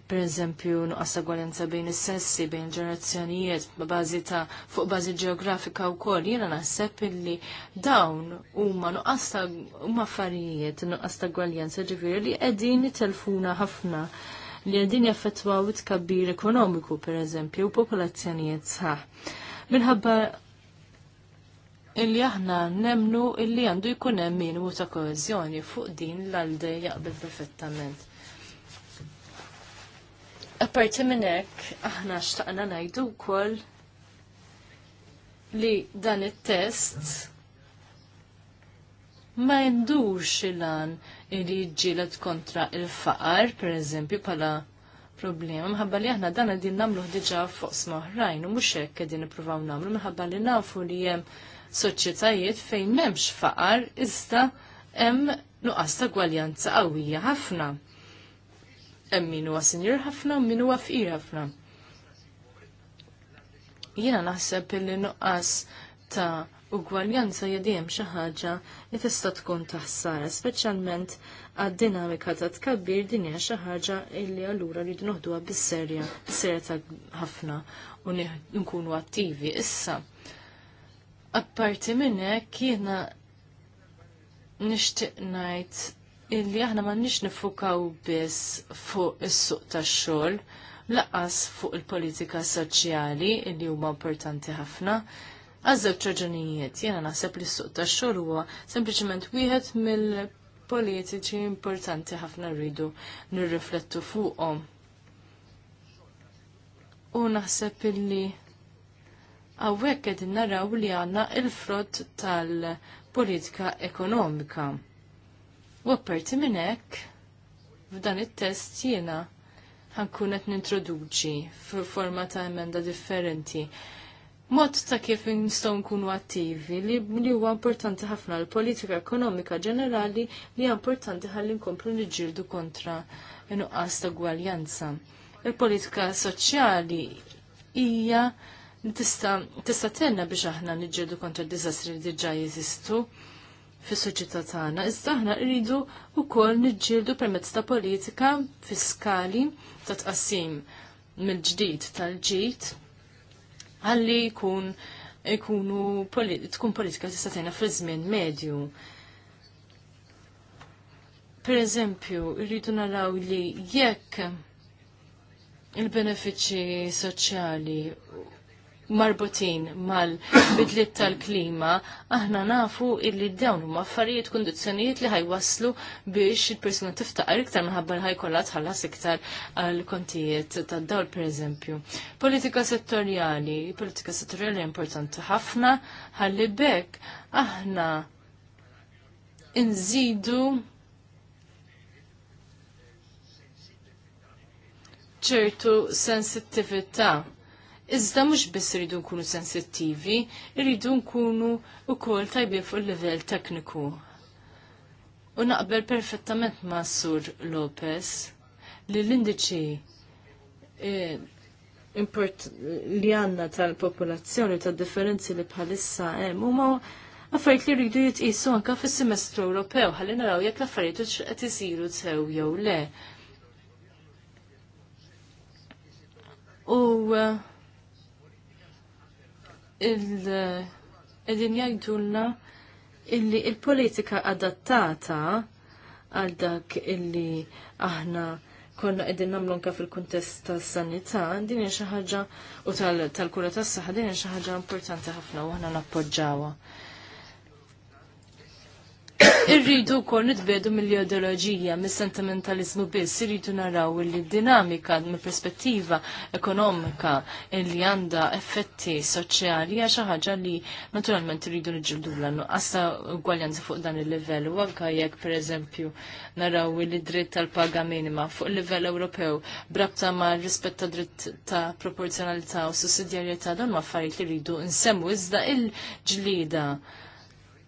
per eżempju, nuqqas ta' gwaljanza bejn is-sessi, bejn ġenerazzjonijiet, bażi ta' fuq bażi ġeografika wkoll, jiena naħseb illi dawn huma nuqqas ta' huma affarijiet, nuqqas ta' gwaljanza ġifieri li qegħdin telfuna ħafna li qegħdin jaffettwaw it-kabbir ekonomiku per eżempju u popolazzjonijiet sħaħ. Minħabba illi aħna nemnu illi għandu jkun hemm minimu ta' koeżjoni fuq din l-għalde jaqbel perfettament. Apparti minn hekk aħna xtaqna ngħidu wkoll li dan it-test ma jindux il-għan illi jġilet kontra il-faqar, per eżempju, pala problema minħabba li aħna dan qegħdin nagħmluh diġà fuq smaħrajn u mhux hekk qegħdin nippruvaw nagħmlu minħabba li nafu li hemm soċjetajiet fejn m'hemmx faqar iżda hemm nuqqas ta' gwaljanza qawwija ħafna. Hemm min huwa sinjur ħafna u min huwa fqir ħafna. Jiena naħseb li nuqqas ta' ugwaljanza jadiem xi ħaġa li tista' tkun taħsara, speċjalment għad-dinamika ta' tkabbir din hija xi ħaġa li allura rridu noħduha bis-serja, bis-serja ta' ħafna u nkunu attivi issa. Apparti minn hekk jiena nixtieq ngħid illi aħna m'għandniex nifukaw biss fuq is-suq tax-xogħol, laqas fuq il-politika soċjali illi huma importanti ħafna. Għażewġ raġunijiet jiena naħseb li s-suq tax-xogħol huwa sempliċement wieħed mill-politiċi importanti ħafna rridu nirriflettu fuqhom. U naħseb illi għawek edin naraw li għanna il-frott tal-politika ekonomika. U apparti minnek, f'dan it-test jiena ħankun qed nintroduċi forma ta' emenda differenti. Mod ta' kif nistgħu nkunu attivi li, li huwa importanti ħafna l-politika ekonomika ġenerali li hija importanti ħalli nkomplu niġġieldu kontra nuqqas ta' gwaljanza. Il-politika soċjali hija tista' tista' tenna biex aħna niġġieldu kontra d-diżastri li diġà jeżistu fis soċieta tagħna, iżda aħna rridu wkoll niġġieldu permezz ta' politika fiskali ta' tqassim mill-ġdid tal-ġid ħalli jkun ikunu tkun politika tista' tgħinha fi żmien medju. Per eżempju, rridu naraw li jekk il-benefiċċji soċjali marbutin mal-bidliet tal-klima, aħna nafu illi dawn huma affarijiet kundizzjonijiet li ħajwaslu biex il-persuna tiftaqar iktar minħabba li ħajkollha tħallas iktar għal kontijiet tad-dawl pereżempju. Politika settorjali, politika settorjali importanti ħafna, ħalli bekk aħna nżidu ċertu sensittività Iżda mhux biss iridu nkunu sensittivi, iridu nkunu wkoll tajbin fuq il-livell tekniku. U naqbel perfettament ma' Sur Lopez li l-indiċi e, import li għanna tal-popolazzjoni tad-differenzi li bħalissa hemm huma affarijiet li rridu jitqisu anke fis-semestru Ewropew ħalli naraw jekk l-affarijiet qed isiru sew jew le. U uh, il-din jgħidulna illi il-politika adattata għal dak illi aħna konna qegħdin nagħmlu ka fil-kuntest tas-sanità din hija xi ħaġa u tal-kura tas-saħħa din hija xi ħaġa importanti ħafna u aħna nappoġġawha irridu wkoll nitbedu mill-ideoloġija, mis-sentimentalizmu biss, irridu naraw li dinamika mill perspettiva ekonomika li għandha effetti soċjali għaxa xi ħaġa li naturalment irridu nġildu l-għannu. Assa ugwaljanza fuq dan il-livell u anke jekk pereżempju naraw li dritt tal-paga minima fuq il-level Ewropew brabta ma' rispett dritt ta' proporzjonalità u sussidjarjetà dan ma' affarijiet li rridu nsemmu iżda il-ġlida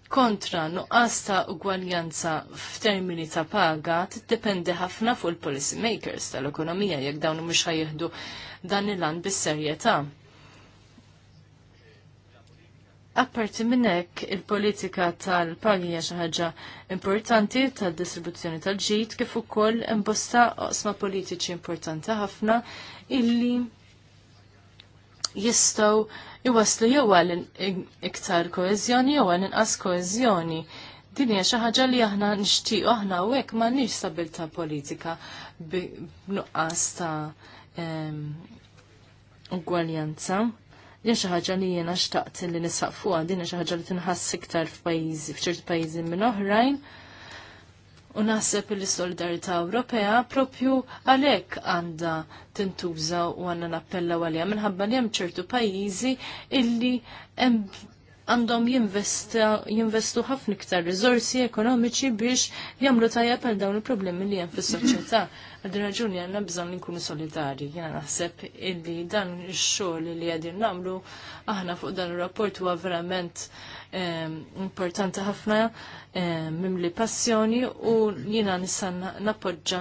kontra nuqqas ta' ugwaljanza f'termini ta' paga tiddependi ħafna fuq il-policy makers tal-ekonomija jekk dawn mhux ħajjeħdu dan il-lan bis-serjetà. Apparti minn hekk il-politika tal-pagi hija xi ħaġa importanti tad-distribuzzjoni tal-ġid kif ukoll imbosta oqsma politiċi importanti ħafna illi jistgħu iwaslu jew għal iktar koeżjoni jew għal inqas koeżjoni. Din hija xi ħaġa li aħna nixtiequ aħna u hekk m'għandniex stabilità politika b'nuqqas ta' ugwaljanza. Din xi ħaġa li jiena xtaqt li nisaq fuqha, din xi ħaġa li tinħass iktar f'pajjiżi f'ċerti pajjiżi minn oħrajn. U naħseb li solidarita Ewropea propju għalhekk għandha tintuża u għandna nappella għalija minħabba li hemm ċertu pajjiżi illi għandhom jinvestu ħafna iktar riżorsi ekonomiċi biex jagħmlu tajjeb għal dawn il-problemi li hemm fis-soċjetà. Għal din raġuni għandna bżonn nkunu solidari. Jiena naħseb illi dan ix-xogħol li qegħdin nagħmlu aħna fuq dan ir-rapport huwa verament importanti ħafna mimli passjoni u jina nissan nappoġġa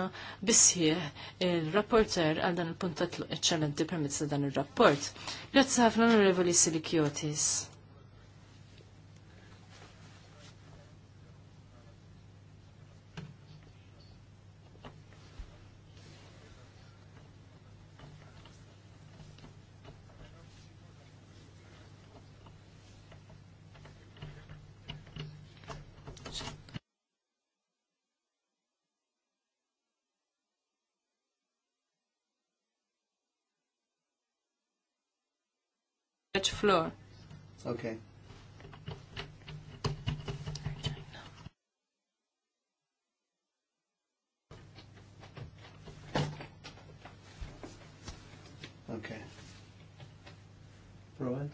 bisħieħ il-rapporter għal dan il-puntat eccellenti permezz dan il-rapport. Grazzi ħafna l-Revoli Silikiotis. George Floor. Okay. Okay. Rowan?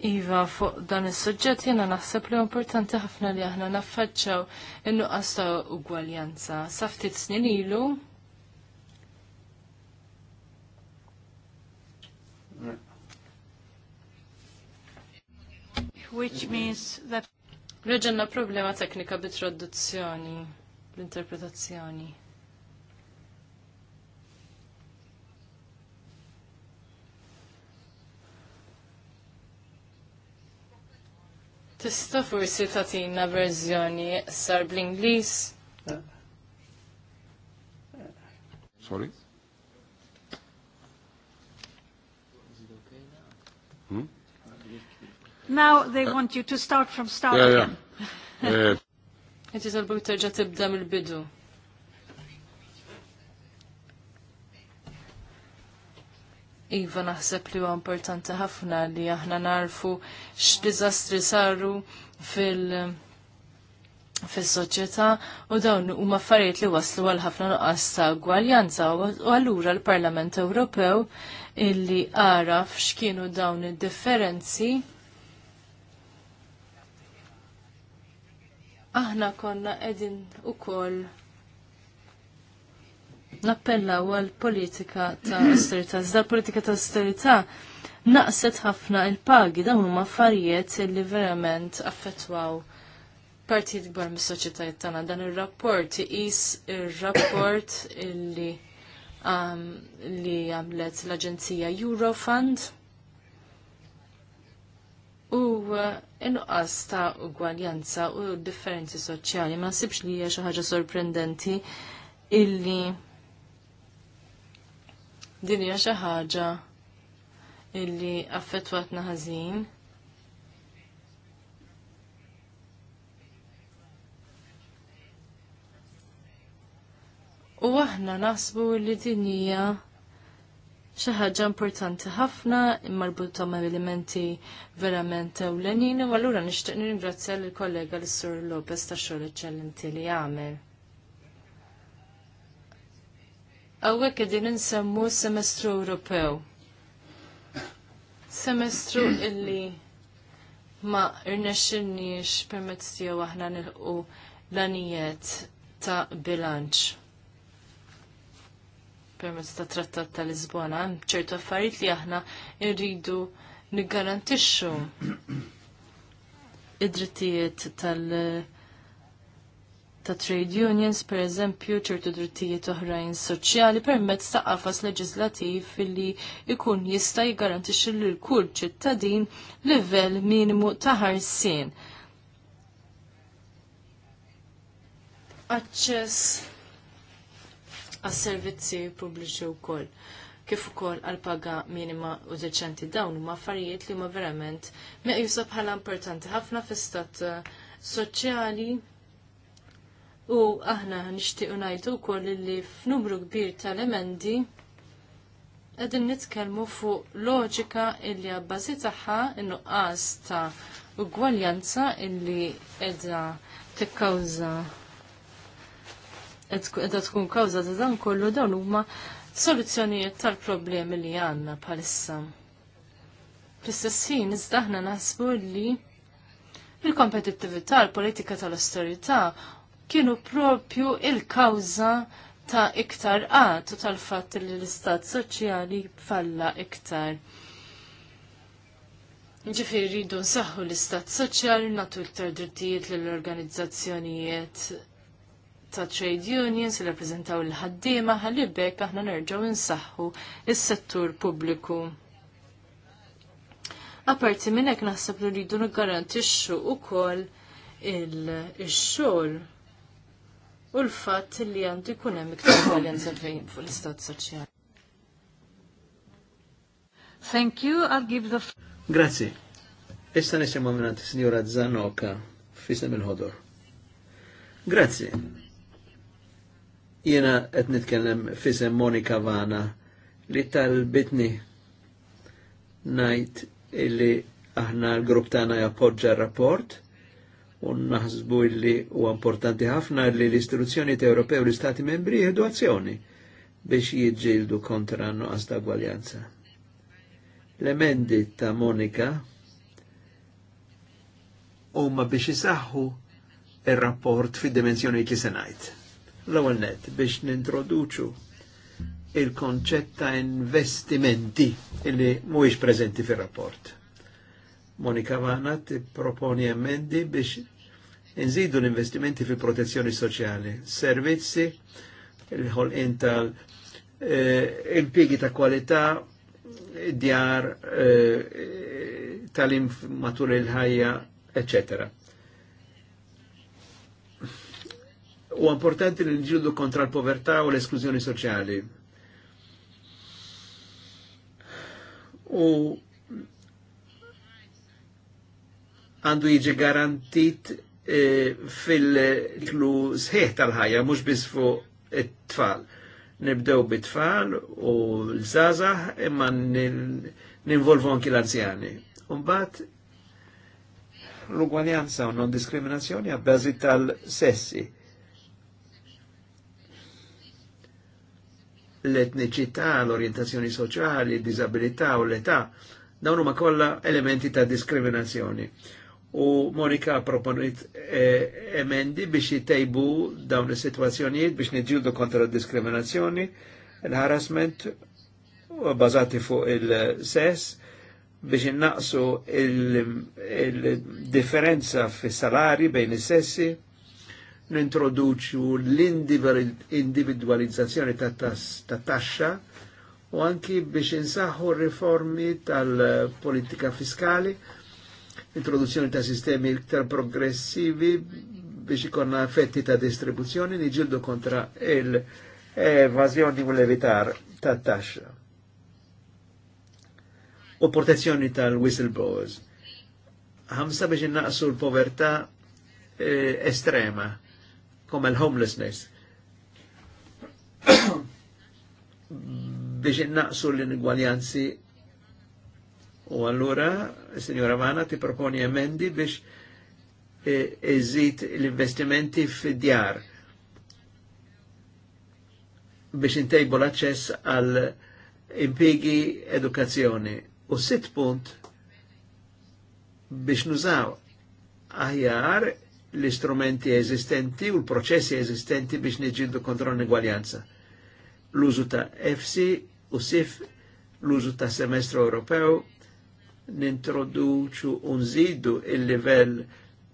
Iva, fuq dan is-suġġett jiena naħseb li importanti ħafna li aħna naffaċċaw in-nuqqas ta' ugwaljanza. Sa ftit snin ilu. Which means that Reġenna problema teknika bit-traduzzjoni, l-interpretazzjoni. Tista' forsi tagħtina verżjoni sar bl-Ingliż? Sorry. Hmm? Now they want you to start from start. Yeah, yeah. Inti eh. talbu terġa' tibda mill-bidu. Iva naħseb li huwa importanti ħafna li aħna narfu x'diżastri saru fil- fis-soċjetà u dawn huma affarijiet li waslu għal ħafna nuqqas ta' gwaljanza u allura l-Parlament Ewropew illi għaraf x'kienu dawn id-differenzi aħna konna qegħdin ukoll u għal politika ta' austerità. Iżda l-politika ta' austerità naqset ħafna il-pagi dawn huma affarijiet li verament affettwaw partijiet gbar mis-soċjetajiet tagħna dan ir-rapport iqis ir-rapport illi um, li għamlet l-Aġenzija Eurofund u uh, inqas ta' ugwaljanza u differenzi soċjali ma nasibx li hija xi ħaġa sorprendenti illi Din hija xi ħaġa illi affettwatna ħażin. U aħna naħsbu li din hija xi ħaġa importanti ħafna marbuta ma' elementi verament ewlenin u allura nixtieq ningrazzja lill kollega l-Sur Lopez tax xogħol eċċellenti li għamel. Għawek għedin nsemmu semestru Ewropew. Semestru illi ma rnexxinniex permezz tiegħu aħna nilqu l-anijiet ta' bilanċ. Permezz ta' trattat ta' Lisbona, ċertu affarijiet li aħna irridu niggarantixxu id-drittijiet tal- ta' trade unions, per eżempju, ċertu drittijiet oħrajn soċjali permezz ta' qafas leġislativ li ikun jista' jgarantixxi lil kull ċittadin livell minimu ta' ħarsien. Aċċess għas servizzi pubbliċi wkoll kif ukoll għal paga minima u deċenti dawn huma affarijiet li huma verament meqjusa bħala importanti ħafna fi stat eh, soċjali U aħna nixtiequ ngħidu wkoll li f'numru kbir tal-emendi qegħdin nitkellmu fuq loġika illi għabbazi tagħha innu qas ta' ugwaljanza illi t-kawza edha tkun kawza ta' dan kollu dawn huma soluzzjonijiet tal-problemi li għandna bħalissa. Fl-istess ħin iżda aħna naħsbu li il-kompetittività, l-politika tal-austerità kienu propju il-kawza ta' iktar u tal fat li l-istat soċjali falla iktar. Ġifiri rridu nsaħħu l-istat soċjali natu iktar drittijiet l-organizzazzjonijiet ta' trade unions li rappresentaw l-ħaddiema ħalibek aħna nerġgħu nsaħu il settur pubbliku. Aparti minn hekk naħseb li rridu niggarantixxu wkoll il-xogħol u l fat li għandu jkun hemm iktar valenza fejn fuq l-istat soċjali. Thank you, I'll give the... Grazie. Issa nisimaw minnant signora Zanoka fisem il-ħodor. Grazie. Jena qed nitkellem fisem Monika Vana li tal-bitni najt illi aħna l-grupp tagħna jappoġġa r-rapport u naħsbu li u importanti ħafna li l-istituzzjoni Ewropew l-Istati membri jihdu azzjoni biex jidġildu kontra nuqqas ta' gwaljanza. L-emendi ta' Monika huma biex jisaħħu il rapport fid dimensjoni kisenajt. L-ewwel net biex nintroduċu il-konċett ta' investimenti illi mhuwiex prezenti fir-rapport Monika Vana proponi emendi biex nżidu l-investimenti fi protezzjoni soċjali, servizzi, il-ħolqin tal-impigi eh, ta' kwalità, djar eh, tal-im matul il-ħajja, eccetera. U importanti l nġildu kontra l-povertà u l-esklużjoni soċjali. U għandu jiġi garantit e, fil-klu sħiħ tal-ħajja, mux biz fuq it-tfal. Nibdew bit-tfal u l-żazah imma ninvolvu anki l-anzjani. Umbat l-ugwanjanza u non-diskriminazzjoni għabbażi tal-sessi. L-etniċità, l-orientazzjoni soċjali, disabilità u l-età, dawn huma kollha elementi ta' diskriminazzjoni u Monika proponit eh, emendi biex jitejbu dawn is situazzjonijiet biex nidġildu kontra diskriminazzjoni, l-harassment bazati fuq il-sess biex innaqsu il-differenza fi salari bejn is-sessi, nintroduċu l-individualizzazzjoni ta' taxxa u anki biex insaħħu riformi tal-politika fiskali introduzzjoni ta' sistemi iktar progressivi biex ikonna effetti ta' distribuzzjoni niġildu kontra l evazjoni u l-evitar ta' taxxa. U protezzjoni tal-whistleblowers. Għamsa biex innaqsu l-povertà eh, estrema, come l-homelessness. biex innaqsu l-inigwaljanzi U allura, signora Vana, ti proponi emendi biex eżit e l-investimenti f djar biex intejbu l-access għal impigi edukazzjoni. U sitt punt biex nużaw aħjar l-istrumenti eżistenti u l-proċessi eżistenti biex neġiddu kontrol l-egwaljanza. L-użu ta' EFSI u SIF l-użu ta' semestru Ewropew nintroduċu unżidu il-livell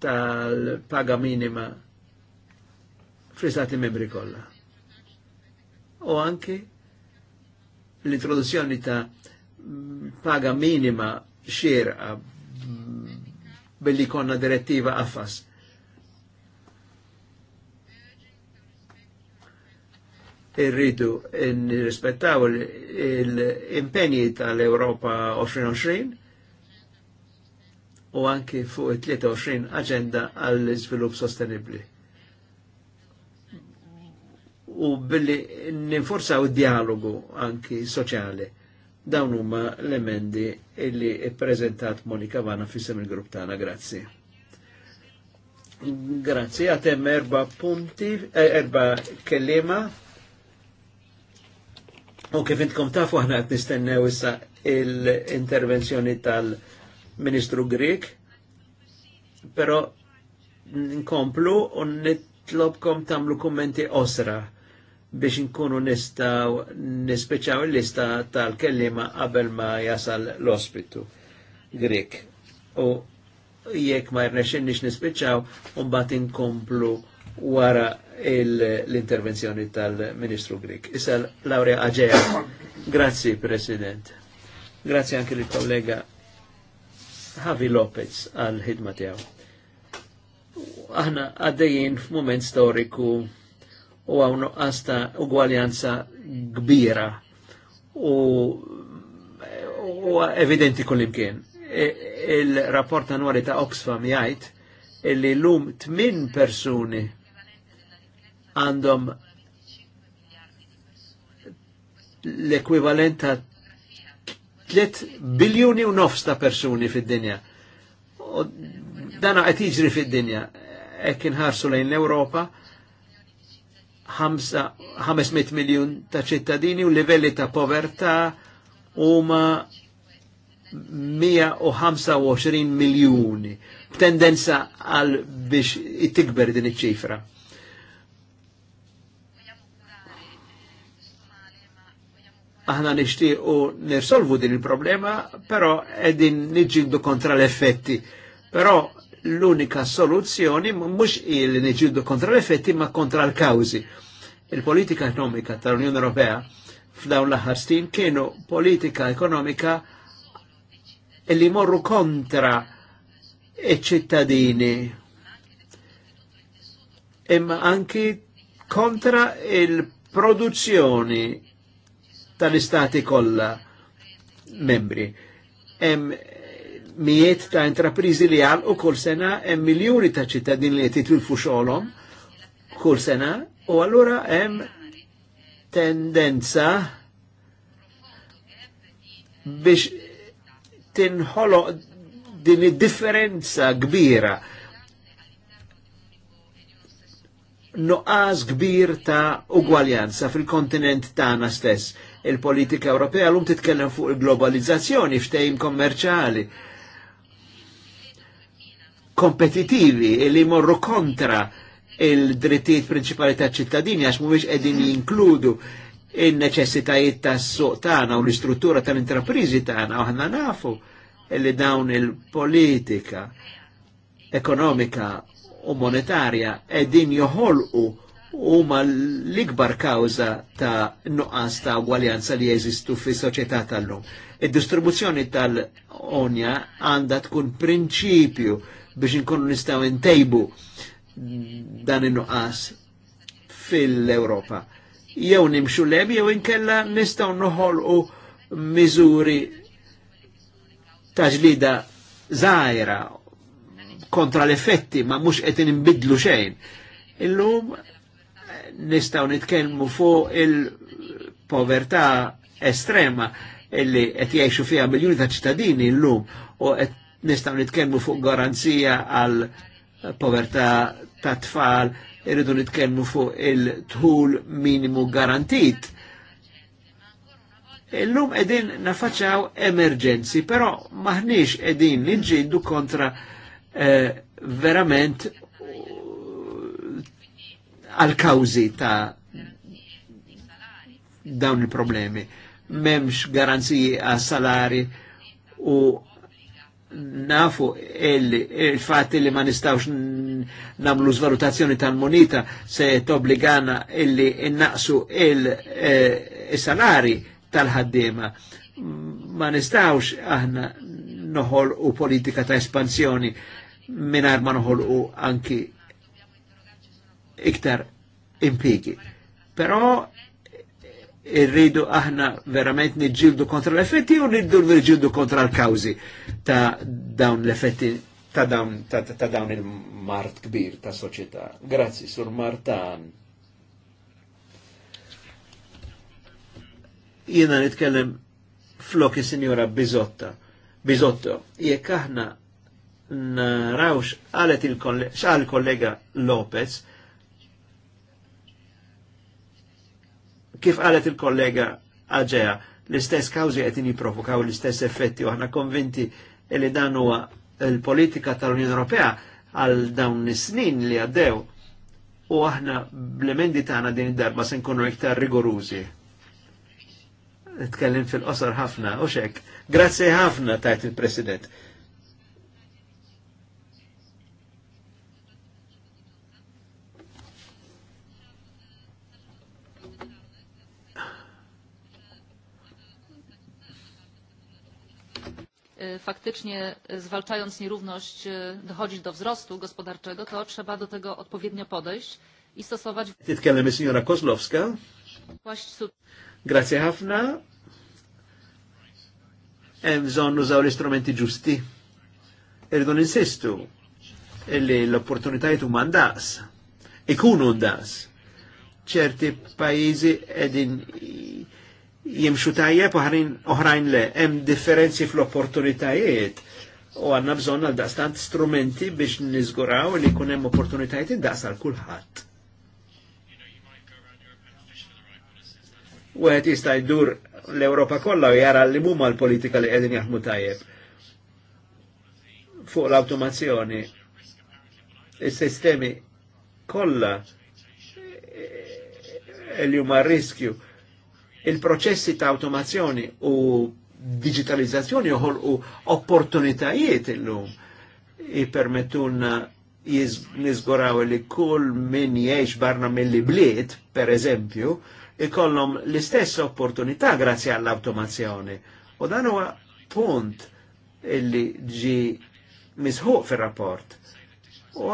tal-paga minima fl-istati membri kolla. U anki l-introduzzjoni ta' paga minima xirqa billi konna direttiva affas. irridu in rispettaw l impegni tal-Europa 2020 u anki fuq 23 agenda għall iżvilupp sostenibli. U billi ninforsaw id dialogu anki soċjali. Dawn huma l-emendi illi ppreżentat Monika Vana f'isem il-grupp tagħna, grazzi. Grazzi, għatem erba punti, eh, erba kellima. U kif intkom tafu aħna qed nistennew issa l-intervenzjoni tal- Ministru Grek, pero nkomplu u nitlobkom tamlu kommenti osra biex nkunu nistaw nispeċaw il-lista tal-kellima qabel ma jasal l-ospitu Grek. U jekk ma jirnexin nix nispiċaw, unbat inkomplu wara l-intervenzjoni tal-Ministru Grek. Isal Laurea Aġea, Grazie, President. Grazie anche il collega Javi Lopez għal ħidma tiegħu. Aħna għaddejjin f'mument storiku u għaw nuqqas ta' ugwaljanza kbira u huwa evidenti kullimkien. E, il-rapport annwali ta' Oxfam jgħid illi lum tmin persuni għandhom l-ekwivalent ta' 3 biljuni u nofs ta' persuni fid-dinja. Dana qed jiġri fid-dinja. Hekk inħarsu lejn l-Ewropa 500 miljun ta' ċittadini u livelli ta' povertà huma 125 miljuni. Tendenza għal biex tikber din iċ-ċifra. aħna u nirsolvu din il-problema, pero edin niġġieldu kontra l-effetti. Pero l-unika soluzzjoni mux il niġġieldu kontra l-effetti ma kontra l kawzi Il-politika ekonomika tal-Unjoni Ewropea f'dawn l-aħħar kienu politika ekonomika li morru kontra iċ-ċittadini imma anki kontra il-produzzjoni tal-istati kollha membri. Hemm mijiet ta' intraprizi li għal u kull sena hemm miljuni ta' ċittadin li jitilfu xogħolhom kull sena u allura hemm tendenza biex tinħolo din id-differenza kbira noqas kbir ta' ugwaljanza fil-kontinent tagħna stess il-politika Ewropea l um titkellem fuq il-globalizzazzjoni, f'tejm kommerċali, kompetitivi li morru kontra il-drittijiet principali ta' ċittadini għax mhumiex qegħdin jinkludu in-neċessitajiet ta' suq tagħna u l-istruttura tal intraprizi tagħna aħna nafu li dawn il-politika ekonomika u monetarja qegħdin joħolqu huma l-ikbar kawza ta' nuqqas ta' gwaljanza li jeżistu fi soċjetà tal-lum. Id-distribuzzjoni tal-onja għandha tkun prinċipju biex inkunu nistgħu ntejbu dan in-nuqqas fil-Ewropa. Jew nimxu leb jew inkella nistgħu noħolqu miżuri ta' ġlida zaħira kontra l-effetti ma mhux qed inbidlu xejn. Illum nistaw nitkellmu fuq il-povertà estrema illi qed jgħixu fiha miljuni ta' ċittadini llum u qed nistgħu nitkellmu fuq garanzija għal povertà ta' tfal, irridu nitkellmu fuq il-tħul minimu garantit. Illum qegħdin nafaċċaw emerġenzi, però maħniex qegħdin niġġieldu kontra eh, verament għal-kawzi ta' dawn il-problemi. Memx garanziji għal salari u nafu il-fat il li ma nistawx namlu svalutazzjoni tal-monita se tobbligana illi innaqsu eh, il-salari tal-ħaddima. Ma nistawx aħna noħol u politika ta' espansjoni minar ma noħol u anki iktar impigi. Però irridu aħna verament nġildu kontra l-effetti u niddu nġildu kontra l-kawzi ta' dawn l-effetti ta' dawn, ta, ta dawn il-mart kbir ta' soċieta. Grazzi, sur Martan. Jena nitkellem flokki signora Bizotta. Bizotto, jekk aħna narawx għalet il-kollega Lopez, kif qalet il-kollega għagġeja, l-istess kawzi qed provokaw l-istess effetti u aħna konvinti li dan huwa l-politika tal-Unjoni Ewropea għal dawn is-snin li għaddew u aħna blemendi emendi tagħna din id-darba se nkunu iktar rigorużi. Tkellim fil-qosor ħafna u xek. Grazzi ħafna tajt il-President. faktycznie zwalczając nierówność dochodzić do wzrostu gospodarczego, to trzeba do tego odpowiednio podejść i stosować... Tytkelemy signora Kozlowska. Grazie ħafna. Hemm bżonn nużaw l-istrumenti ġusti. Irridu ninsistu illi l-opportunitajiet huma ndaqs. E Certi paesi ed in... qegħdin jimxu tajjeb oħrajn le, hemm differenzi fl-opportunitajiet u għanna bżon għal daqstant strumenti biex nizguraw li kun hemm opportunitajiet indaqs għal kulħadd. U għet jistaj dur l-Europa kollha u jara li mumma l-politika li qegħdin jaħmu tajjeb fuq l-automazzjoni is-sistemi kollha eh, eh, li huma riskju Il-proċessi ta' automazzjoni u digitalizzazzjoni uħol u opportunitajiet il illum ipermettunna nizgoraw li kull min jiex barna mill-bliet, li per eżempju, ikollhom l-istess opportunità grazzi għall-automazzjoni. U dan huwa punt illi ġi misħuq fir-rapport. U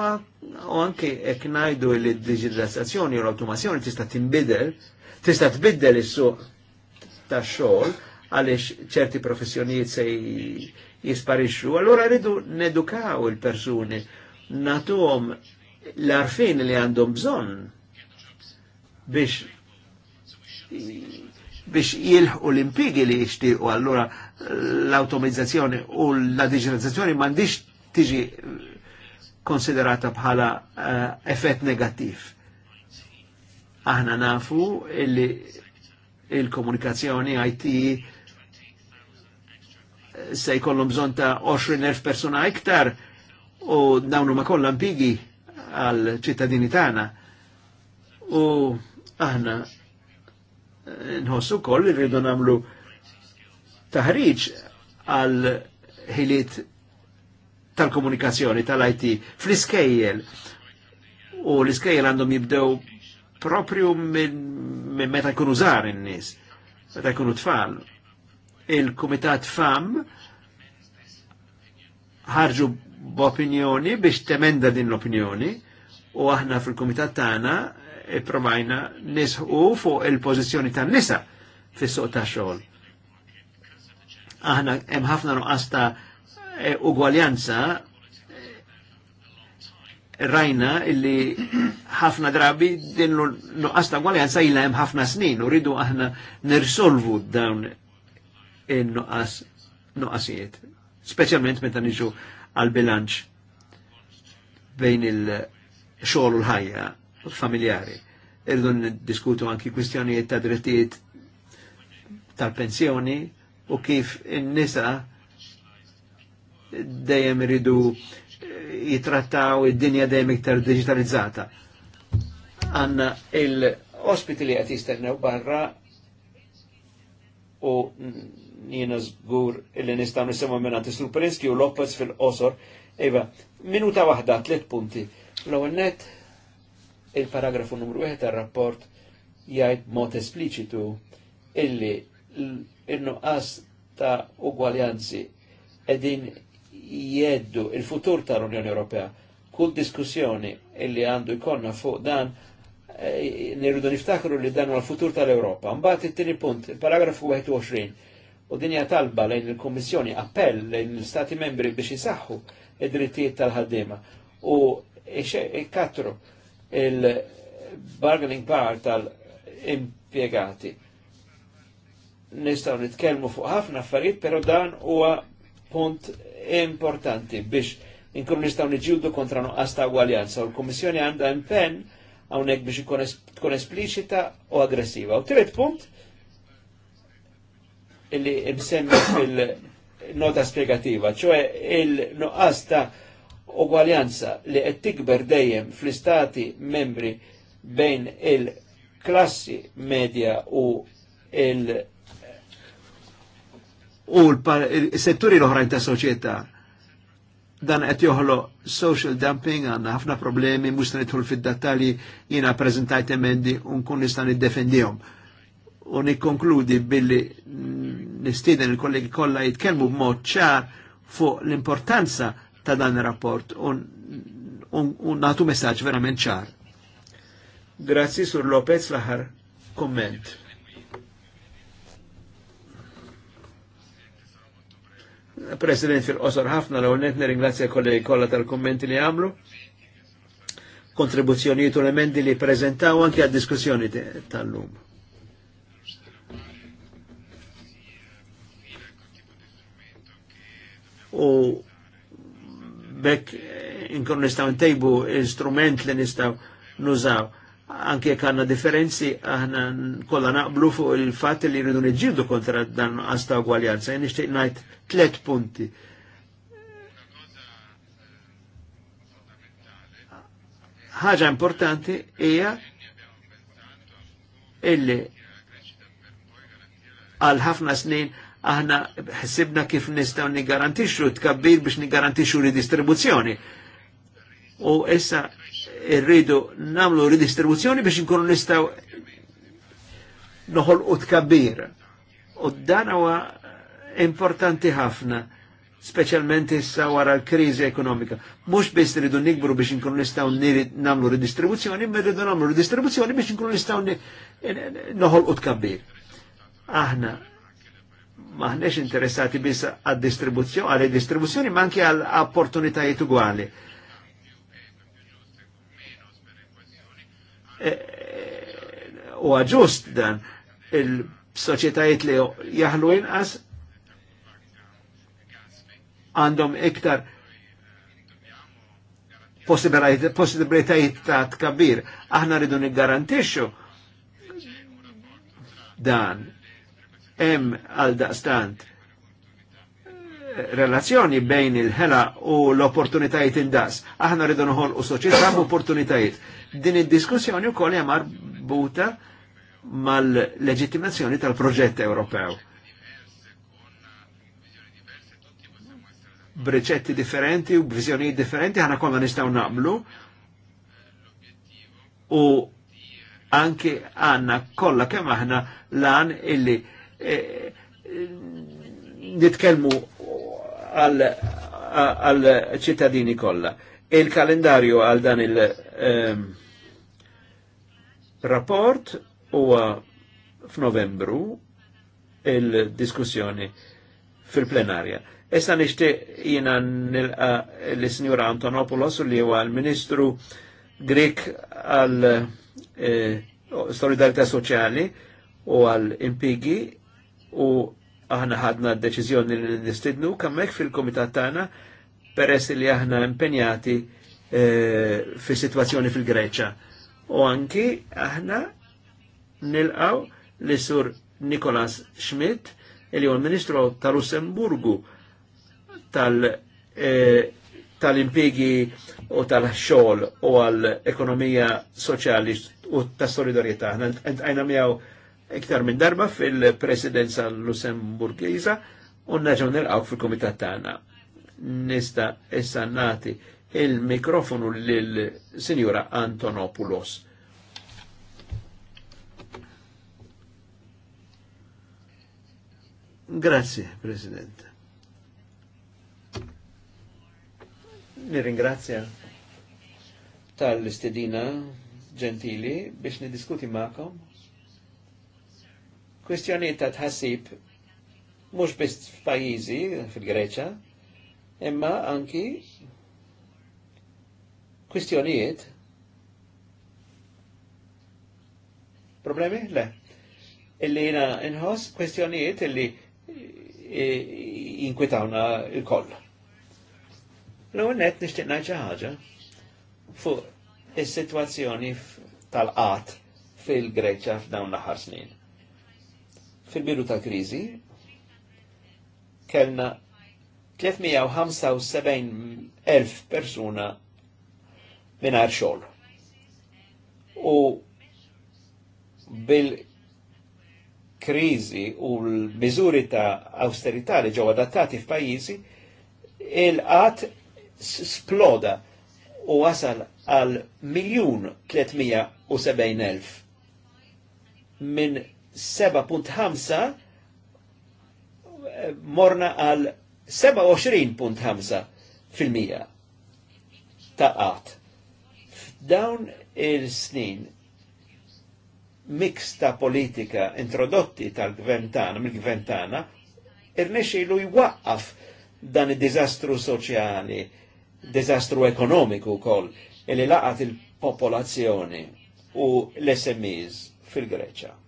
anke hekk ngħidu li d-digitalizzazzjoni u l-automazzjoni tista' tinbidel, tista' tbiddel is-suq ta' xogħol għaliex ċerti professjonijiet se jisparixxu, allura rridu nedukaw il-persuni nagħtuhom l-arfin li għandhom bżonn biex biex jilħu l-impigi li jishtiqu allura l-automizzazzjoni u la digitalizzazzjoni mandiġ tiġi konsiderata bħala uh, effett negattiv. Aħna nafu illi il-komunikazzjoni IT se jkollhom bżonn ta' 20,000 persuna iktar u dawnu ma kollha pigi għal ċittadini tagħna. U aħna nħossu koll irridu rridu nagħmlu taħriġ għal ħiliet tal-komunikazzjoni tal-IT fl-iskejjel u l-iskejjel għandhom jibdew propju minn meta jkun użar in-nies, meta jkunu tfal. Il-Kumitat FAM ħarġu b'opinjoni biex temenda din l-opinjoni u aħna fil-Kumitat tagħna ipprovajna eh, nisħu fuq il-pożizzjoni tan-nisa fis-suq tax-xogħol. Aħna hemm ħafna nuqqas ta' eh, ugwaljanza rajna illi ħafna drabi din nuqqas ta' gwaljanza illa hemm ħafna snin u ridu aħna nirsolvu dawn il nuqqas nuqqasijiet, speċjalment meta niġu għal bilanċ bejn il-xogħol u l-ħajja familjari. Irdu diskutu anki kwistjonijiet ta' drittijiet tal-pensjoni u kif in-nisa dejjem iridu jitrattaw id-dinja dejjem iktar digitalizzata. Għanna il-ospiti li qed jistennew barra u jiena żgur li nistgħu nisimgħu minn Superinski u Lopez fil-qosor. Iva, minuta waħda, tliet punti. L-ewwel net il-paragrafu numru 1 tar-rapport jgħid mod espliċitu illi il-nuqqas ta' ugwaljanzi qegħdin jeddu il-futur tal-Unjoni Ewropea. Kull diskussjoni illi għandu jkonna fuq dan eh, nirridu niftakru li dan għal futur tal-Europa. Mbagħad it-tieni punt, paragrafu 21. U din hija talba lejn il-Kummissjoni appell lejn l-Stati membri biex jisaħħu id-drittijiet tal-ħaddiema u ikkatru il-bargaining power tal-impjegati. Nistgħu nitkellmu fuq ħafna affarijiet, però dan huwa punt importanti biex inkunu nistgħu niġildu kontra nuqqas ta' gwaljanza u l-Kummissjoni għandha impenn hawnhekk biex ikun espliċita u aggressiva. U tielet punt illi imsemmi fil-nota spiegativa, ċoe il-nuqqas ta' ugwaljanza li qed tikber dejjem fl-istati membri bejn il-klassi medja u il- klassi u l-setturi l-oħrajn ta' soċieta. Dan għet joħlo social dumping għanna ħafna problemi mux se nidħol fid dattali jina prezentajt emendi unkun nistan id-defendijom. U nikkonkludi billi nistiden il-kollegi kollha jitkellmu b'mod ċar fuq l-importanza ta' dan il rapport un natu messaċ verament ċar. Grazzi sur Lopez laħar komment. President fil-qosor ħafna l għonet neringrazzja kollegi kolla tal-kommenti li għamlu, kontribuzzjoni u l-emendi li prezentaw anki għad-diskussjoni tal-lum. U bekk inkun nistaw ntejbu instrument li nistaw nużaw anke kanna differenzi aħna kollha naqblu fuq il-fatt li rridu niġġieldu kontra dan nuqqas ta' ugwaljanza. Jien nixtieq ngħid tliet punti. Ħaġa importanti hija illi għal ħafna snin aħna ħsibna kif nistgħu nigarantixxu tkabbir biex nigarantixxu ridistribuzzjoni. U issa irridu namlu ridistribuzzjoni biex nkunu nistaw noħol u tkabbir. U dan huwa importanti ħafna, speċjalment issa wara l-kriżi ekonomika. Mhux biss rridu nikbru biex nkunu nistaw namlu ridistribuzzjoni, ma rridu namlu ridistribuzzjoni biex nkunu nistaw noħol u tkabbir. Aħna maħnex interessati biss għad-distribuzzjoni, għal-distribuzzjoni, ma anke għal opportunitajiet ugwali Eh, eh, u ġust dan il-soċietajiet li jahlu inqas għandhom iktar possibilitajiet ta' tkabbir. Aħna rridu niggarantixxu dan hemm għal daqstant relazzjoni bejn il-ħela u l-opportunitajiet il-das. Aħna rridu nħol noħolqu soċjetà opportunitajiet. Din il diskussjoni u wkoll hija buta mal-leġittimazzjoni tal-proġett Ewropew. Breċetti differenti u b'viżjonijiet differenti ħana kolla nistaw naqblu u anki għanna kolla kemm aħna lan illi eh, eh, nitkelmu għal ċittadini kollha. Il-kalendarju għal dan il-rapport ehm, huwa f'Novembru il-diskussjoni fil-plenarja. Issa nixtieq jina nilqa l-Sinjura Antonopoulos li huwa l-Ministru Grek għal eh, solidarità soċjali u għal impigi u aħna ħadna d-deċizjoni li nistidnu kammek fil-komitat tagħna peress li aħna impenjati eh, fi situazzjoni fil-Greċa. U anki aħna nilqaw li sur Nikolas Schmidt, il huwa ministru tal-Lussemburgu tal-impiegi eh, u tal-xol u għal-ekonomija soċjali u tas-solidarietà. għajna miegħu iktar minn darba fil-presidenza Lussemburgiza u nerġaw għaw fil-komitat tagħna. Nista issa nati il-mikrofonu lill sinjura Antonopoulos. Grazie, Presidente. Nirringrazzja tal-istedina ġentili biex nidiskuti ma'kom kwistjoni ta' tħassib mhux biss f'pajjiżi fil greċja imma anki kwistjonijiet problemi? Le. Illi jina inħoss kwistjonijiet illi jinkwitawna il-koll. L-għunnet għu nishtiqna ħaġa fuq il situazzjoni tal-qat fil-Greċa f'dawn l-aħħar snin Fil-bidu ta' krizi kellna 375.000 persuna minar xogħol. U bil-krizi u l mizuri ta' austerità li ġew adattati f'pajjiżi, il-qat sploda u wasal għal miljun 370.000 minn 7.5 eh, morna għal 27.5 fil-mija ta' qat. F'dawn il-snin miks ta' politika introdotti tal-gventana, mill-gventana, irnexxielu jwaqqaf dan il-dizastru soċjali, dizastru ekonomiku kol, li laqat il-popolazzjoni u l-SMEs fil-Greċa.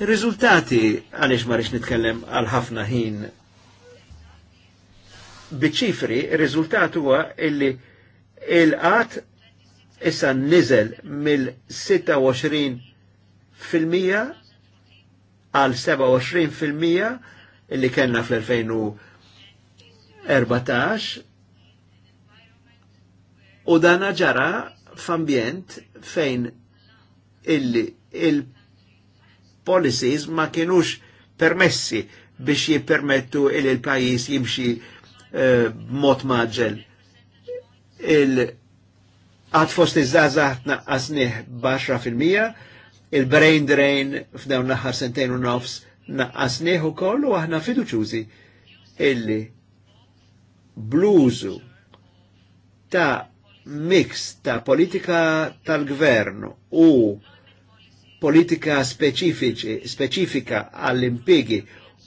Il-rizultati, għalix marix nitkellem għal ħafna ħin biċifri, il-rizultat huwa illi il-qat issa nizel mill-26 għal 27 fil-mija illi kellna fl-2014 u dana ġara f'ambjent fejn illi il- policies ma kienux permessi biex jippermettu il il-pajis jimxi uh, eh, mod maġġel. Il għad fost iż-żazah fil-mija, il-brain drain f'dawn naħar sentejn u nofs naqqasnih u u aħna fiduċuzi illi bluzu ta' mix ta' politika tal-gvern u politika specifika għall-impigi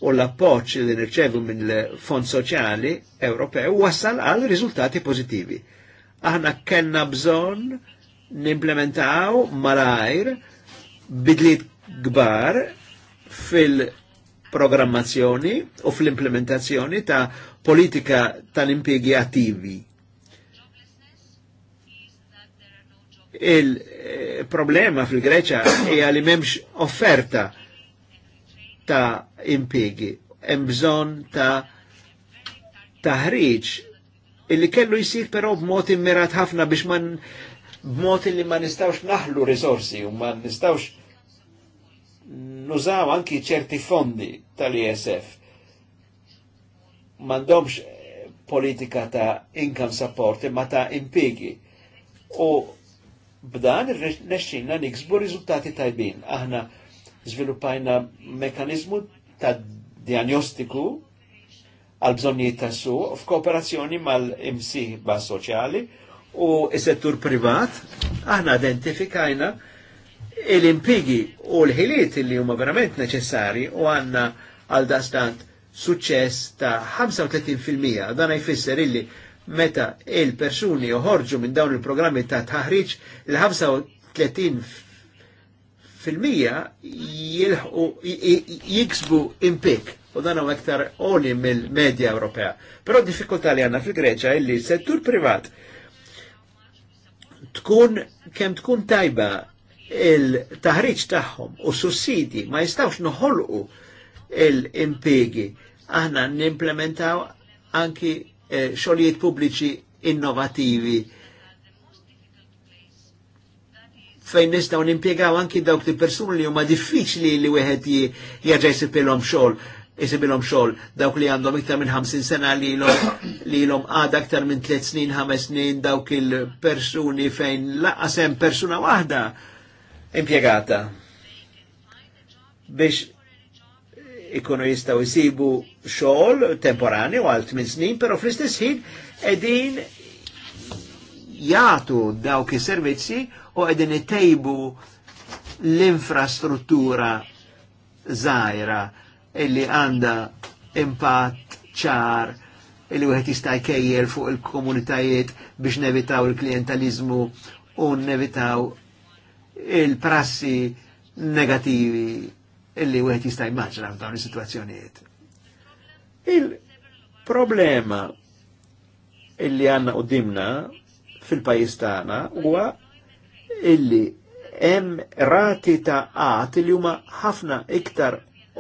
u l-appoċ li nirċevu minn l-Fond Soċjali Ewropew wassal għal riżultati pożittivi. Aħna kellna bżonn nimplementaw malajr bidliet gbar fil-programmazzjoni u fil-implementazzjoni ta' politika tal impiegi attivi problema fil-Greċa hija li m'hemmx offerta ta' impiegi, hemm bżonn ta' taħriġ illi kellu jisir però b'mod immirat ħafna biex man b'mod illi ma nistawx naħlu risorsi u ma nistawx nużaw anki ċerti fondi tal-ISF. Mandomx politika ta' income support imma ta' impigi. U B'dan nesċinna niksbu riżultati tajbin. Aħna żviluppajna mekanizmu ta' diagnostiku għal bżonnijiet ta' su f'kooperazzjoni mal ba' soċjali u s-settur privat. Aħna identifikajna l-impigi u l-ħiliet li huma verament neċessari u għanna għal dastant suċċess ta' 35% dan jfisser illi meta il-persuni joħorġu minn dawn il-programmi ta' taħriġ l-35 fil-mija jilħu jiksbu impik u dan għu aktar oni mill-medja Ewropea. Però diffikultà li għanna fil-Greċa illi settur privat tkun kem tkun tajba il-taħriġ tagħhom u sussidi ma jistawx noħolqu il-impigi aħna nimplementaw anki eh, xogħlijiet pubbliċi innovativi fejn nistgħu nimpjegaw anki dawk il persuni li huma diffiċli li wieħed jerġa' jsipilhom xogħol isibilhom xogħol dawk li għandhom iktar minn 50 sena li lhom għada iktar minn 3 snin, 5 snin dawk il-persuni fejn laqasem persuna waħda impiegata biex ikunu jistaw jisibu xogħol temporani u għal 8 snin, però fl-istess ħin qegħdin jagħtu dawk is-servizzi u qegħdin itejbu l-infrastruttura żgħira illi għandha impatt ċar illi wieħed jista' jkejjel fuq il-komunitajiet biex nevitaw il-klientalizmu u nevitaw il-prassi negativi illi wieħed jista' jmaġna f'dawn is-sitwazzjonijiet. Il-problema illi għanna u dimna fil-pajis tagħna huwa illi hemm rati ta' qat li huma ħafna iktar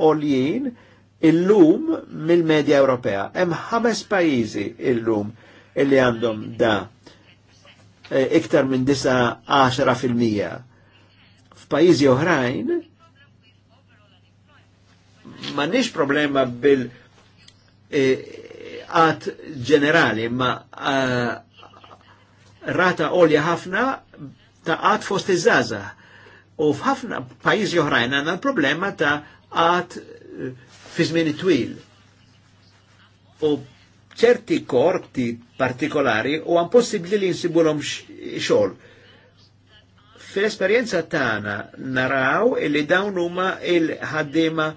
oljien illum mill-medja Ewropea. Hemm ħames pajjiżi illum illi għandhom da e, iktar minn disa 10 fil-mija. F'pajjiżi oħrajn ma nix problema bil- għat e, ġenerali ma rata olja ħafna ta' għat fost iż-żaza. U f'ħafna pajjiżi oħrajn għandna l-problema ta' għat e, fizmini twil. U ċerti korti partikolari u għan possibli li nsibulhom xol. fil esperienza ta' għana naraw il li dawn huma il-ħaddiema il ħaddima il ħaddiema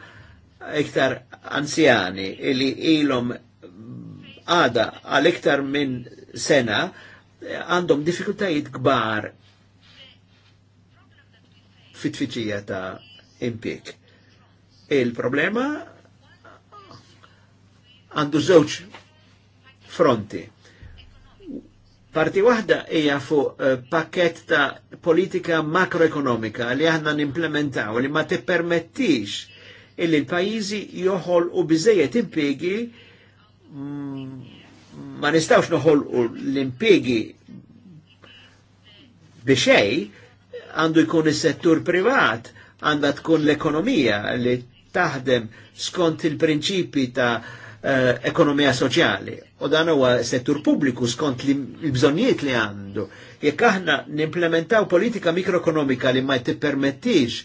iktar anzjani li ilom għada għal iktar minn sena għandhom diffikultajiet gbar fit-tfittxija ta' impik. Il-problema għandu żewġ fronti. Parti waħda hija fuq eh, pakket ta' politika makroekonomika li aħna nimplementaw li ma tippermettix illi l-pajizi joħol u bizzejet impiegi mm, ma nistawx noħol u l-impiegi biexej għandu jkun is-settur privat għanda tkun l-ekonomija li taħdem skont il-prinċipi ta' uh, ekonomija soċjali. U dan huwa settur pubbliku skont l-bżonnijiet li għandu. Jekk aħna nimplementaw politika mikroekonomika li ma tippermettix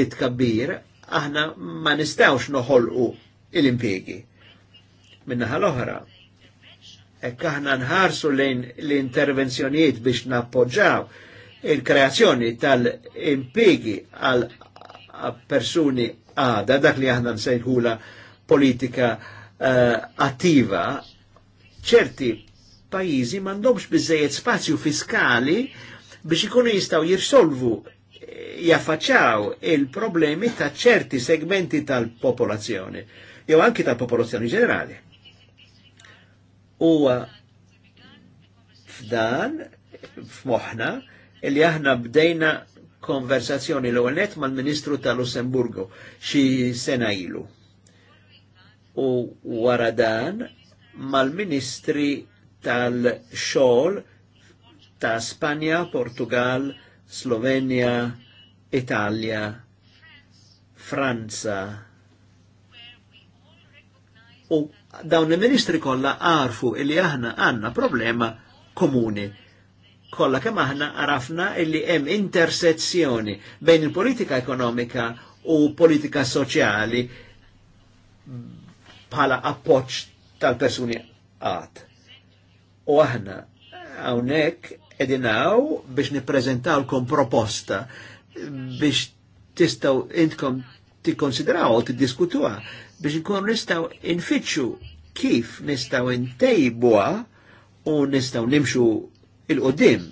it-kabbir, aħna ma nistawx noħolqu l impiegi Minnaħa l-oħra, ekk aħna nħarsu lejn l-intervenzjonijiet biex nappoġġaw il-kreazzjoni tal impiegi għal persuni għada, dak li aħna nsejħula politika uh, attiva, ċerti pajizi mandomx bizzejiet spazju fiskali biex ikunu jistaw jirsolvu jaffaċċaw il-problemi ta' ċerti segmenti tal-popolazzjoni, jew anki tal-popolazzjoni ġenerali. U f'dan, f'moħna, li aħna bdejna konversazzjoni l net mal-Ministru tal-Lussemburgu xi sena ilu. U wara dan mal-Ministri tal-Xol ta' Spanja, Portugal, Slovenia, Italia, Franza. U dawn il-ministri kolla għarfu illi aħna għanna problema komuni. Kolla kemm aħna għarafna illi hemm intersezzjoni bejn il-politika ekonomika u politika soċjali bħala appoċ tal-persuni għat. U aħna hawnhekk edinaw biex niprezentawlkom proposta biex tistaw intkom tikkonsidraw u tiddiskutuha biex nkun nistaw infittxu kif nistaw intejbuha u nistaw nimxu il-qoddim.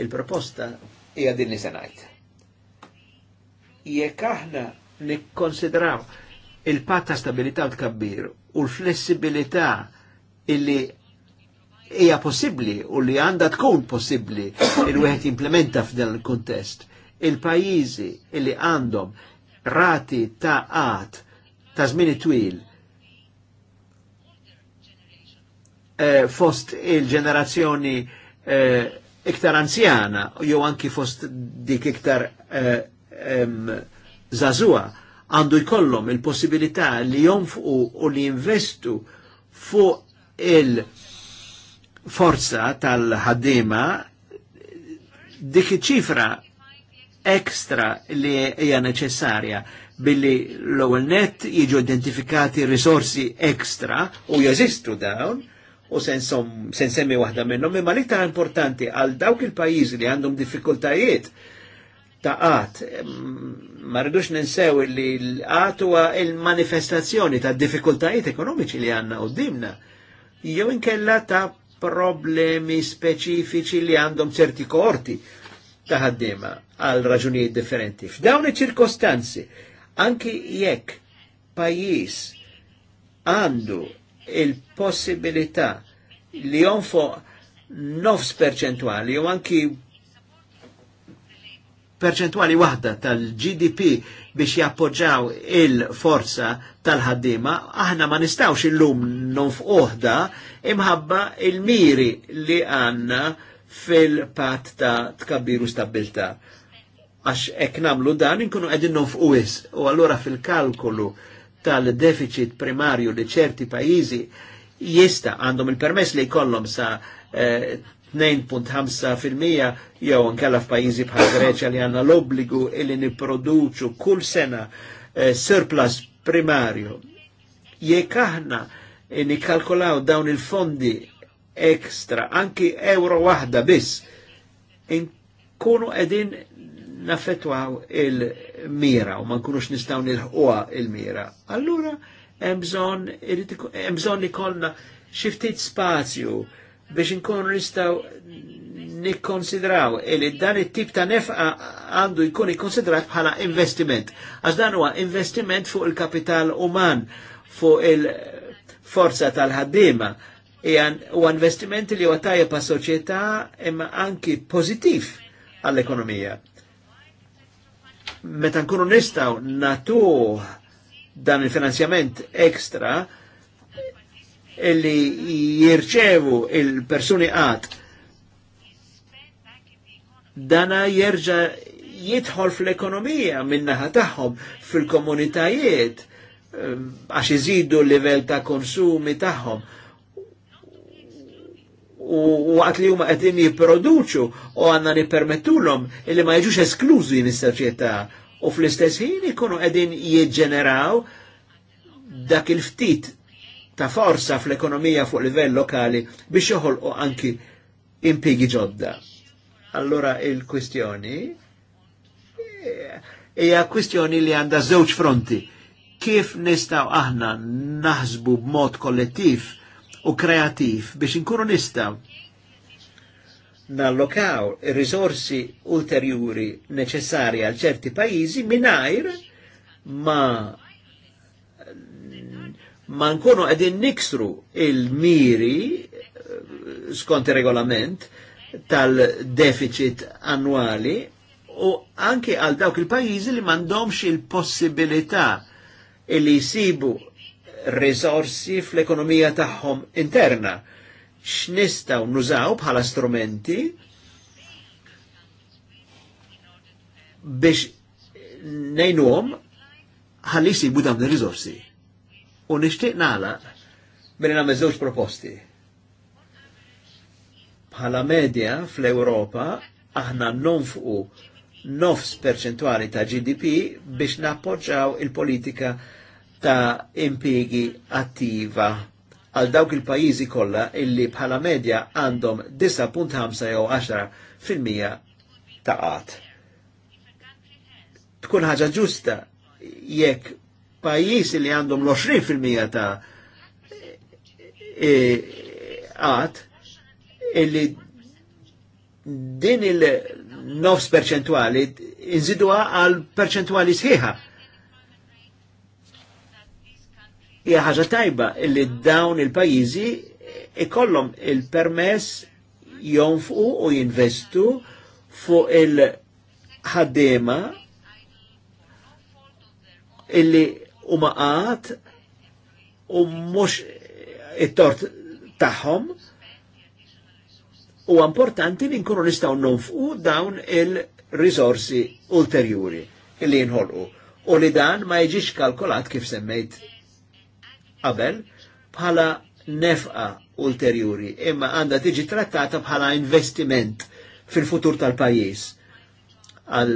Il-proposta hija din li sanajt. Jekk aħna nikkonsidraw il-patta stabilità u tkabbir u l-flessibilità illi hija possibbli u li għandha tkun possibbli il wieħed implementa f'dan il-kuntest. Il-pajjiżi li għandhom rati ta' għat ta' żmien twil eh, fost il-ġenerazzjoni eh, iktar anzjana jew anki fost dik iktar eh, zazua għandu jkollhom il-possibilità li jonfqu u li jinvestu fuq il- forza tal-ħaddima dik ċifra ekstra li hija neċessarja billi l-ewwel net jiġu identifikati risorsi ekstra u jeżistu dawn u sensom sensemmi waħda minnhom imma l-iktar importanti għal dawk il-pajjiżi li għandhom diffikultajiet ta' qat mm, ma rridux ninsew li l-qat huwa il-manifestazzjoni ta' diffikultajiet ekonomiċi li għandna qudiemna jew inkella ta' problemi speċifiċi li għandhom ċerti korti ta' ħaddiema għal raġunijiet differenti. F'dawn iċ-ċirkostanzi, anki jekk pajis għandu il-possibilità li jonfo nofs perċentuali u anki perċentuali waħda tal-GDP biex jappoġġaw il-forza tal-ħaddima, aħna ma nistawx illum nonfqoħda imħabba il-miri li għanna fil-pat ta' tkabbiru stabilta. Għax ek namlu dan inkunu għedin nuf U allura fil-kalkolu tal-deficit primarju li ċerti pajizi jista għandhom il-permess li jkollhom sa' eh, 2.5% jew nkella f'pajjiżi bħal Greċja li għandna l-obbligu illi nipproduċu kull sena eh, surplus primarju. Jekk aħna E nikkalkolaw dawn il-fondi ekstra, anki euro wahda biss, inkunu edin naffetwaw il-mira u ma nkunux nistaw nilħuwa il-mira. Allura, emżon li kolna xiftit spazju biex nkunu nistaw nikkonsidraw li dan it-tip ta' nefqa għandu jkun ikkonsidrat bħala investiment. Għax dan huwa investiment fuq il-kapital uman, fuq il- forza tal-ħaddima u investimenti li huwa pa soċieta soċjetà imma anki pozitif għall-ekonomija. Meta nkunu nistgħu natu dan il-finanzjament ekstra illi jirċevu il-persuni għad dana jirġa jidħol fl-ekonomija minnaħa tagħhom fil-komunitajiet Ehm, għax iżidu l-level ta' konsumi tagħhom. U għat li huma qed jipproduċu u għandna nippermettulhom illi ma jiġux esklużi mis-soċjetà u fl-istess ħin ikunu qegħdin jiġġeneraw dak il-ftit ta' forsa fl-ekonomija fuq livell lokali biex joħolqu anki impigi ġodda. Allora il-kwistjoni eh, hija kwistjoni li għandha żewġ fronti kif nistaw aħna naħsbu b'mod kollettiv u kreativ biex inkunu nistaw nallokaw risorsi ulterjuri neċessari għal ċerti pajizi minajr ma ma nkunu għedin niksru il-miri eh, skont regolament tal-deficit annuali u anke għal dawk il-pajizi li mandomx il-possibilità illi jisibu risorsi fl-ekonomija tagħhom interna. X'nistgħu nużaw bħala strumenti biex nejnuhom ħalli jsibu dawn ir-riżorsi. U nixtieq nagħlaq minn nagħmel żewġ proposti. Bħala medja fl-Ewropa aħna nonfqu nofs perċentwali ta' GDP biex nappoġġaw il-politika ta' impiegi attiva għal dawk il-pajizi kollha illi bħala medja għandhom 9.5 jew 10 fil-mija ta' qat. Tkun ħaġa ġusta jekk pajjiż li għandhom l-20 fil-mija ta' qat e, illi din il- nofs perċentuali, inżidu għal perċentuali sħiħa. Ija ħaġa tajba illi dawn il pajizi ikollom il-permess jonfu u jinvestu fu il ħaddema illi huma qat u mux it-tort tagħhom u importanti li nkunu nistaw nonfqu dawn il rizorsi ulterjuri li jinħolqu u li dan ma jiġix kalkolat kif semmejt qabel bħala nefqa ulterjuri imma għanda tiġi trattata bħala investiment fil-futur tal-pajis għal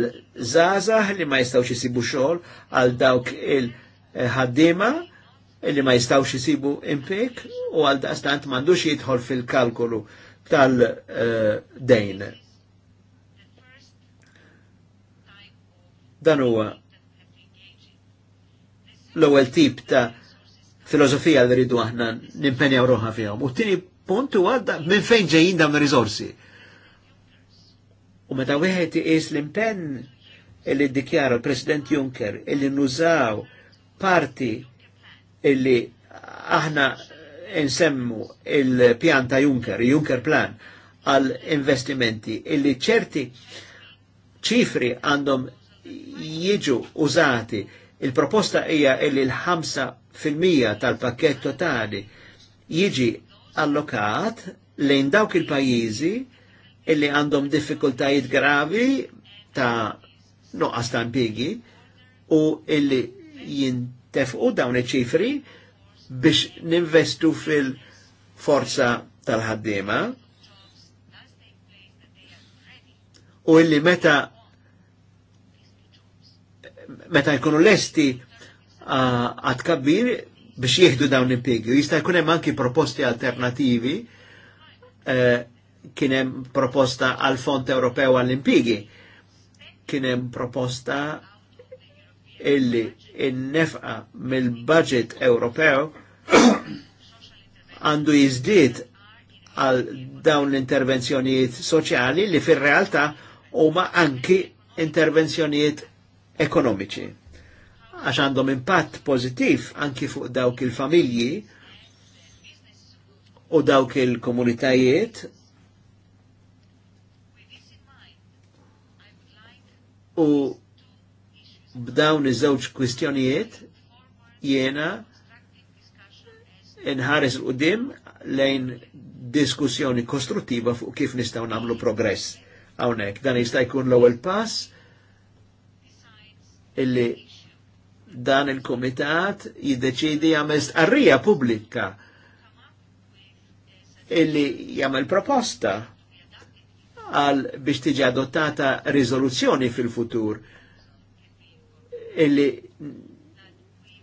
zazah li ma jistawx jisibu xogħol għal dawk il-ħaddima li ma jistawx jisibu impek u għal daqstant mandux jidħol fil-kalkulu tal-dejn. Dan huwa l-ewwel tip ta' filosofija li rridu aħna nimpenjaw ruħna fihom. U t-tieni punt huwa minn fejn ġejjin dawn ir-riżorsi. U meta wieħed iqis l-impenn illi ddikjara l-President Juncker illi nużaw parti illi aħna insemmu il-pjan ta' Juncker, Juncker Plan, għal investimenti illi ċerti ċifri għandhom jiġu użati. Il-proposta hija illi l-5% tal-pakket totali jiġi allokat lejn dawk il-pajjiżi illi għandhom diffikultajiet gravi ta' nuqqas ta' impigi u illi jintefqu dawn iċ-ċifri biex ninvestu fil-forza tal ħaddima u illi meta meta jkunu lesti għad kabbir biex jihdu dawn impiegi. Jista' jkun hemm anki proposti alternativi eh, kien hemm proposta għal Fond Ewropew għall impigi kien hemm proposta illi in-nefqa mill-budget Ewropew għandu jizdiet għal dawn l intervenzjoniet soċjali li fil realtà huma anki intervenzjoniet ekonomiċi. Għax għandhom impatt pożittiv anki fuq dawk il-familji u dawk il-komunitajiet u b'dawn iż-żewġ kwistjonijiet jiena nħares l-qudiem lejn diskussjoni kostruttiva fuq kif nistgħu nagħmlu progress hawnhekk. Dan jista' jkun l-ewwel pass illi dan il-komitat jiddeċidi għamest arrija pubblika illi jagħmel proposta għal biex tiġi adottata riżoluzzjoni fil-futur illi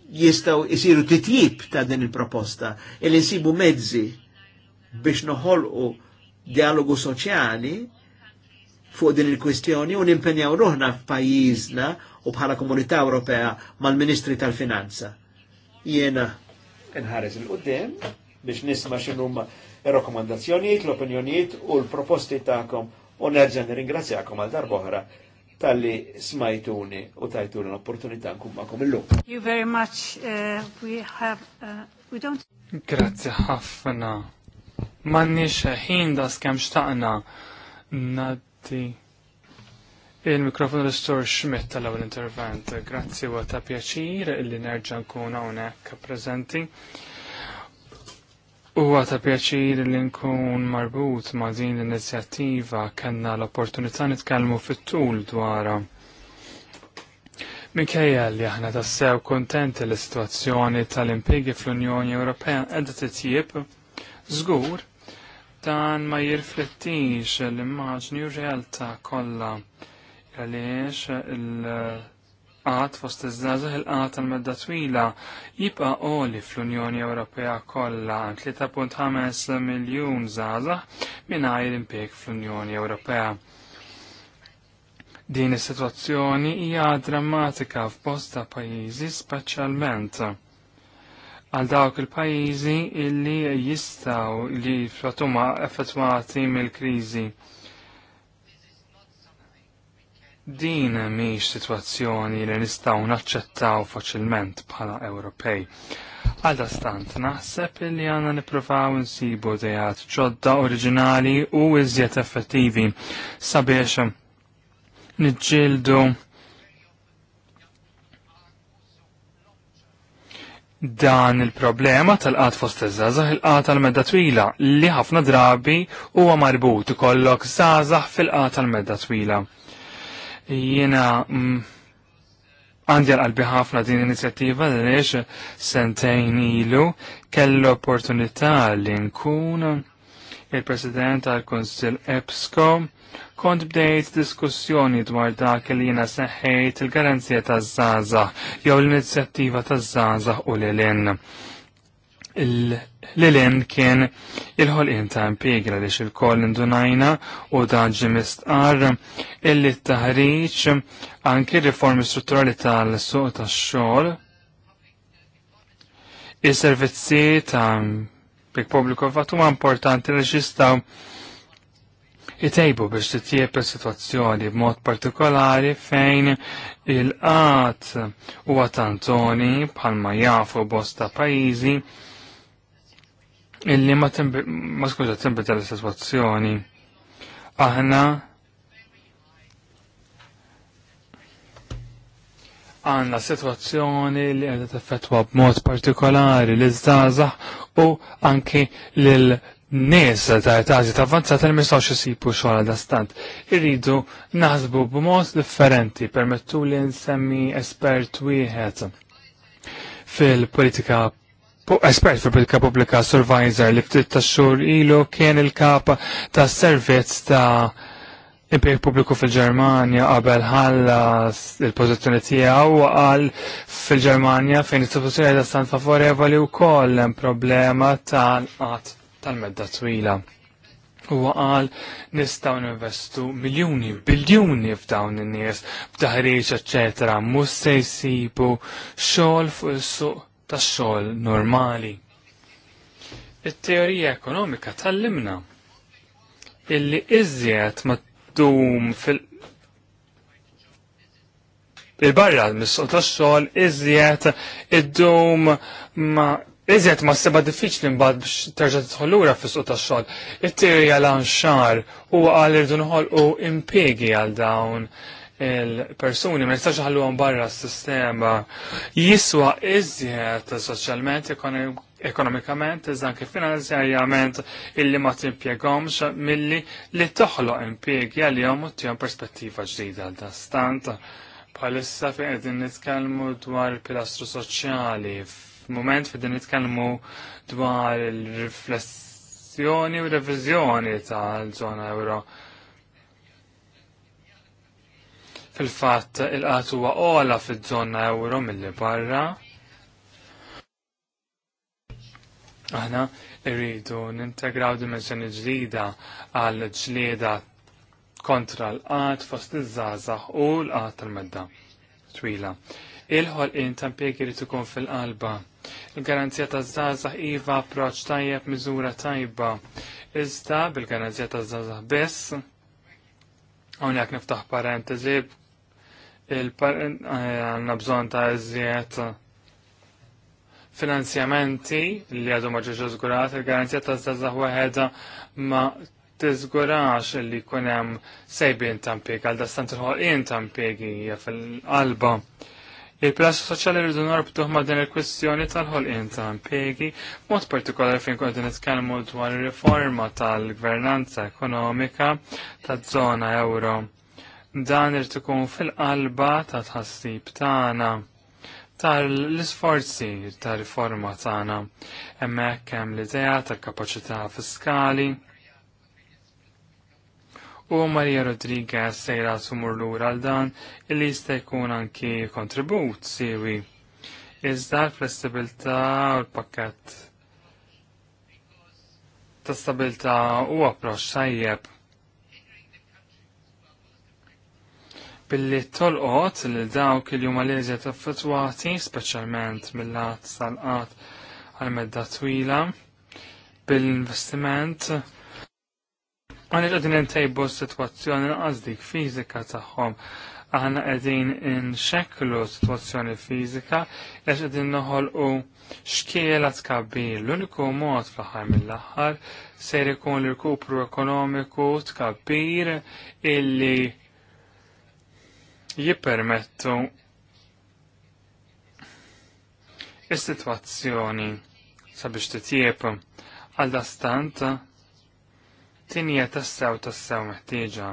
jistaw jisiru titjib ta' din il-proposta il nsibu mezzi biex noħolqu dialogu soċjali fuq din il-kwistjoni u nimpenjaw ruħna f'pajjiżna u bħala Komunità Ewropea mal-Ministri tal-Finanza. Jiena nħares il-qudiem biex nisma' x'inhuma ir-rakkomandazzjonijiet, l-opinjonijiet u l-proposti tagħkom u nerġa' nirringrazzjakom għal darbohra tal-li smajtuni u tajtuni l-opportunità nkun ma'kom illum. You very much, uh, we have, uh, we don't... Grazie ħafna. Manni ħin da skem xtaqna naddi il-mikrofon l-istor Schmidt tal-ewwel intervent. Grazzi u ta' pjaċir illi nerġa' nkun hawnhekk prezenti. Huwa ta' pjaċir li nkun marbut ma' din l-inizjattiva kellna l-opportunità nitkellmu fit-tul dwarha. Minkejja li aħna tassew kontenti l situazzjoni tal impiegi fl-Unjoni Ewropea qiegħda titjieb, żgur dan ma jirflettix l-immaġni u realtà kollha għaliex il- Qat fost iż-żgħażagħ il-qat tal-medda twila jibqa' għoli fl-Unjoni Ewropea kollha 3.5 miljun żgħażagħ mingħajr impjeg fl-Unjoni Ewropea. Din is-sitwazzjoni hija drammatika f'bosta pajjiżi speċjalment għal dawk il-pajjiżi illi jistgħu li fatuma effettwati mill-kriżi Din miex situazzjoni li nistaw naċċettaw faċilment bħala Ewropej. Għalda stant, naħseb li għanna niprofaw nsibu dejat ġodda oriġinali u iżjed effettivi sabiex nġildu dan il-problema tal-qat fost iż-żazax il-qat tal-medda twila li ħafna drabi huwa marbut ikollok żgħażagħ fil-qat tal-medda twila. Jiena mm, għandi għalbi ħafna din inizjattiva għaliex sentejn ilu kell opportunità li nkun il-President għal konsil EPSCO kont bdejt diskussjoni dwar dak li jiena seħħejt il-garanzija taż-żaza jew l-inizjattiva taż-żaza u l elen l-lin kien il-ħolqin ta' impiegi li xil koll indunajna u da' ġimistqar illi taħriċ anki riformi strutturali tal-suq tax-xogħol il-servizzi ta' pek pubbliku fatuma importanti li xistaw jitejbu biex t-tjieb il-situazzjoni b'mod partikolari fejn il-qat u għatantoni bħalma jafu bosta pajizi illi ma skuża timbidel l-sitwazzjoni. Aħna għanna situazzjoni li għedha teffettwa b'mod partikolari l iżdazax u anki lil nies ta' etazi ta' avanzata li mistawx isibu xogħol da stant. Irridu naħsbu b'mod differenti permettu li nsemmi espert wieħed fil-politika espert fi bil Pubblika publika survisor li ftit ta' xhur ilu kien il-kap ta' servizz ta' impjeg pubbliku fil-Ġermanja qabel ħalla il-pożizzjoni tiegħu qal fil-Ġermanja fejn is-sitwazzjoni ta' stan favorevoli wkoll hemm problema tal-qatt tal-medda twila. Huwa qal nistgħu ninvestu miljuni, biljuni f'dawn in-nies b'taħriġ eccetera, mhux se jsibu xogħol fuq is-suq tax-xogħol normali. It-teorija ekonomika tal-limna illi iżjed ma dum fil- il-barra mis-suq tax-xogħol iżjed id-dum ma Iżjed ma seba diffiċli mbagħad biex terġa' tidħol lura fis-suq tax-xogħol. It-teorija l xar huwa qal irdu noħolqu impjiegi għal dawn il-persuni ma ħallu ħalluhom barra s-sistema jiswa iżjed soċjalment ekonomikament iżan anke finanzjarjament illi ma timpjegomx milli li toħloq għal għalihom u tihom perspettiva ġdida għal dastant bħalissa fi għedin nitkellmu dwar il-pilastru soċjali f'mument fi qegħdin nitkellmu dwar il-riflessjoni u revizjoni tal-żona euro Fil-fatt il-qat huwa ola fiż-żona euro milli barra. Aħna irridu nintegraw dimensjoni ġdida għal ġlieda kontra l-qat fost iż-żgħażagħ u l-qat tal-medda twila. Il-ħolqien ta' impjegi li ikun fil-qalba. Il-garanzija ta' żgħażagħ iva approċċ tajjeb miżura tajba iżda bil-garanzija ta' zazax biss, Hawnhekk niftaħ parentesi għanna bżon ta' eżiet finanzjamenti li għadu maġġuġu zgurat, il-garanzija ta' zazah weħeda ma tizgurax li kunem sejbin tampik, għal dastant il-ħolqin tampiki fil-qalba. Il-plas soċjali rridu norbtuħ ma' din il-kwestjoni tal-ħolqin tampiki, mod partikolari fejn kont nitkellmu dwar il riforma tal-gvernanza ekonomika taż-żona euro Dan irtikun ikun fil-qalba ta' tħassib tagħna tal-isforzi ta' riforma tagħna. Hemmhekk hemm l-idea tal-kapaċità fiskali. U Maria Rodriguez sejra sumur lura għal dan illi jista' jkun anki kontribut siwi. Iżda l-flessibilità u l-pakkett ta' stabilta u approċċ tajjeb billi tolqot li dawk il huma leżja taffetwati, speċjalment mill-lat sal qat għal-medda twila, bil-investiment għan il-għadin s situazzjoni naqas dik fizika tagħhom aħna qegħdin inxekklu situazzjoni fizika għax qegħdin noħolqu xkiela tkabbir. L-uniku mod fl ħar mill-aħħar ser ikun l kupru ekonomiku tkabbir illi jippermettu is-sitwazzjoni sabiex titjieb għal dastant tinja tassew tassew meħtieġa.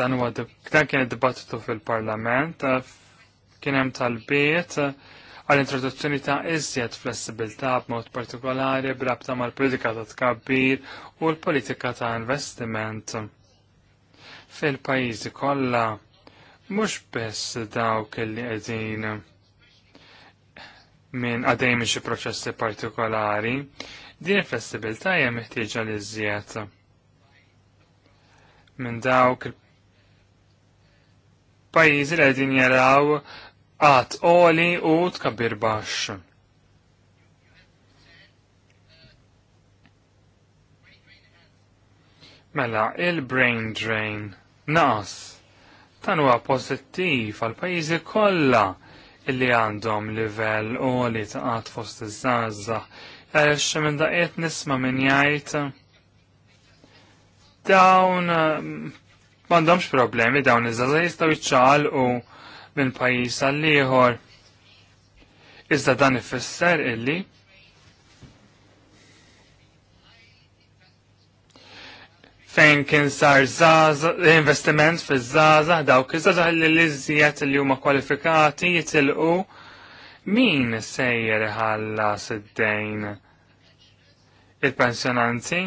Dan huwa dan kien dibattitu fil-Parlament kien hemm talbiet għal introduzzjoni ta' iżjed flessibilità b'mod partikolari b'rabta mal-politika ta' tkabbir u l-politika ta' investiment fil-pajjiżi kollha mhux biss dawk li qegħdin minn għadej xi proċessi partikolari, din il-flessibilità hija meħtieġa li żjed minn dawk il-pajjiżi li qegħdin jaraw għat oli u tkabbir baxx. Mela, il-brain drain naqas. tan huwa pożittiv għal pajjiżi kollha illi għandhom livell għoli ta' għat fost iż-żazza. Għalix minn daqiet nisma minn jgħid dawn mm, m'għandhomx problemi dawn iż-żazza jistgħu u minn pajjiż għal ieħor. Iżda dan ifisser illi fejn kien sar investiment fi zaza, dawk iż-żaza li l-izziet li huma kwalifikati jitilqu min sejjer ħalla s dejn il-pensjonanti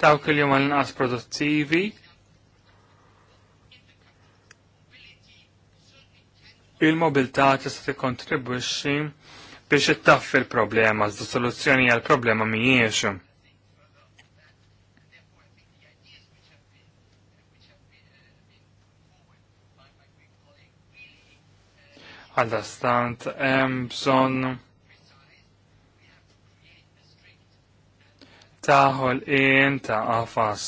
dawk li huma l-inqas produttivi il mobilta tista' tikkontribwixxi biex ittaffi il problema z soluzzjoni għal-problema jiexum. Għalla stant, hemm bżonn taħol in ta' għafas.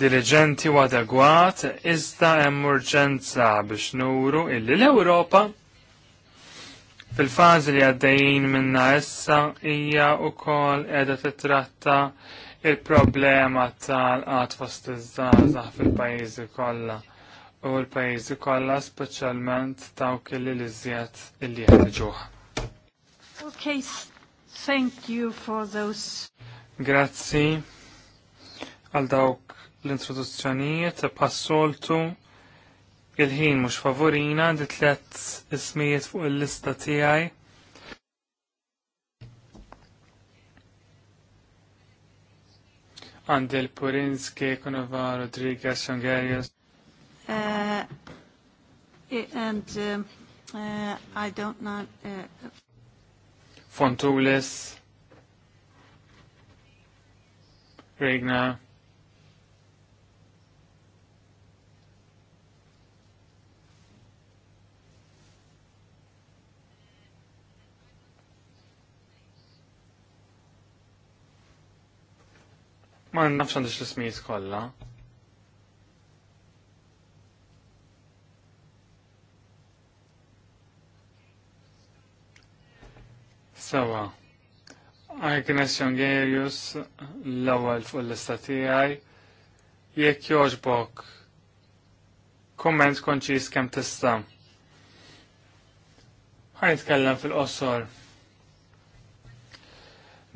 Diligenti u adegwat, iżda hemm urġenza biex nuru illi l-Ewropa fil-fażi li għaddejjin minna issa hija wkoll qiegħda titratta il-problema tal-qat fost iż-żgħażagħ fil-pajjiżi kollha u l-pajizi kollha speċjalment taw kelli l-iżjed illi jeħtieġuh. Okay, thank you for those. Grazzi għal dawk l-introduzzjonijiet passoltu il-ħin mhux favorina di ismijiet fuq il-lista tiegħi. Għandil Purinski, Konova, Rodriguez, Jongerius. Uh, and um, uh, I don't know. Uh, Fontoulis, Regna. Ma nafx għandix l-ismijiet kollha. Sawa, Agnes Jongerius, l-ewwel fuq l għaj, jekk joġbok, komment konċis kemm tista' ħajtkellem fil-qosor.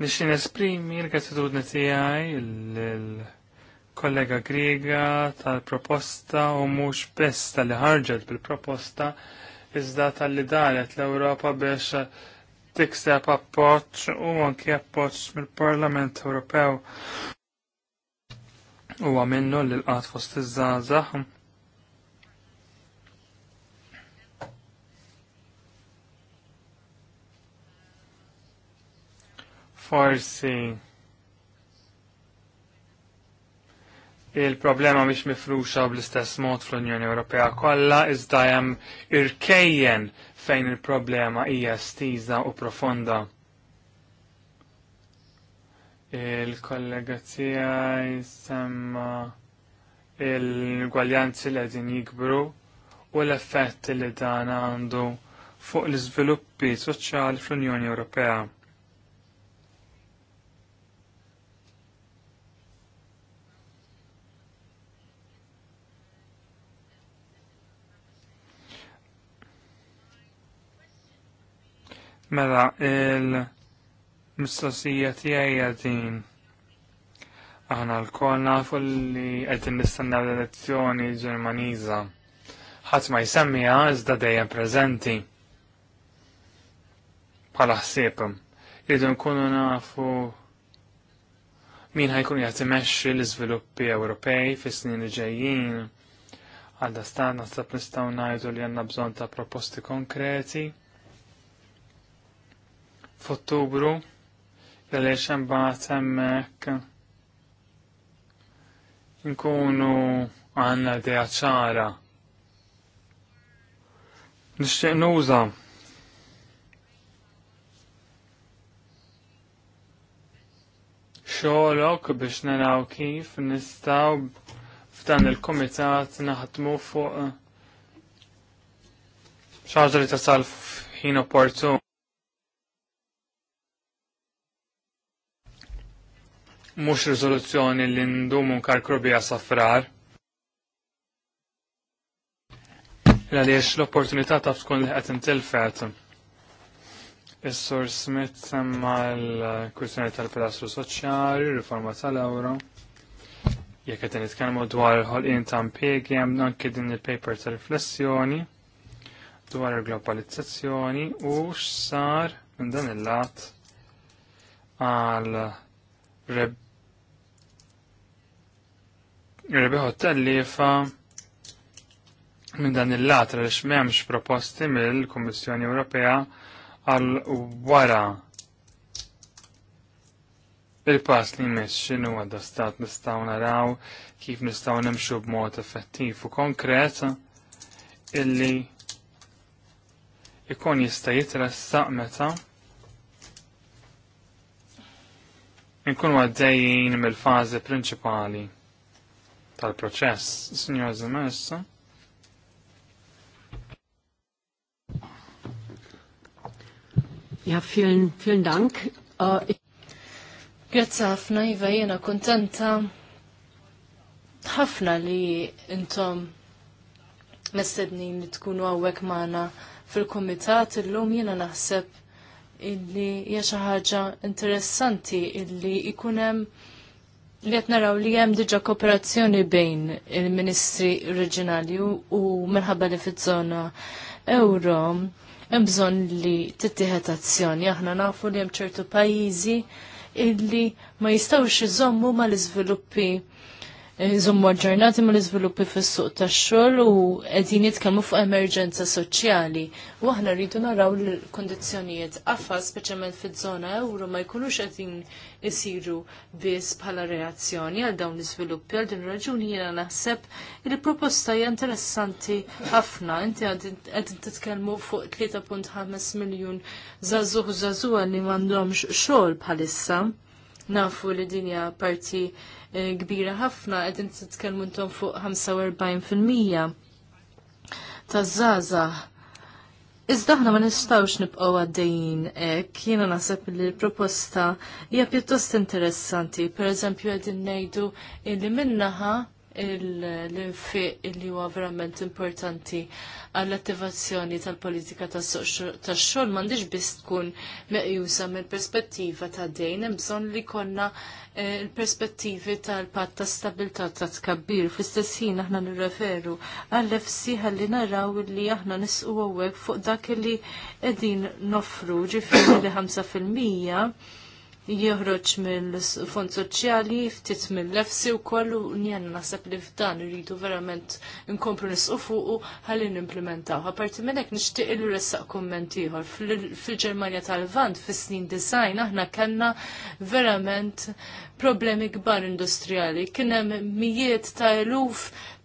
Nixin esprimi l-gratitudni tiegħi l-kollega Griega tal-proposta u mhux besta li ħarġet bil-proposta iżda tal-li dalet l-Ewropa biex tikseb appoġġ u anki appoġġ mill-Parlament Ewropew. Huwa għamennu li l qat fost iż-żgħażagħ forsi il-problema mhix mifruxa bl-istess mod fl-Unjoni Ewropea kollha iżda hemm irkejjen fejn il-problema hija stiża u profonda. Il-kollega tiegħi semma il-gwaljanzi li qegħdin jikbru u l-effett li dan għandu fuq l-iżviluppi soċjali fl-Unjoni Ewropea. Mela il-mistoqsija tiegħi din. Aħna l nafu li qegħdin nistenna l-elezzjoni Ġermaniża. Ħadd ma jsemmiha iżda dejjem preżenti. Bħala ħsieb. Jridu nkunu nafu min ħajkun jagħti imexxi l-iżviluppi Ewropej fis-snin li ġejjin. Għal dastan naħseb nistgħu ngħidu li għandna bżonn ta' proposti konkreti f'Ottubru għaliex imbagħad hemmhekk inkunu għandna idea ċara. Nixtieq nuża xogħolok biex naraw kif nistgħu f'dan il-kumitat naħdmu fuq xaġa li tasal f'ħin opportun. mhux riżoluzzjoni li ndumu nkarkru biha safrar. Għaliex l-opportunità taf tkun li qed intilfet. Is-Sur Smith semma l-kwistjoni tal-pilastru soċjali, riforma tal-ewro jekk qed nitkellmu dwar ħolqien ta' impjiegi hemm anke din il-paper tal riflessjoni dwar il-globalizzazzjoni u x'sar minn dan il-lat għal Rebeħu tal-lifa minn dan il li x m'hemmx proposti mill-Kummissjoni Ewropea għal wara il-pass li jmiss xinu għadda stat nistgħu naraw kif nistgħu nimxu b'mod effettiv u konkret illi ikun jista' jitressaq meta nkun għaddejjin mill-fażi prinċipali tal-proċess. Signor Zemessa. Ja, vielen, vielen Dank. Äh, Grazie ħafna, Iva, jena kontenta ħafna li intom mestedni li tkunu għawek maħna fil-komitat illum jena naħseb illi hija xi ħaġa interessanti illi ikun hemm li qed naraw li hemm diġà kooperazzjoni bejn il-Ministri Reġinali u minħabba li fit żona euro hemm bżonn li tittieħed azzjoni. Aħna nafu li hemm ċertu pajjiżi illi ma jistawx iżommu ma l-iżviluppi nżommu ġurnati ma l-izviluppi fis-suq tax-xogħol u qegħdin jitkellmu fuq emerġenza soċjali. U aħna rridu naraw l kundizzjonijiet qafa speċjalment fiż-żona euro ma jkunux qegħdin isiru biss bħala reazzjoni għal dawn l-iżviluppi għal din raġuni jiena naħseb li proposta hija interessanti ħafna. Inti qegħdin titkellmu fuq 3.5 miljun żagħżugħ żagħżugħ li m'għandhomx xogħol bħalissa. Nafu li dinja parti kbira ħafna qegħdin titkellmu intom fuq 45% taż-żaża. Iżda aħna ma nistgħux nibqgħu għaddejjin hekk, jiena naħseb li l-proposta hija pjuttost interessanti. Pereżempju qegħdin ngħidu li minnaħa l-infiq li huwa verament importanti għall-attivazzjoni tal-politika tax-xogħol m'għandix biss tkun meqjusa mill-perspettiva ta' dejn hemm bżonn li konna eh, l-perspettivi tal-patt ta' stabilità ta' tkabbir fl-istess ħin aħna nirreferu għall fsi ħalli naraw li aħna nisqu hawnhekk fuq dak li qegħdin nofru ġifieri li 5 fil-mija joħroġ mill-fond soċjali, ftit mill-lefsi u kollu njen nasab li f'dan rridu verament nkomplu nisqu fuqu ħalli nimplementaw. minn minnek nishtiq illu ressaq kommentiħor. Fil-Ġermanja tal-Vant, fis snin design, aħna kanna verament problemi kbar industrijali, kien hemm mijiet ta' eluf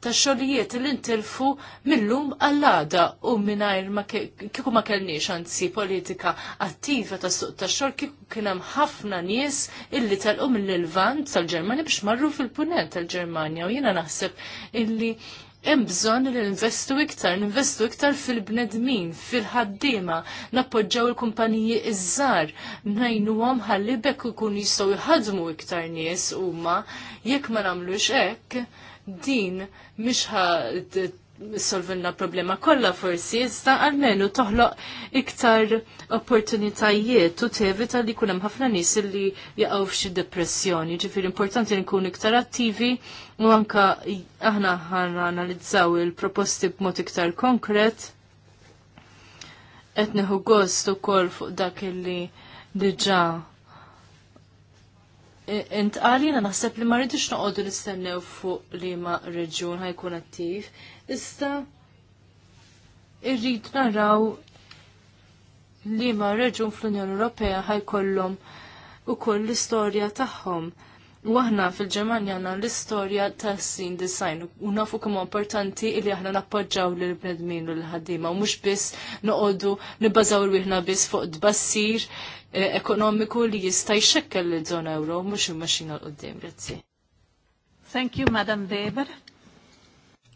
ta' xogħlijiet li ntilfu millum għall-għada u minnajr ma kieku ma kellniex anzi politika attiva ta' suq ta' xogħol kieku kien hemm ħafna nies illi telqu mill-Lvant tal-Ġermanja biex marru fil-punent tal-Ġermanja u jiena naħseb illi hemm bżonn li ninvestu iktar, ninvestu iktar fil-bnedmin, fil-ħaddiema, nappoġġaw il-kumpaniji iż-żar, ngħinuhom ħalli bekk ikun jistgħu jħadmu iktar nies huma jekk ma nagħmlux hekk din mhix solvilna problema kollha forsi, iżda għalmenu toħloq iktar opportunitajiet u tevita li kunem ħafna nies li jaqgħu f'xi depressjoni. Ġifir importanti li nkunu iktar attivi u anka aħna ħana analizzaw il-proposti b'mod iktar konkret. Qed neħu gost ukoll fuq dak illi diġà għalina naħseb li ma rridux noqogħdu nistennew fuq li ma reġjun ħajkun attiv, Issa irrit naraw li ma reġun fl-Unjoni Ewropea ħajkollhom ukoll l-istorja tagħhom. U aħna fil-Ġermanja għandna l-istorja ta' sin design u nafu kemm importanti li aħna nappoġġaw lil bnedmin u l-ħaddiema u mhux biss noqogħdu nibbażaw rwieħna biss fuq tbassir eh, ekonomiku li jista' jxekkel l żona euro mhux immaxxina l qudiem Grazzi. Thank you, Madam Weber.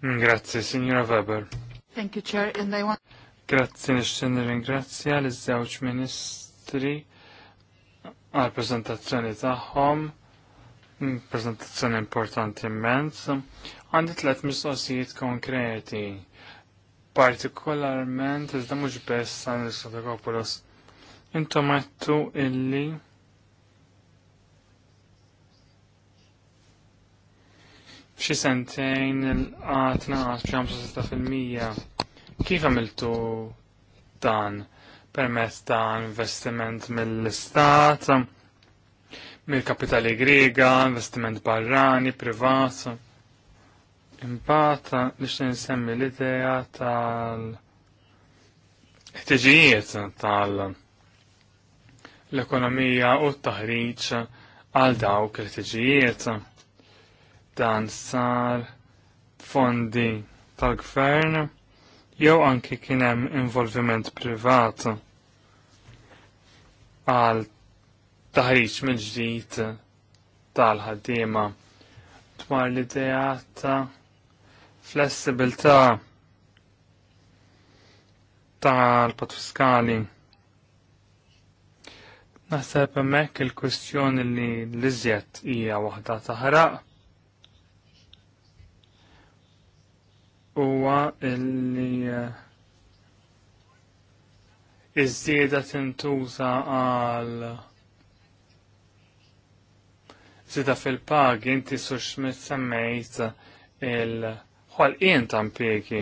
Grazie, Signora Weber. Thank you, Chair, and I want... Grazzi, nixtin ringrazzja l żewġ ministri għal prezentazzjoni taħħom, prezentazzjoni importanti immens. Għandi tlet mistoqsijiet konkreti, partikolarment iżda mhux bess għan l-Sotokopoulos. Intomattu illi F'xi sentejn il-qat naqas b'5-6% kif għamiltu dan permezz ta' investiment mill-istat, mill-kapitali grega, investiment barrani, privat. Imbata, nixtieq nsemmi l-idea tal ħtiġijiet tal l-ekonomija u t-taħriġ għal dawk il-ħtiġijiet dan sar fondi tal-gvern jew anki kien hemm involviment privat għal taħriġ mill-ġdid tal-ħaddiema dwar l-idea ta' flessibilità tal-pat fiskali. Naħseb hemmhekk il-kwestjoni li l-iżjed hija waħda taħraq huwa illi eh, iż-żieda tintuża għal zida fil pagi inti sux semmejt il-ħolqien ta' impjegi.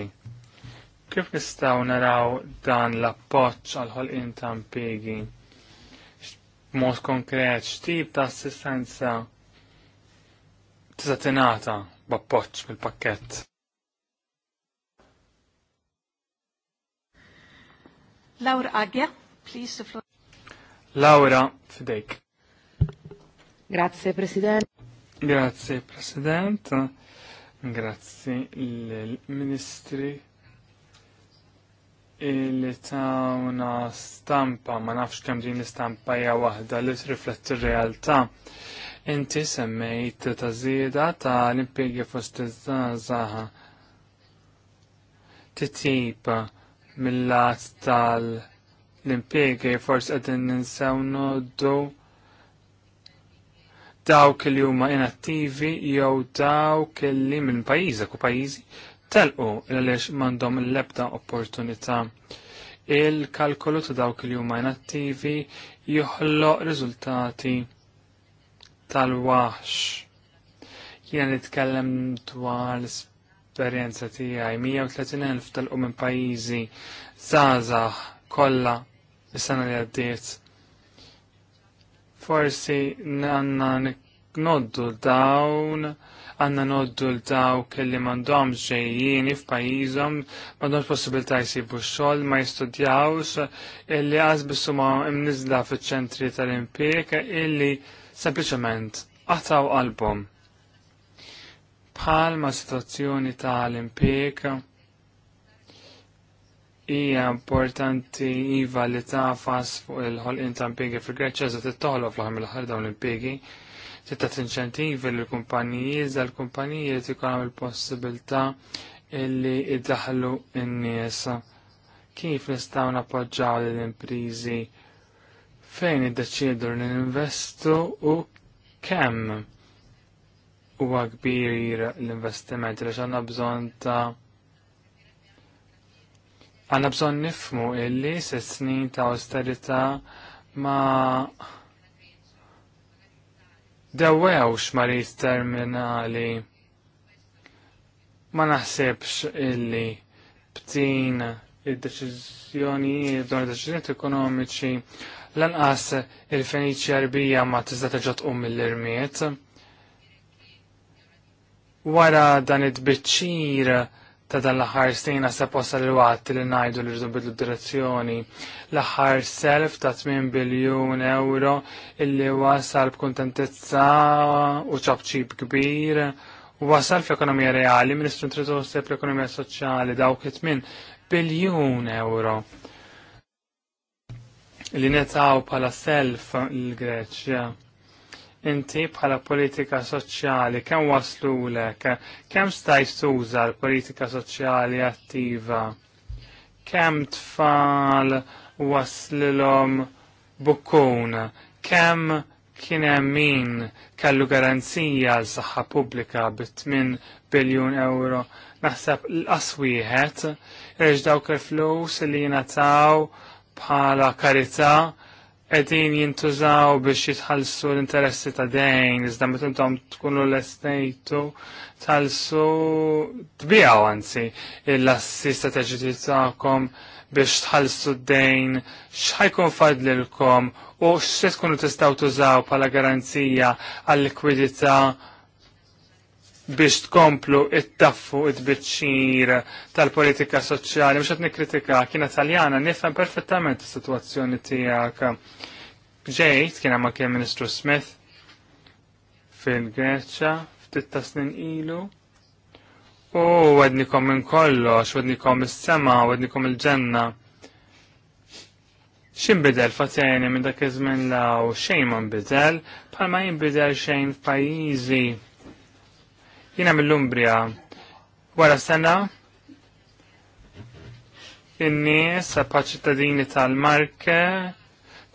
Kif nistaw naraw dan l-appoċ għal-ħolqien ta' impjegi? Mod konkret, x'tip ta' assistenza tista' tingħata b'appoċ bil-pakkett? Laura Agia, please the floor. Laura, Fidek. Grazie, Presidente. Grazie, Presidente. Grazie il ministri il tawna stampa, ma nafx kem din stampa ja wahda waħda li rifletti r-realtà. Inti semmejt ta' żieda ta' l impiegi fost iż-żazaha. Titjib mill-lat tal-impiegi forsi qegħdin ninsew noddu dawk li huma inattivi jew dawk li minn pajjiżek u pajjiżi telqu għaliex m'għandhom l-ebda opportunità. Il-kalkolu ta' dawk li huma inattivi joħloq riżultati tal-waħx. Jiena nitkellem dwar l l esperjenza tiegħi 130,000 tal minn pajjiżi żgħażagħ kollha s sena li għaddiet. Forsi għandna noddu dawn għanna noddu l-dawk li mandom ġejjini f'pajizom, mandom possibilta jisibu xol, ma jistudjawx, illi għaz bissuma imnizla fil-ċentri tal-impiek, illi sempliciment għataw album bħalma situazzjoni tal-impjeg hija importanti iva li tafas fuq il-ħolqien ta' impjegi fil-Greċja se tittoħlo fl-ħar mill-ħar dawn l ta' t tinċentivi l-kumpaniji za l-kumpaniji tikolam il-possibilità illi id-daħlu n-nies kif nistgħu nappoġġaw l-imprizi fejn iddeċiedu li ninvestu u kemm huwa kbir l-investiment li għandna bżonn ta' għanna bżonn nifmu illi se snin ta' austerita ma dewewx maris terminali ma naħsibx illi btin id-deċizjonijiet, dwar id-deċizjonijiet ekonomiċi, lanqas il-Feniċi Arbija ma tista' teġa' tqum mill-irmiet. Wara dan it-biċċir ta' dan l-aħħar snin se posa l waqt li ngħidu li rridu bidlu direzzjoni. L-aħħar self ta' 8 biljun euro illi wasal b'kuntentizza u ċabċib kbir wasal fl-ekonomija reali, Ministru introdu l-ekonomija soċjali dawk it biljun euro li netaw pala self l-Greċja inti bħala politika soċjali kemm waslulek, kemm staj suża l-politika soċjali attiva, kemm tfal waslilhom bukkun, kemm kien hemm min kellu garanzija l saħħa pubblika bi tmien biljun euro. Naħseb l-qas wieħed dawk il-flus li jingħataw bħala karità edin jintużaw biex jitħalsu l-interessi ta' dejn, iżda meta intom tkunu l estejtu tħalsu tbijaw anzi l-assi strateġiti tagħkom biex tħalsu d-dejn, xħajkun fadlilkom u x'se tkunu tistgħu tużaw bħala garanzija għall-likwidità biex tkomplu it-taffu it-bicċir tal-politika soċjali, biex għat kritika, kiena taljana, nifhem perfettament situazzjoni tijak. Ġejt, kiena ma kien Ministru Smith fil-Greċa, ftit ta' snin ilu, u kom minn kollox, kom il-sema, għednikom il-ġenna. Xin bidel fatjeni minn dak iż-żmien law xejn ma nbidel, bħalma jinbidel xejn f'pajjiżi Jina mill-Umbria wara sena in-nies pa' ċittadini tal-Marke,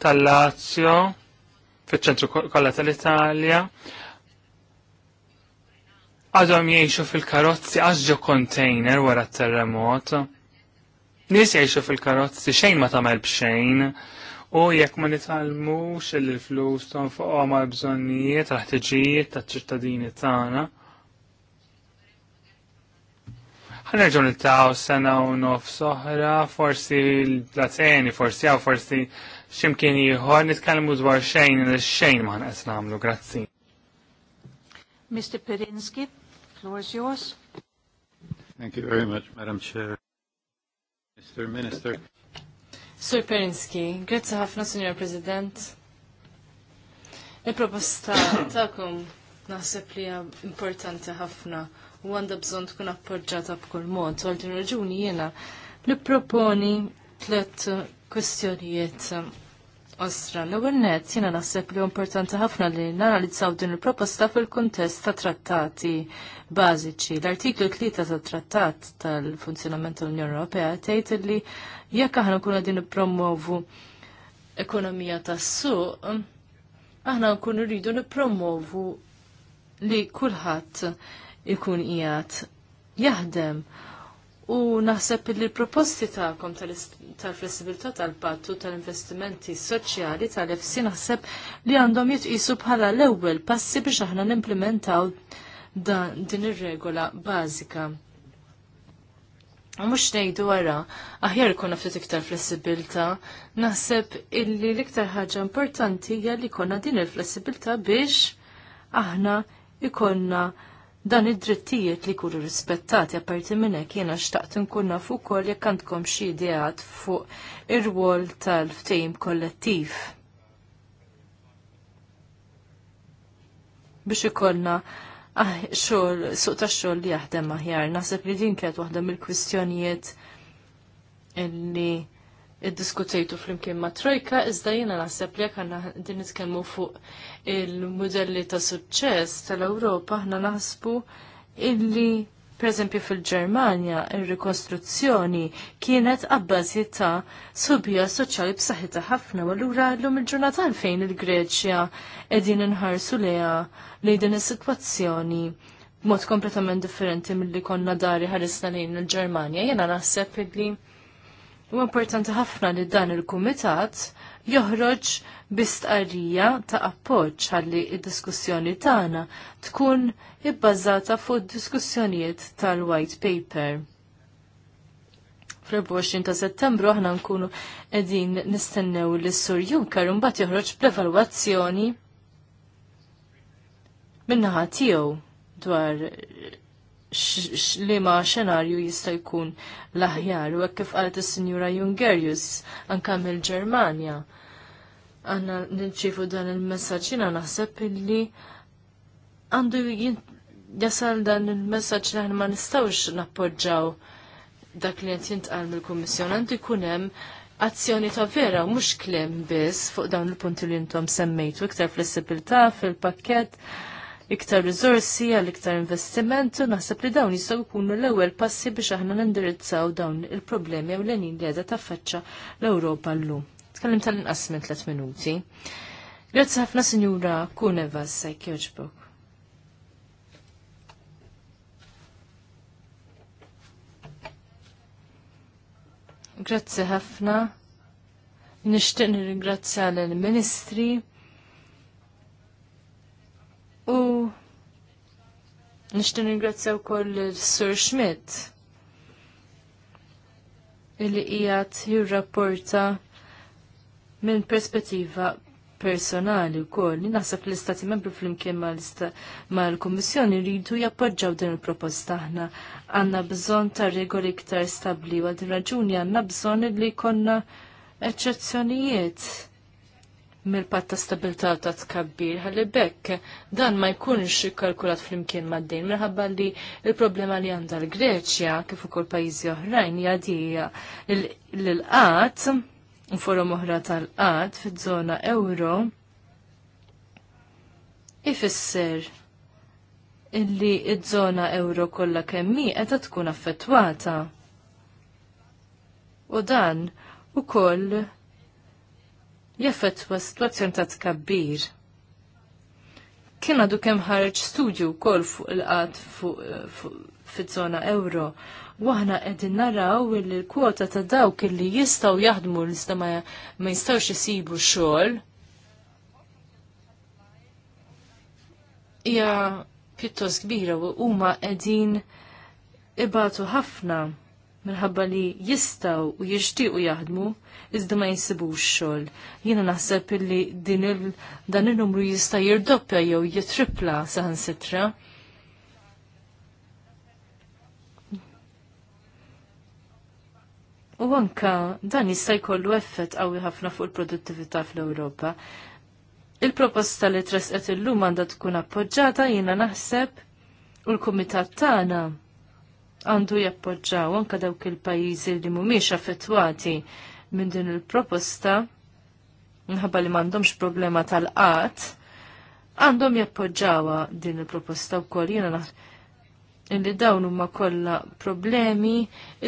tal-Lazio, fiċ-ċentru kollha tal-Italja, għadhom jiexu fil-karozzi għax ġo container wara t-terremot. Nis jiexu fil-karozzi xejn ma tamel bxejn u jekk ma nitalmux il-flus ton fuq ma bżonnijiet, raħtiġijiet ta' ċittadini tagħna ħanerġu niltaw sena u nof soħra, forsi l-plazzeni, forsi għaw, forsi ximkien jħor, nitkallimu dwar xejn, xejn maħan esnamlu, grazzi. Mr. Perinski, floor is yours. Thank you very much, Madam Chair. Mr. Minister. Sir Perinski, grazie ħafna, Signor President. Il-proposta ta'kom naħseb li importanti ħafna u għandha bżonn tkun appoġġata b'kull mod. Għal din raġuni jiena li proponi tlet kwestjonijiet um, ostra. L-ewwel nett jiena naħseb li importanti ħafna li nanalizzaw din il-proposta fil-kuntest ta' trattati bażiċi. L-artiklu 3 ta' trattat tal-funzjonament tal-Unjoni Ewropea tgħid li jekk aħna nkunu din nippromovu ekonomija tas-suq, aħna nkunu rridu nippromovu li kulħadd ikun ijat jaħdem. U naħseb li l-proposti tagħkom tal-flessibilità tal-pattu tal-investimenti soċjali tal efsi naħseb li għandhom jitqisu bħala l-ewwel passi biex aħna nimplementaw din ir-regola bażika. Mux nejdu għara, aħjar kuna ftit iktar flessibilta, naħseb illi l-iktar ħaġa importanti hija li konna din il-flessibilta biex aħna ikonna dan id-drittijiet li kuru rispettati apparti minn hekk jiena xtaqt nkunna naf ukoll jekk għandkom xi ideat fuq ir wol tal ftejm kollettiv. biex ikollna ah, xogħol suq tax-xogħol li jaħdem aħjar. Naħseb li din kienet waħda mill-kwistjonijiet illi iddiskutejtu flimkien ma' Trojka, iżda jiena naħseb li jekk għandna din nitkellmu fuq il-modelli ta' suċċess tal-Ewropa aħna naħsbu illi per eżempju fil-Ġermanja ir-rikostruzzjoni kienet abbażi ta' subja soċjali b'saħħitha ħafna u allura llum il-ġurnata fejn il-Greċja qegħdin inħarsu leha li din is-sitwazzjoni b'mod kompletament differenti milli konna dari ħarisna lejn il-Ġermanja. Jena naħseb illi U importanti ħafna li dan il-kumitat joħroġ bistqarrija ta' appoġġ ħalli id-diskussjoni tagħna tkun ibbażata fuq id diskussjonijiet tal-white paper. Fl-24 ta' settembru aħna nkunu qegħdin nistennew lis sur Juncker imbagħad joħroġ bl-evalwazzjoni min-naħa tiegħu dwar li ma xenarju jista' jkun l-aħjar u kif qalet is-Sinjura Jungerius anke mill-Ġermanja għanna nċifu dan il-messagġ jina naħseb illi għandu jasal dan il-messagġ li ma nistawx nappoġġaw dak li qed jintqal mill-Kummissjoni għandu jkun hemm azzjoni ta' vera u mhux klem biss fuq dawn il-punti li intom semmejtu iktar flessibilità fil-pakkett iktar rizorsi għal iktar investimentu, u naħseb li dawn jistgħu jkunu l-ewwel passi biex aħna nindirizzaw dawn il-problemi u l enin li għedha taffaċċa l-Ewropa llum. Tkellim tal-inqas minn 3 minuti. Grazzi ħafna Sinjura Kuneva Sajkjoġbok. Grazzi ħafna. Nishtiq nirringrazzja l-Ministri u nishtiq nirringrazzja wkoll l-Sur Schmidt li qiegħed jirrapporta minn perspettiva personali u koll, li naħseb l-istati membri fl-imkien ma l rridu jappoġġaw din il-proposta aħna. Għanna bżon ta' regoli iktar stabli, għal din raġuni għanna bżon li konna eccezzjonijiet mill patta ta' stabilità ta' tkabbir, għalli bekk dan ma jkunx kalkulat fl-imkien mad-din, minħabba li il-problema li għandha l-Greċja kif ukoll pajjiżi oħrajn hija l-qat u forum oħra tal-qad fiż-żona euro ifisser illi id-żona euro kollha kemm hi qiegħda tkun affettwata. U dan ukoll jaffettwa situazzjoni ta' tkabbir kien għadu kemm ħarġ studju wkoll fuq il-qad fuq fit żona euro. Waħna qegħdin naraw li l-kwota ta' dawk li jistgħu jaħdmu l ma jistgħux isibu xogħol. Hija pjuttost kbira u huma qegħdin ibatu ħafna minħabba li jistaw u jishtiqu jaħdmu, iżda ma jinsibux xogħol. Jiena naħseb li din il dan il-numru jista' jirdoppja jew jitripla saħansitra. U anka dan jista' jkollu effett qawwi ħafna fuq il-produttività fl-Ewropa. Il-proposta li tresqet illum għandha tkun appoġġata jiena naħseb u l-kumitat tagħna għandu jappoġġaw anka dawk il-pajjiżi li mhumiex affettwati minn din il-proposta minħabba li m'għandhomx problema tal-qatt għandhom jappoġġawha din il-proposta wkoll jiena naħseb illi dawn huma kollha problemi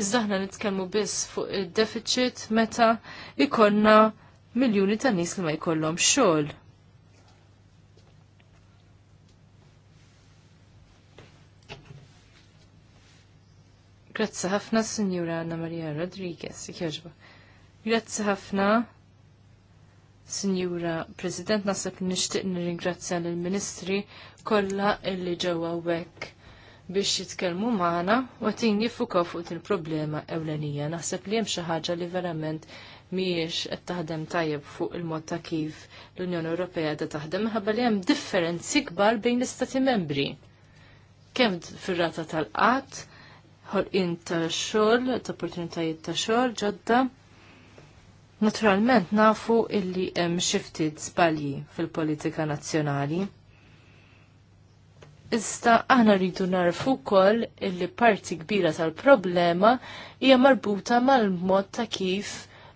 iżda aħna nitkellmu biss fuq id-deficit meta ikollna miljuni ta' nies li ma jkollhom xogħol. Grazzi ħafna Sinjura Anna Maria Rodriguez, jkjoġba. Grazzi ħafna Sinjura President, nasab nishtiq nirringrazzja lill ministri kollha illi ġewwa hawnhekk biex jitkellmu magħna u għatin jiffukaw fuq il-problema ewlenija. Naħseb li hemm xi ħaġa li verament mhijiex qed taħdem tajjeb fuq il-mod ta' kif l-Unjoni Ewropea da taħdem minħabba li hemm differenzi kbar bejn l-Istati membri. Kemm fir-rata tal-qatt, ħolqien tax-xogħol, ta' opportunitajiet ta' xogħol ġodda. Naturalment nafu illi hemm xiftit żbalji fil-politika nazzjonali Iżda aħna rridu narfu wkoll illi parti kbira tal-problema hija marbuta mal-mod ta' kif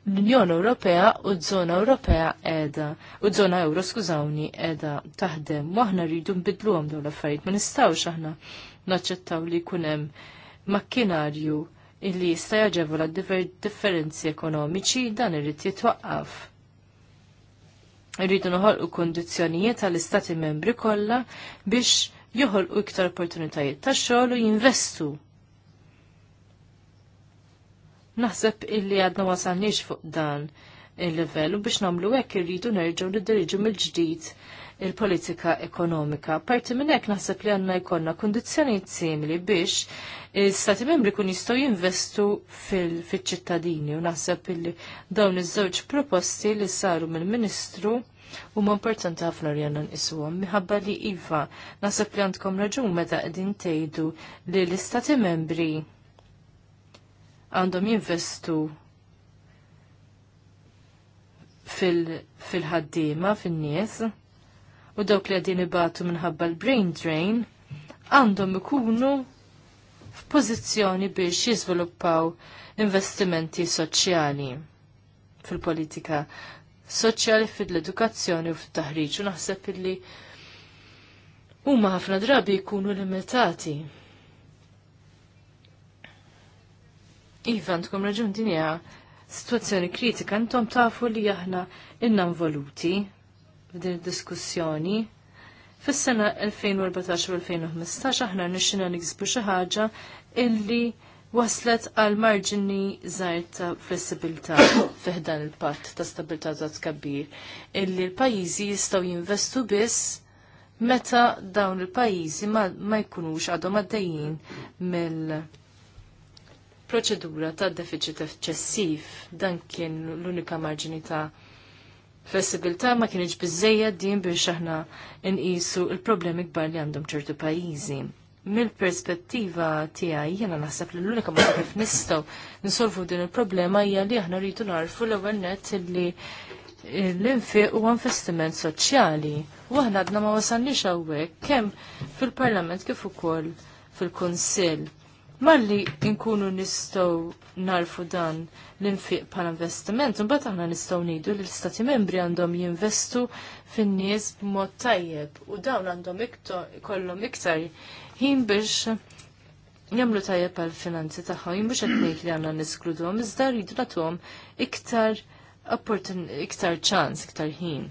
l-Unjoni Ewropea u żona Ewropea qiegħda u żona Ewro skużawni qiegħda taħdem u aħna rridu nbidluhom dawn l-affarijiet ma nistgħux aħna naċċettaw li jkun hemm makkinarju illi jista' jaġevola differenzi ekonomiċi dan irid jitwaqqaf irridu noħolqu kondizzjonijiet tal istati membri kollha biex joħolqu iktar opportunitajiet ta' xogħol u jinvestu. Naħseb illi għadna wasalniex fuq dan il-level u biex nagħmlu hekk irridu nerġgħu niddiriġu mill-ġdid il-politika ekonomika. Parti minn hekk naħseb li għandna jkollna kundizzjonijiet simili biex il-Stati membri kun jistgħu jinvestu fil-ċittadini u naħseb illi dawn iż-żewġ proposti li saru mill-Ministru ma' importanti ħafna li għandna nqisuhom minħabba li iva naħseb li għandkom raġun meta qegħdin tgħidu li l-istati membri għandhom jinvestu fil-ħaddiema, fil fin-nies, u dawk li għedin ibatu minħabba l-brain drain għandhom ikunu f'pożizzjoni biex jiżviluppaw investimenti soċjali fil-politika soċjali fil-edukazzjoni u fit-taħriġ u naħseb illi huma ħafna drabi jkunu limitati. Iva, għandkom raġun dinja, situazzjoni kritika, intom tafu li aħna innan involuti f'din id-diskussjoni. Fis-sena 2014 u 2015 aħna nixxina niksbu xi ħaġa illi waslet għal marġini zaħir ta' flessibilità fiħdan il-patt ta' stabilità ta' tkabbir illi l-pajizi jistaw jinvestu biss meta dawn il-pajizi ma, jkunux għadhom għaddejjin mill proċedura ta' deficit eċċessiv dan kien l-unika marġini ta' flessibilità ma kienx biżejjed din biex aħna nqisu il-problemi kbar li għandhom ċertu pajjiżi mill-perspettiva tiegħi jiena naħseb li l-unika mod kif nistgħu nsolvu din il-problema hija li aħna rridu narfu l-ewwel nett li l-infiq u investiment soċjali. U aħna għadna ma wasalniex hawnhekk kemm fil-Parlament kif ukoll fil-Kunsill. Malli nkunu nistgħu narfu dan l-infiq bħala investiment, imbagħad aħna nistgħu ngħidu li l-Istati Membri għandhom jinvestu fin-nies b'mod tajjeb u dawn għandhom kollhom iktar ħin biex jagħmlu tajjeb għall finanzi tagħhom, jien biex qed ngħid li għandna għom, iżda rridu nagħtuhom iktar iktar ċans, iktar ħin.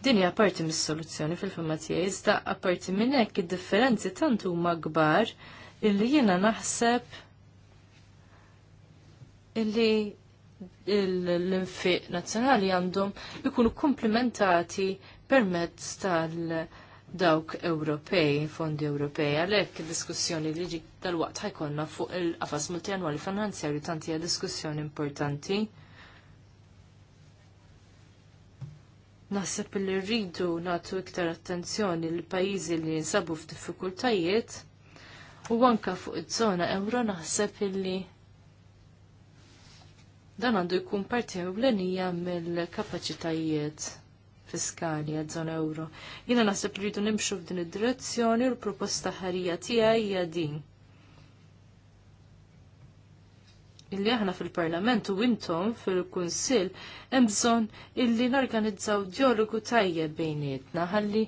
Din hija parti mis-soluzzjoni fil-fema tiegħi, iżda apparti minn hekk id-differenzi tant huma kbar illi jiena naħseb illi l-infiq nazzjonali għandhom ikunu komplementati permezz tal- dawk Ewropej, fondi Ewropej, għalhekk diskussjoni li ġik tal-waqt ħajkonna fuq il-qafas multianwali finanzjarju tanti hija diskussjoni importanti. Naħseb li rridu nagħtu iktar attenzjoni l pajjiżi li jinsabu f'diffikultajiet u anka fuq iż-żona euro naħseb li dan għandu jkun parti ewlenija mill-kapaċitajiet fiskali għad-żona euro. Jiena naħseb li rridu nimxu f'din id-direzzjoni u l-proposta ħarija tiegħi hija din. Illi aħna fil-Parlament u intom fil-Kunsill hemm bżonn illi norganizzaw dialogu tajjeb bejnietna ħalli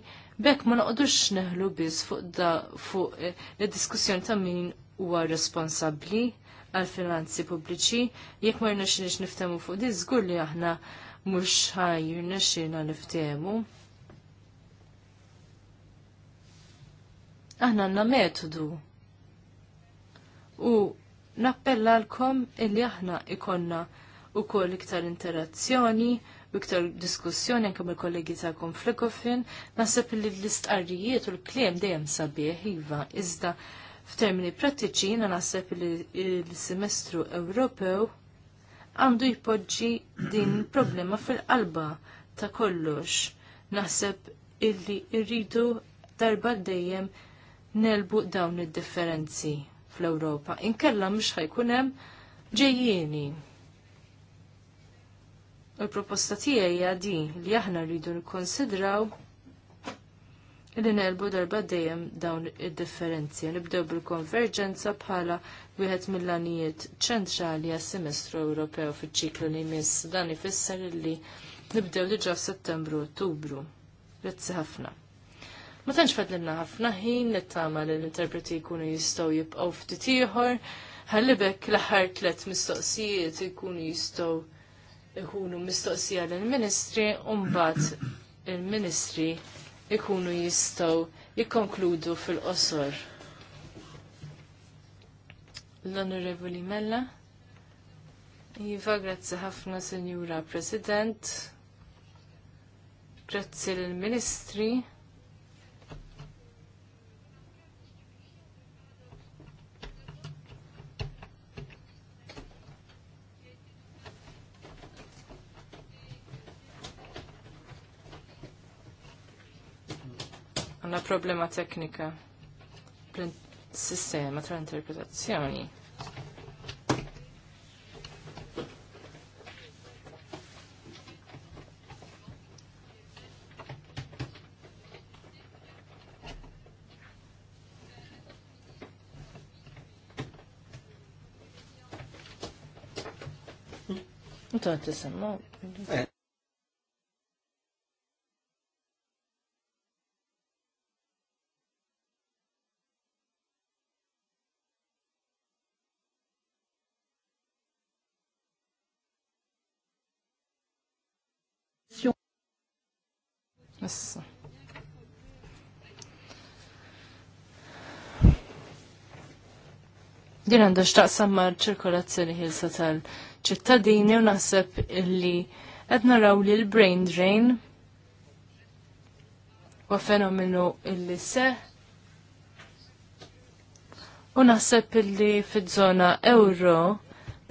bekk ma noqdux neħlu biss fuq da fuq id-diskussjoni eh, ta' min huwa responsabbli għal finanzi pubbliċi, jekk ma rnax nix niftemu fuq di żgur li aħna mhux ħajjir nexxina niftemu. Aħna għandna metodu. U nappella għalkom illi aħna ikonna u kol iktar interazzjoni, u iktar diskussjoni anke mal kollegi ta' konflikofin, nasib li l-istqarrijiet u l-kliem dejjem sabieħ iva, iżda f'termini prattiċi na nasib li l-semestru Ewropew għandu jpoġġi din problema fil-qalba ta' kollox. Naħseb illi rridu darba dejjem nelbu dawn id-differenzi fl-Ewropa. Inkella mhux ħajkunem hemm ġejjieni. Il-proposta tiegħi hija din li aħna rridu nikkonsidraw li nelbu darba dejjem dawn id-differenzi. Nibdew bil-konverġenza bħala wieħed mill-għanijiet ċentrali għas-semestru Ewropew fiċ-ċiklu li jmiss dan ifisser li nibdew diġà f'Settembru Ottubru. Grazzi ħafna. Ma tantx fadlilna ħafna ħin nittama li l-interpreti jkunu jistgħu jibqgħu ftit ieħor, ħallibek l-aħħar tliet mistoqsijiet ikunu jistgħu ikunu mistoqsija lill-Ministri u mbagħad il-Ministri ikunu jistgħu jikkonkludu fil-qosor l-Onorevoli Mella. Jiva grazzi ħafna, Senjura President. Grazzi l-Ministri. Għanna problema teknika. Print sistema tra interpretazzjoni. Tant tisemma. Issa. Din għandha x'taqsam mar ċirkolazzjoni ħilsa tal-ċittadini u naħseb illi qed naraw li l-brain drain u fenomenu illi se U naħseb illi fit żona euro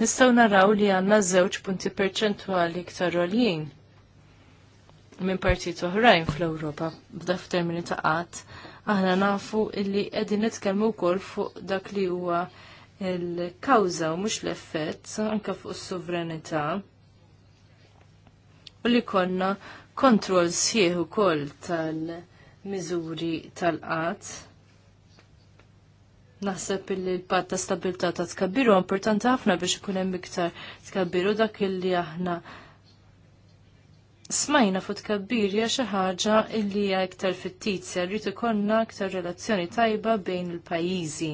nistgħu naraw li għandna żewġ punti perċentwali iktar għoljien minn partit oħrajn fl-Ewropa b'daf f'termini ta' qatt, aħna nafu illi qegħdin nitkellmu wkoll fuq dak li huwa il-kawża u mhux l-effett anke fuq is-sovranità u li konna kontroll sħiħ ukoll tal-miżuri tal-qatt. Naħseb li l-pat ta' stabilità ta' tkabbiru importanti ħafna biex ikun hemm iktar tkabbiru dak illi aħna smajna fu tkabbirja xi ħaġa li hija iktar fittizja rrid ikollna aktar relazzjoni tajba bejn il-pajjiżi.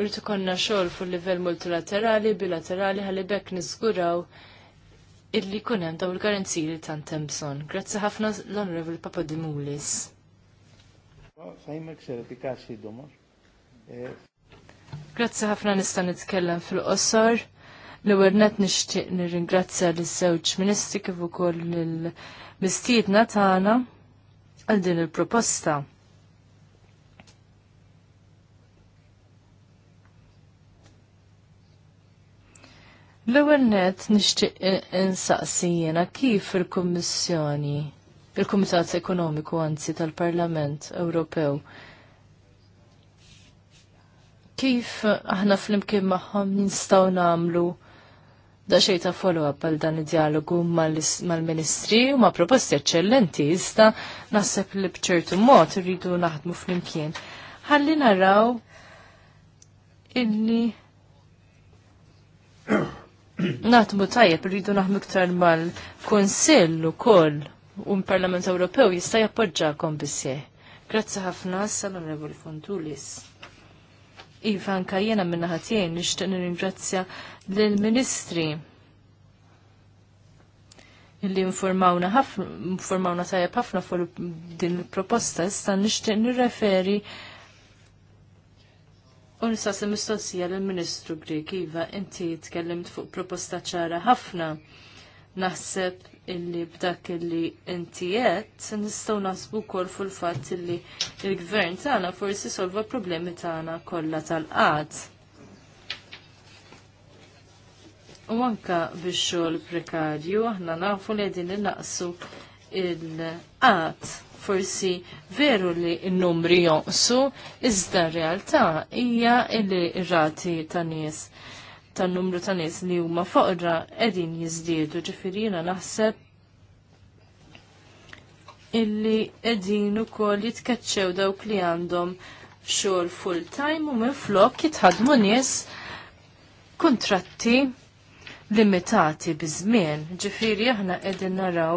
Rrid ikollna xogħol fuq livell multilaterali, bilaterali ħalli bekk niżguraw illi jkun hemm dawn il-garanziji li tant hemm bżonn. Grazzi ħafna l-Onorevoli Papadimulis. Grazzi ħafna nista' nitkellem fil-qosor. L-ewwel nishtiq nixtieq nirringrazzja liż-żewġ ministri kif ukoll lill-mistiedna tagħna għal din il-proposta. L-ewwel nishtiq nixtieq insaqsi jiena kif il-Kummissjoni il-Kumitat Ekonomiku anzi tal-Parlament Ewropew kif aħna fl-imkien magħhom nistgħu nagħmlu da xej ta' follow-up għal dan id-dialogu mal-ministri u ma' proposti eccellenti, jista' naħseb li bċertu mod rridu naħdmu flimkien. Ħalli naraw illi naħdmu tajjeb rridu naħdmu iktar mal-Konsill ukoll u l-Parlament Ewropew jista' jappoġġakom bisseħ. Grazzi ħafna, sal-Onorevoli Fontulis. Iva Kajena minna ħatjen nishtiq nirringrazzja lill-Ministri illi informawna ħafna informawna tajjeb ħafna fuq din il-proposta issa nixtieq nirreferi u nistaqsi mistoqsija lill-Ministru Grieg iva inti tkellimt fuq proposta ċara ħafna naħseb illi b'dak illi intijiet nistgħu nasbu wkoll fuq il-fatt illi il-gvern tagħna forsi solva problemi tagħna kollha tal qad U anka biex xogħol prekarju aħna nafu li din innaqsu il-qatt forsi veru li n-numri jonqsu iżda r-realtà hija li r-rati tan nies tan numru ta' nies li huma foqra qegħdin jiżdiedu ġifieri naħseb illi qegħdin ukoll jitkaċċew dawk li għandhom xogħol full time u minflok jitħadmu nies kontratti limitati bi-żmien, ġifieri aħna qegħdin naraw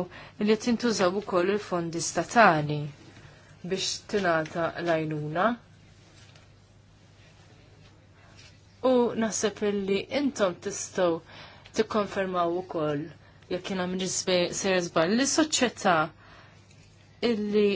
li tintużaw ukoll il-fondi statali biex tingħata l-għajnuna u naħseb illi intom tistgħu tikkonfermaw ukoll jekk jiena minn ser żball li soċjetà illi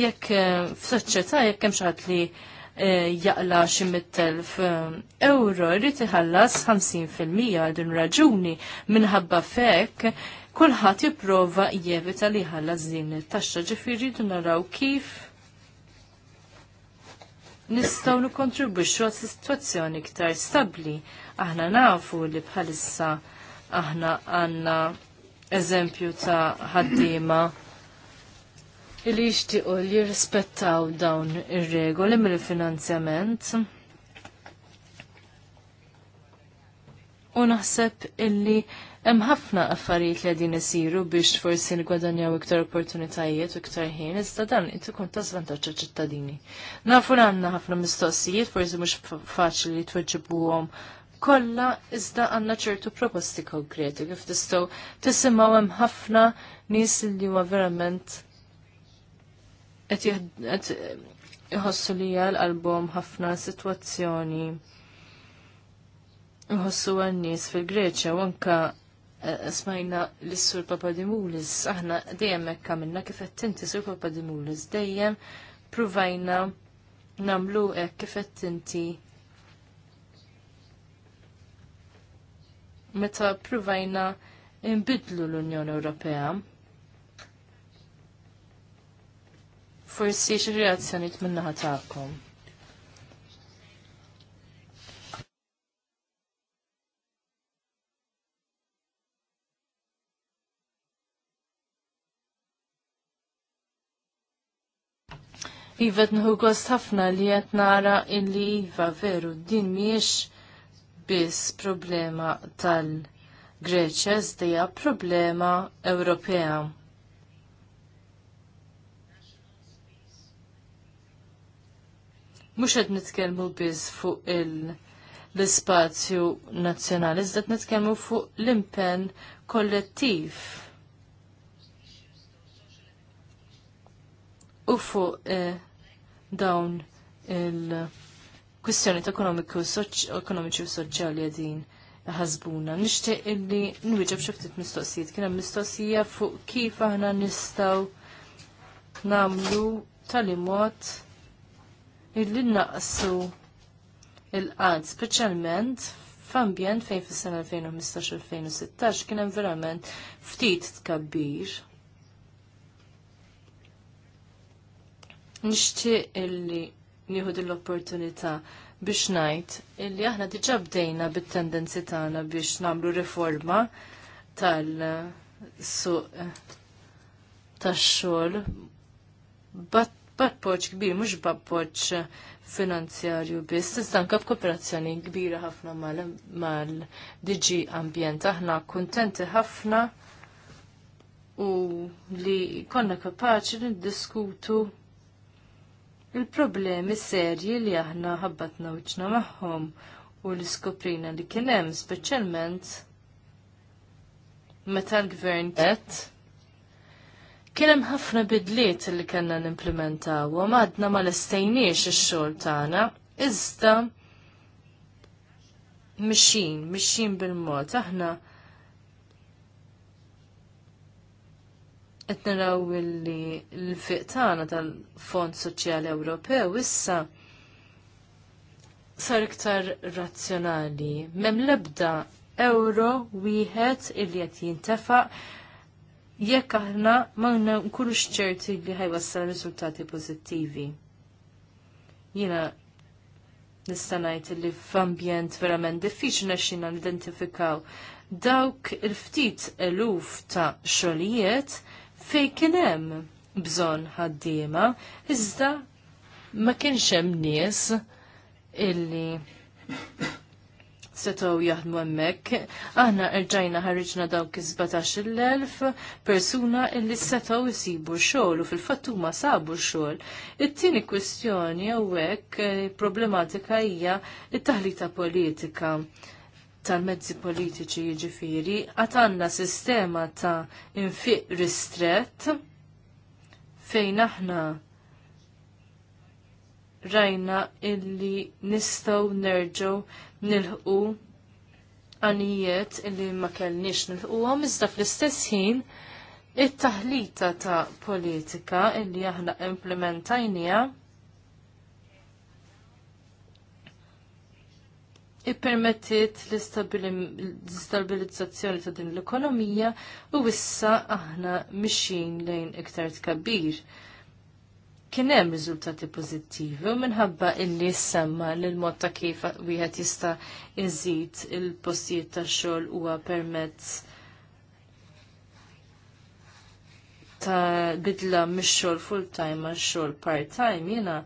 jekk eh, f'soċjetà jekk hemm xi li eh, jaqla xi mit-telf eh, euro jrid iħallas 50% għal din raġuni minħabba fek kulħadd jipprova jevita li ħallas din it-taxxa ġifieri naraw kif nistgħu nikkontribwixxu għal sitwazzjoni iktar stabbli. Aħna nafu li bħalissa aħna għandna eżempju ta' ħaddiema li jixtiequ li jirrispettaw dawn ir-regoli mill-finanzjament. U naħseb illi Hemm ħafna affarijiet li qegħdin isiru biex forsi nigwadanjaw iktar opportunitajiet u iktar ħin, iżda dan qed ikun ta' żvantaġġ ċittadini. Nafu għandna ħafna mistoqsijiet forsi mhux faċli li tweġibuhom kollha iżda għandna ċertu proposti konkreti kif tistgħu tisimgħu hemm ħafna nies li huwa verament qed iħossu li l-qalbhom ħafna sitwazzjoni. Nħossu għannis fil-Greċja u anka Eh, smajna l-Sur Papadimulis, aħna dejjem hekk għamilna kif qed tinti Sur Papadimulis dejjem pruvajna namlu hekk kif qed tinti meta pruvajna imbidlu l-Unjoni Ewropea. Forsi xi reazzjonijiet minnaħa tagħkom. Iva nħu gost ħafna li qed nara illi iva veru din mhijiex biss problema tal-Greċja dija problema Ewropea. Mhux qed nitkellmu biss fuq l-ispazju nazzjonali, iżda nitkellmu fuq l-impenn kollettiv. u fuq eh, dawn il-kwistjoni ekonomiċi u soċjali għadin ħasbuna. Nishtiq illi nwieġeb xi ftit mistoqsijiet. Kien hemm mistoqsija fuq kif aħna nistgħu nagħmlu tal imot illi naqsu il-qad, speċjalment f'ambjent fejn fis-sena 2015-2016 kien hemm verament ftit tkabbir nixtieq illi nihud l-opportunità biex ngħid illi aħna diġà bdejna bit-tendenzi tagħna biex nagħmlu riforma tal-suq eh, tax-xogħol b'appoġġ kbir mhux b'appoġġ finanzjarju biss, iżda anke kbira ħafna mal-DG Ambjent. Aħna kuntenti ħafna u li konna kapaċi diskutu il-problemi serji li aħna ħabbatna uċna magħhom u li skoprina li kien hemm speċjalment meta l-gvern qed kien hemm ħafna bidliet li kellna nimplementaw u għadna ma lestejniex ix-xogħol tagħna iżda mixin, mixin bil-mod aħna qed naraw illi l-fiq tagħna tal-Fond Soċjali Ewropew issa sar iktar razzjonali. Mem lebda euro wieħed illi qed jintefaq jekk aħna ma nkunux ċerti li ħajwassal riżultati pożittivi. Jiena nista' ngħid li f'ambjent verament diffiċli xina nidentifikaw dawk il-ftit eluf ta' xogħlijiet fej kien hemm bżonn ħaddiema, iżda ma kienx hemm nies illi setaw jaħdmu hemmhekk. Aħna rġajna ħarriġna dawk elf persuna illi setaw jisibu xogħol u fil fattuma sabu xogħol. It-tieni kwestjoni hawnhekk eh, problematika hija it-taħlita politika tal-mezzi politiċi jiġifieri għad għandna sistema ta' infiq ristret fejn aħna rajna illi nistgħu nerġgħu nilħqu għanijiet illi ma kellniex nilħu għom iżda fl-istess ħin it-taħlita ta' politika illi aħna implementajnija ippermettit l-istabilizzazzjoni ta' din l-ekonomija u wissa aħna mixin lejn iktar tkabbir. Kien hemm riżultati pożittivi u minħabba illi semma l mod ta' kif wieħed jista' iżid il-postijiet tax-xogħol huwa permezz ta' bidla mix-xogħol full-time għal xogħol part-time jiena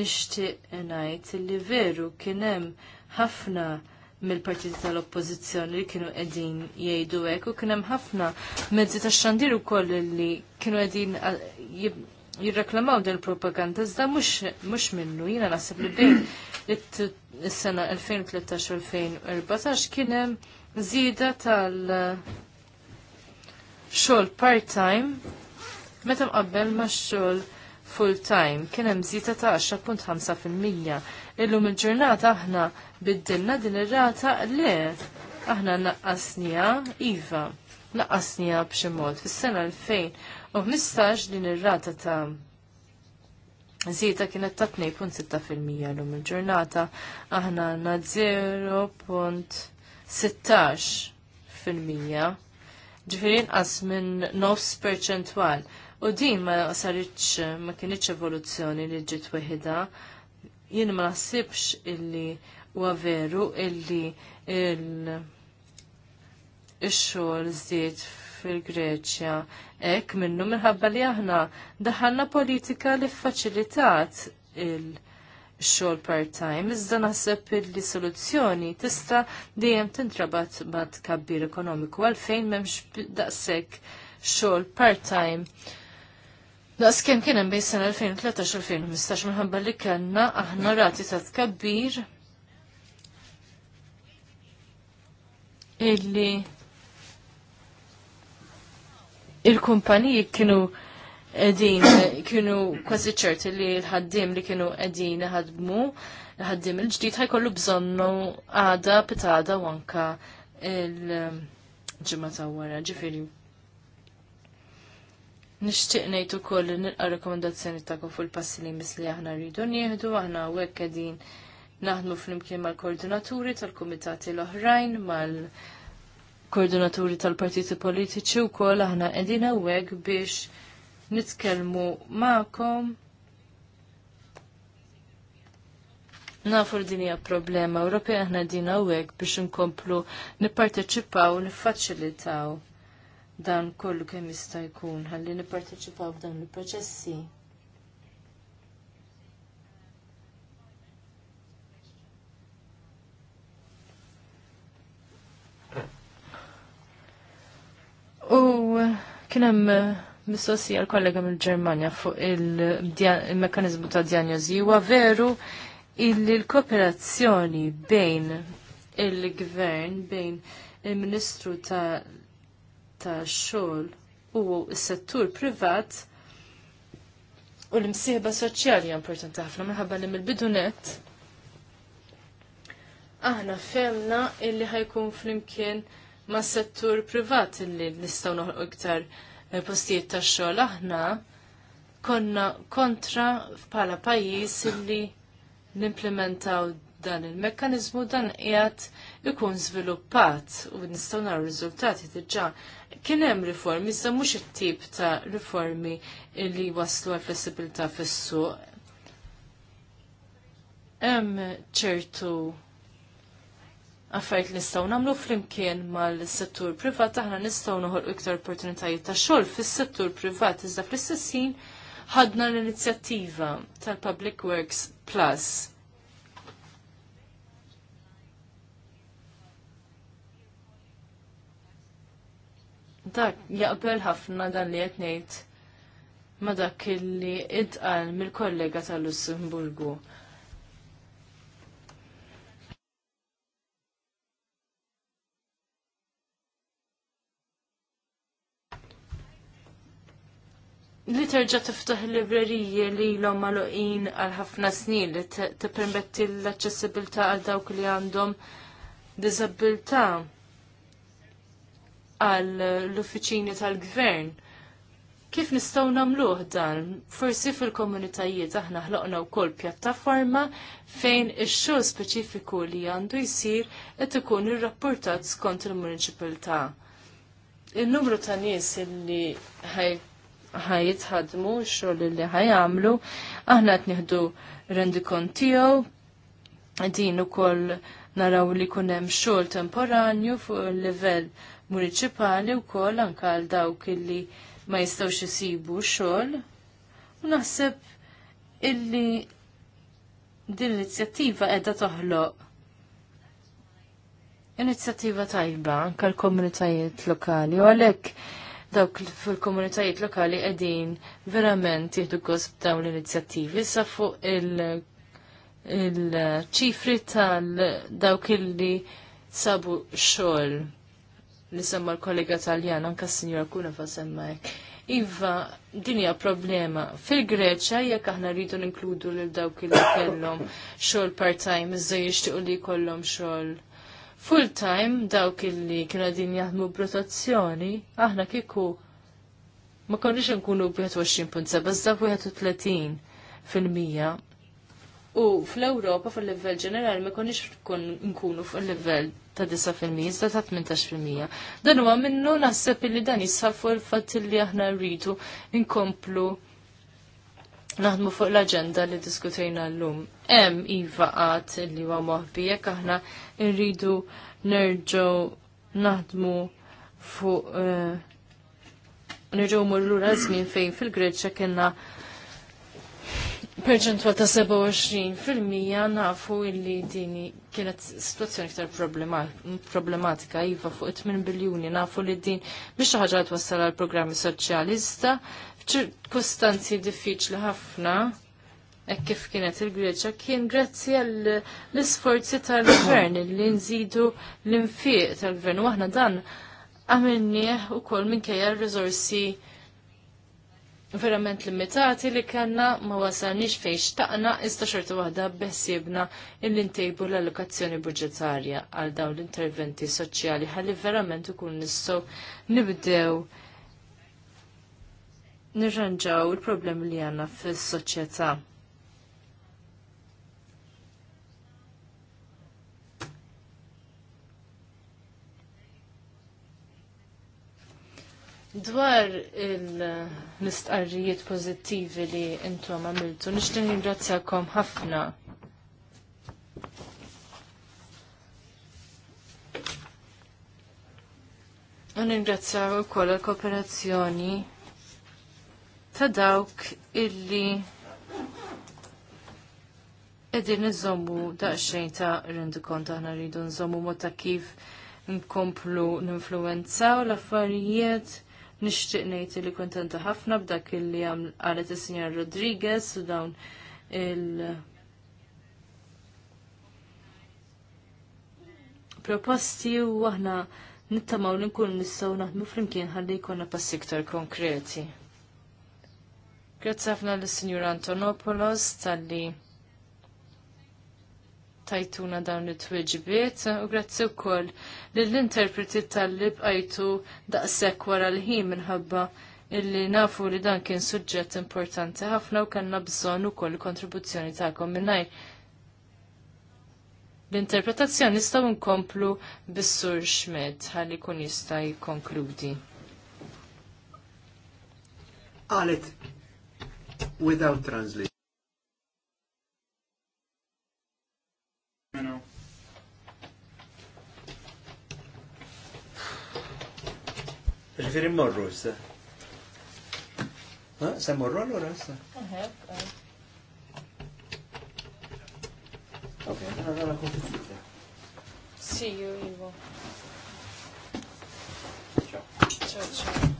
nixtieq ngħid li veru kien hemm ħafna mill-partiti tal-oppożizzjoni li kienu qegħdin jgħidu hekk u kien hemm ħafna mezzi tax-xandir ukoll li kienu qegħdin uh, jirreklamaw din il-propaganda iżda mhux minnu jiena naħseb li bejn is-sena 2013 2014 kien hemm żieda tal uh, xogħol part-time meta mqabbel ma' xogħol full-time kien hemm żieda ta' 10.5 fil-mija. Illum il-ġurnata aħna biddilna din ir-rata le aħna naqqasnija iva naqqasnija b'xi mod fis-sena u nistax din ir-rata ta' Zita kienet ta' 2.6% l um il-ġurnata, aħna għanna 0.16% ġifirin nqas minn nofs perċentwal. U din ma saritx, ma kienieċ evoluzzjoni li ġiet weħida, jien ma naħsibx illi huwa veru illi il-xogħol żdied fil-Greċja hekk minnu minħabba li aħna daħħalna politika li faċilitat il-xogħol part-time, iżda naħseb li soluzzjoni tista' dejjem tintrabat mad kabbir ekonomiku għalfejn m'hemmx daqshekk xogħol part-time. Daqs kem kien hemm bejn sena 2013-2015 minħabba li kellna aħna rati ta' tkabbir illi il-kumpaniji kienu edin, kienu kważi ċert li l-ħaddim li kienu edin ħadmu, l-ħaddim il-ġdid ħajkollu bżonnu għada pitada wanka il-ġimma ta' wara, ġifiri. Nishtiq nejtu ukoll nil rekomendazzjoni ta' fuq l passi li misli aħna rridu nieħdu aħna hekk qegħdin Naħnu flimkien mal-koordinaturi tal-kumitati l-oħrajn, mal-koordinaturi tal-partiti politiċi u kol aħna edin hawnhekk biex nitkellmu ma'kom Nafu din hija problema Ewropea aħna din hawnhekk biex inkomplu nipparteċipaw u niffaċilitaw dan kollu kemm jista' jkun ħalli nipparteċipaw f'dan il-proċessi. U uh, kienem uh, mistoqsija l-kollega mill-Ġermanja fuq il-mekanizmu ta' diagnosi huwa veru illi l-kooperazzjoni bejn il-gvern, bejn il-Ministru ta' ta' xogħol u s-settur privat u l-imsieħba soċjali importanti ħafna minħabba li mill-bidunet aħna femna illi ħajkun flimkien ma' settur privat li nistgħu noħu iktar eh, postijiet tax xogħol aħna konna kontra bħala pajjiż li nimplementaw dan il-mekkanizmu dan qiegħed ikun żviluppat u nistgħu naraw riżultati diġà. Kien hemm riformi, iżda mhux it-tip ta' riformi li waslu għal flessibilità fis-suq. Hemm ċertu affarijiet nistgħu nagħmlu flimkien mal-settur privat aħna nistgħu noħolqu iktar opportunitajiet ta' xogħol fis-settur privat iżda fl-istess ħadna l-inizjattiva tal-Public Works Plus. Dak jaqbel ħafna dan li qed ngħid ma dak li intqal mill-kollega tal-Lussemburgu. li terġa' tiftaħ il-librerija li l-hom oqin għal ħafna snin li tippermetti l-aċċessibilità għal dawk li għandhom diżabilità għal l-uffiċini tal-gvern. Kif nistgħu nagħmluh dan? Forsi fil-komunitajiet aħna ħloqna wkoll pjattaforma fejn ix-xogħol speċifiku li għandu jsir qed ikun irrapportat skont il-municipalità. Il-numru ta' nies illi ħaj ħajitħadmu x-xogħol li ħajamlu, aħna t-nihdu rendikon tiegħu din ukoll naraw li kunem hemm xogħol temporanju fuq il-livell municipali wkoll anke għal dawk illi ma jistgħux xisibu xogħol. U naħseb illi din l-inizjattiva qiegħda toħloq Inizjattiva tajba anke komunitajiet lokali u għalhekk dawk fil-komunitajiet lokali qegħdin verament jieħdu gost b'dawn l-inizjattivi sa fuq il-ċifri il tal-dawk illi sabu xogħol li semma l-kollega Taljan anka s-Sinjora fa semma hekk. Iva, dinja problema. Fil-Greċa, jekk aħna rridu n-inkludu lil dawk li kellhom xogħol part-time, iżda jixtiequ li jkollhom xogħol full time dawk illi kienu għadin jaħdmu protezzjoni, aħna kieku ma konniex nkunu b-21.7, bazza 31 fil-mija. U fl-Europa fil-level ġenerali ma konniex nkunu fil-level ta' 9% iżda ta' 18%. Dan huwa minnu naħseb li dan jisħafu l-fatt li aħna rridu nkomplu naħdmu fuq l-aġenda li diskutejna l-lum. Em iva għat li huwa moħbi jekk aħna irridu naħdmu fuq eh, nerġgħu mmur lura żmien fejn fil-Greċja kena perċentwa ta' 27% fil-mija nafu illi dini kienet situazzjoni iktar problematika iva fuq 8 biljuni nafu li din biex ħaġa twassal għal programmi soċjalista f'ċirkostanzi diffiċli ħafna Ek kif kienet il-Greċja kien grazzi għall isforzi tal-gvern li nżidu l-infiq tal-gvern. U aħna dan għamilnieh ukoll minkejja r-riżorsi verament limitati li kanna ma wasalniex fej xtaqna iżda xorta waħda bessibna illi ntejbu l-allokazzjoni budġetarja għal dawn l-interventi soċjali ħalli verament ikun nissu nibdew nirranġaw il-problemi li għanna fis-soċjetà. Dwar l-istqarrijiet pozittivi li intom għamiltu, nishtin ringrazzjakom ħafna. Nringrazzjaw ukoll l-kooperazzjoni ta' dawk illi edin da' daqsxejn ta' rendu konta aħna rridu nżommu mota kif nkomplu ninfluwenzaw l-affarijiet nixtieq ngħid li kontenta ħafna b'dak illi qalet is sinjar Rodriguez u dawn il- proposti u aħna nittamaw li nkun nistgħu naħdmu flimkien ħalli jkollna passi iktar konkreti. Grazzi ħafna l sinjur Antonopoulos talli tajtuna dawn it-tweġibiet u grazzi wkoll lill-interpreti tal-li bqajtu daqshekk wara l-ħin minħabba illi nafu li dan kien suġġett importanti ħafna u kanna bżonn ukoll kontribuzzjoni tagħkom minnaj. L-interpretazzjoni nistgħu nkomplu bis-sur Schmidt ħalli jkun jista' jikkonkludi. Qalet without translation. Minu. Ġifiri morru issa. Se morru allora issa? Ok, allora confessite. Sì, io vivo. Ciao. Ciao, ciao.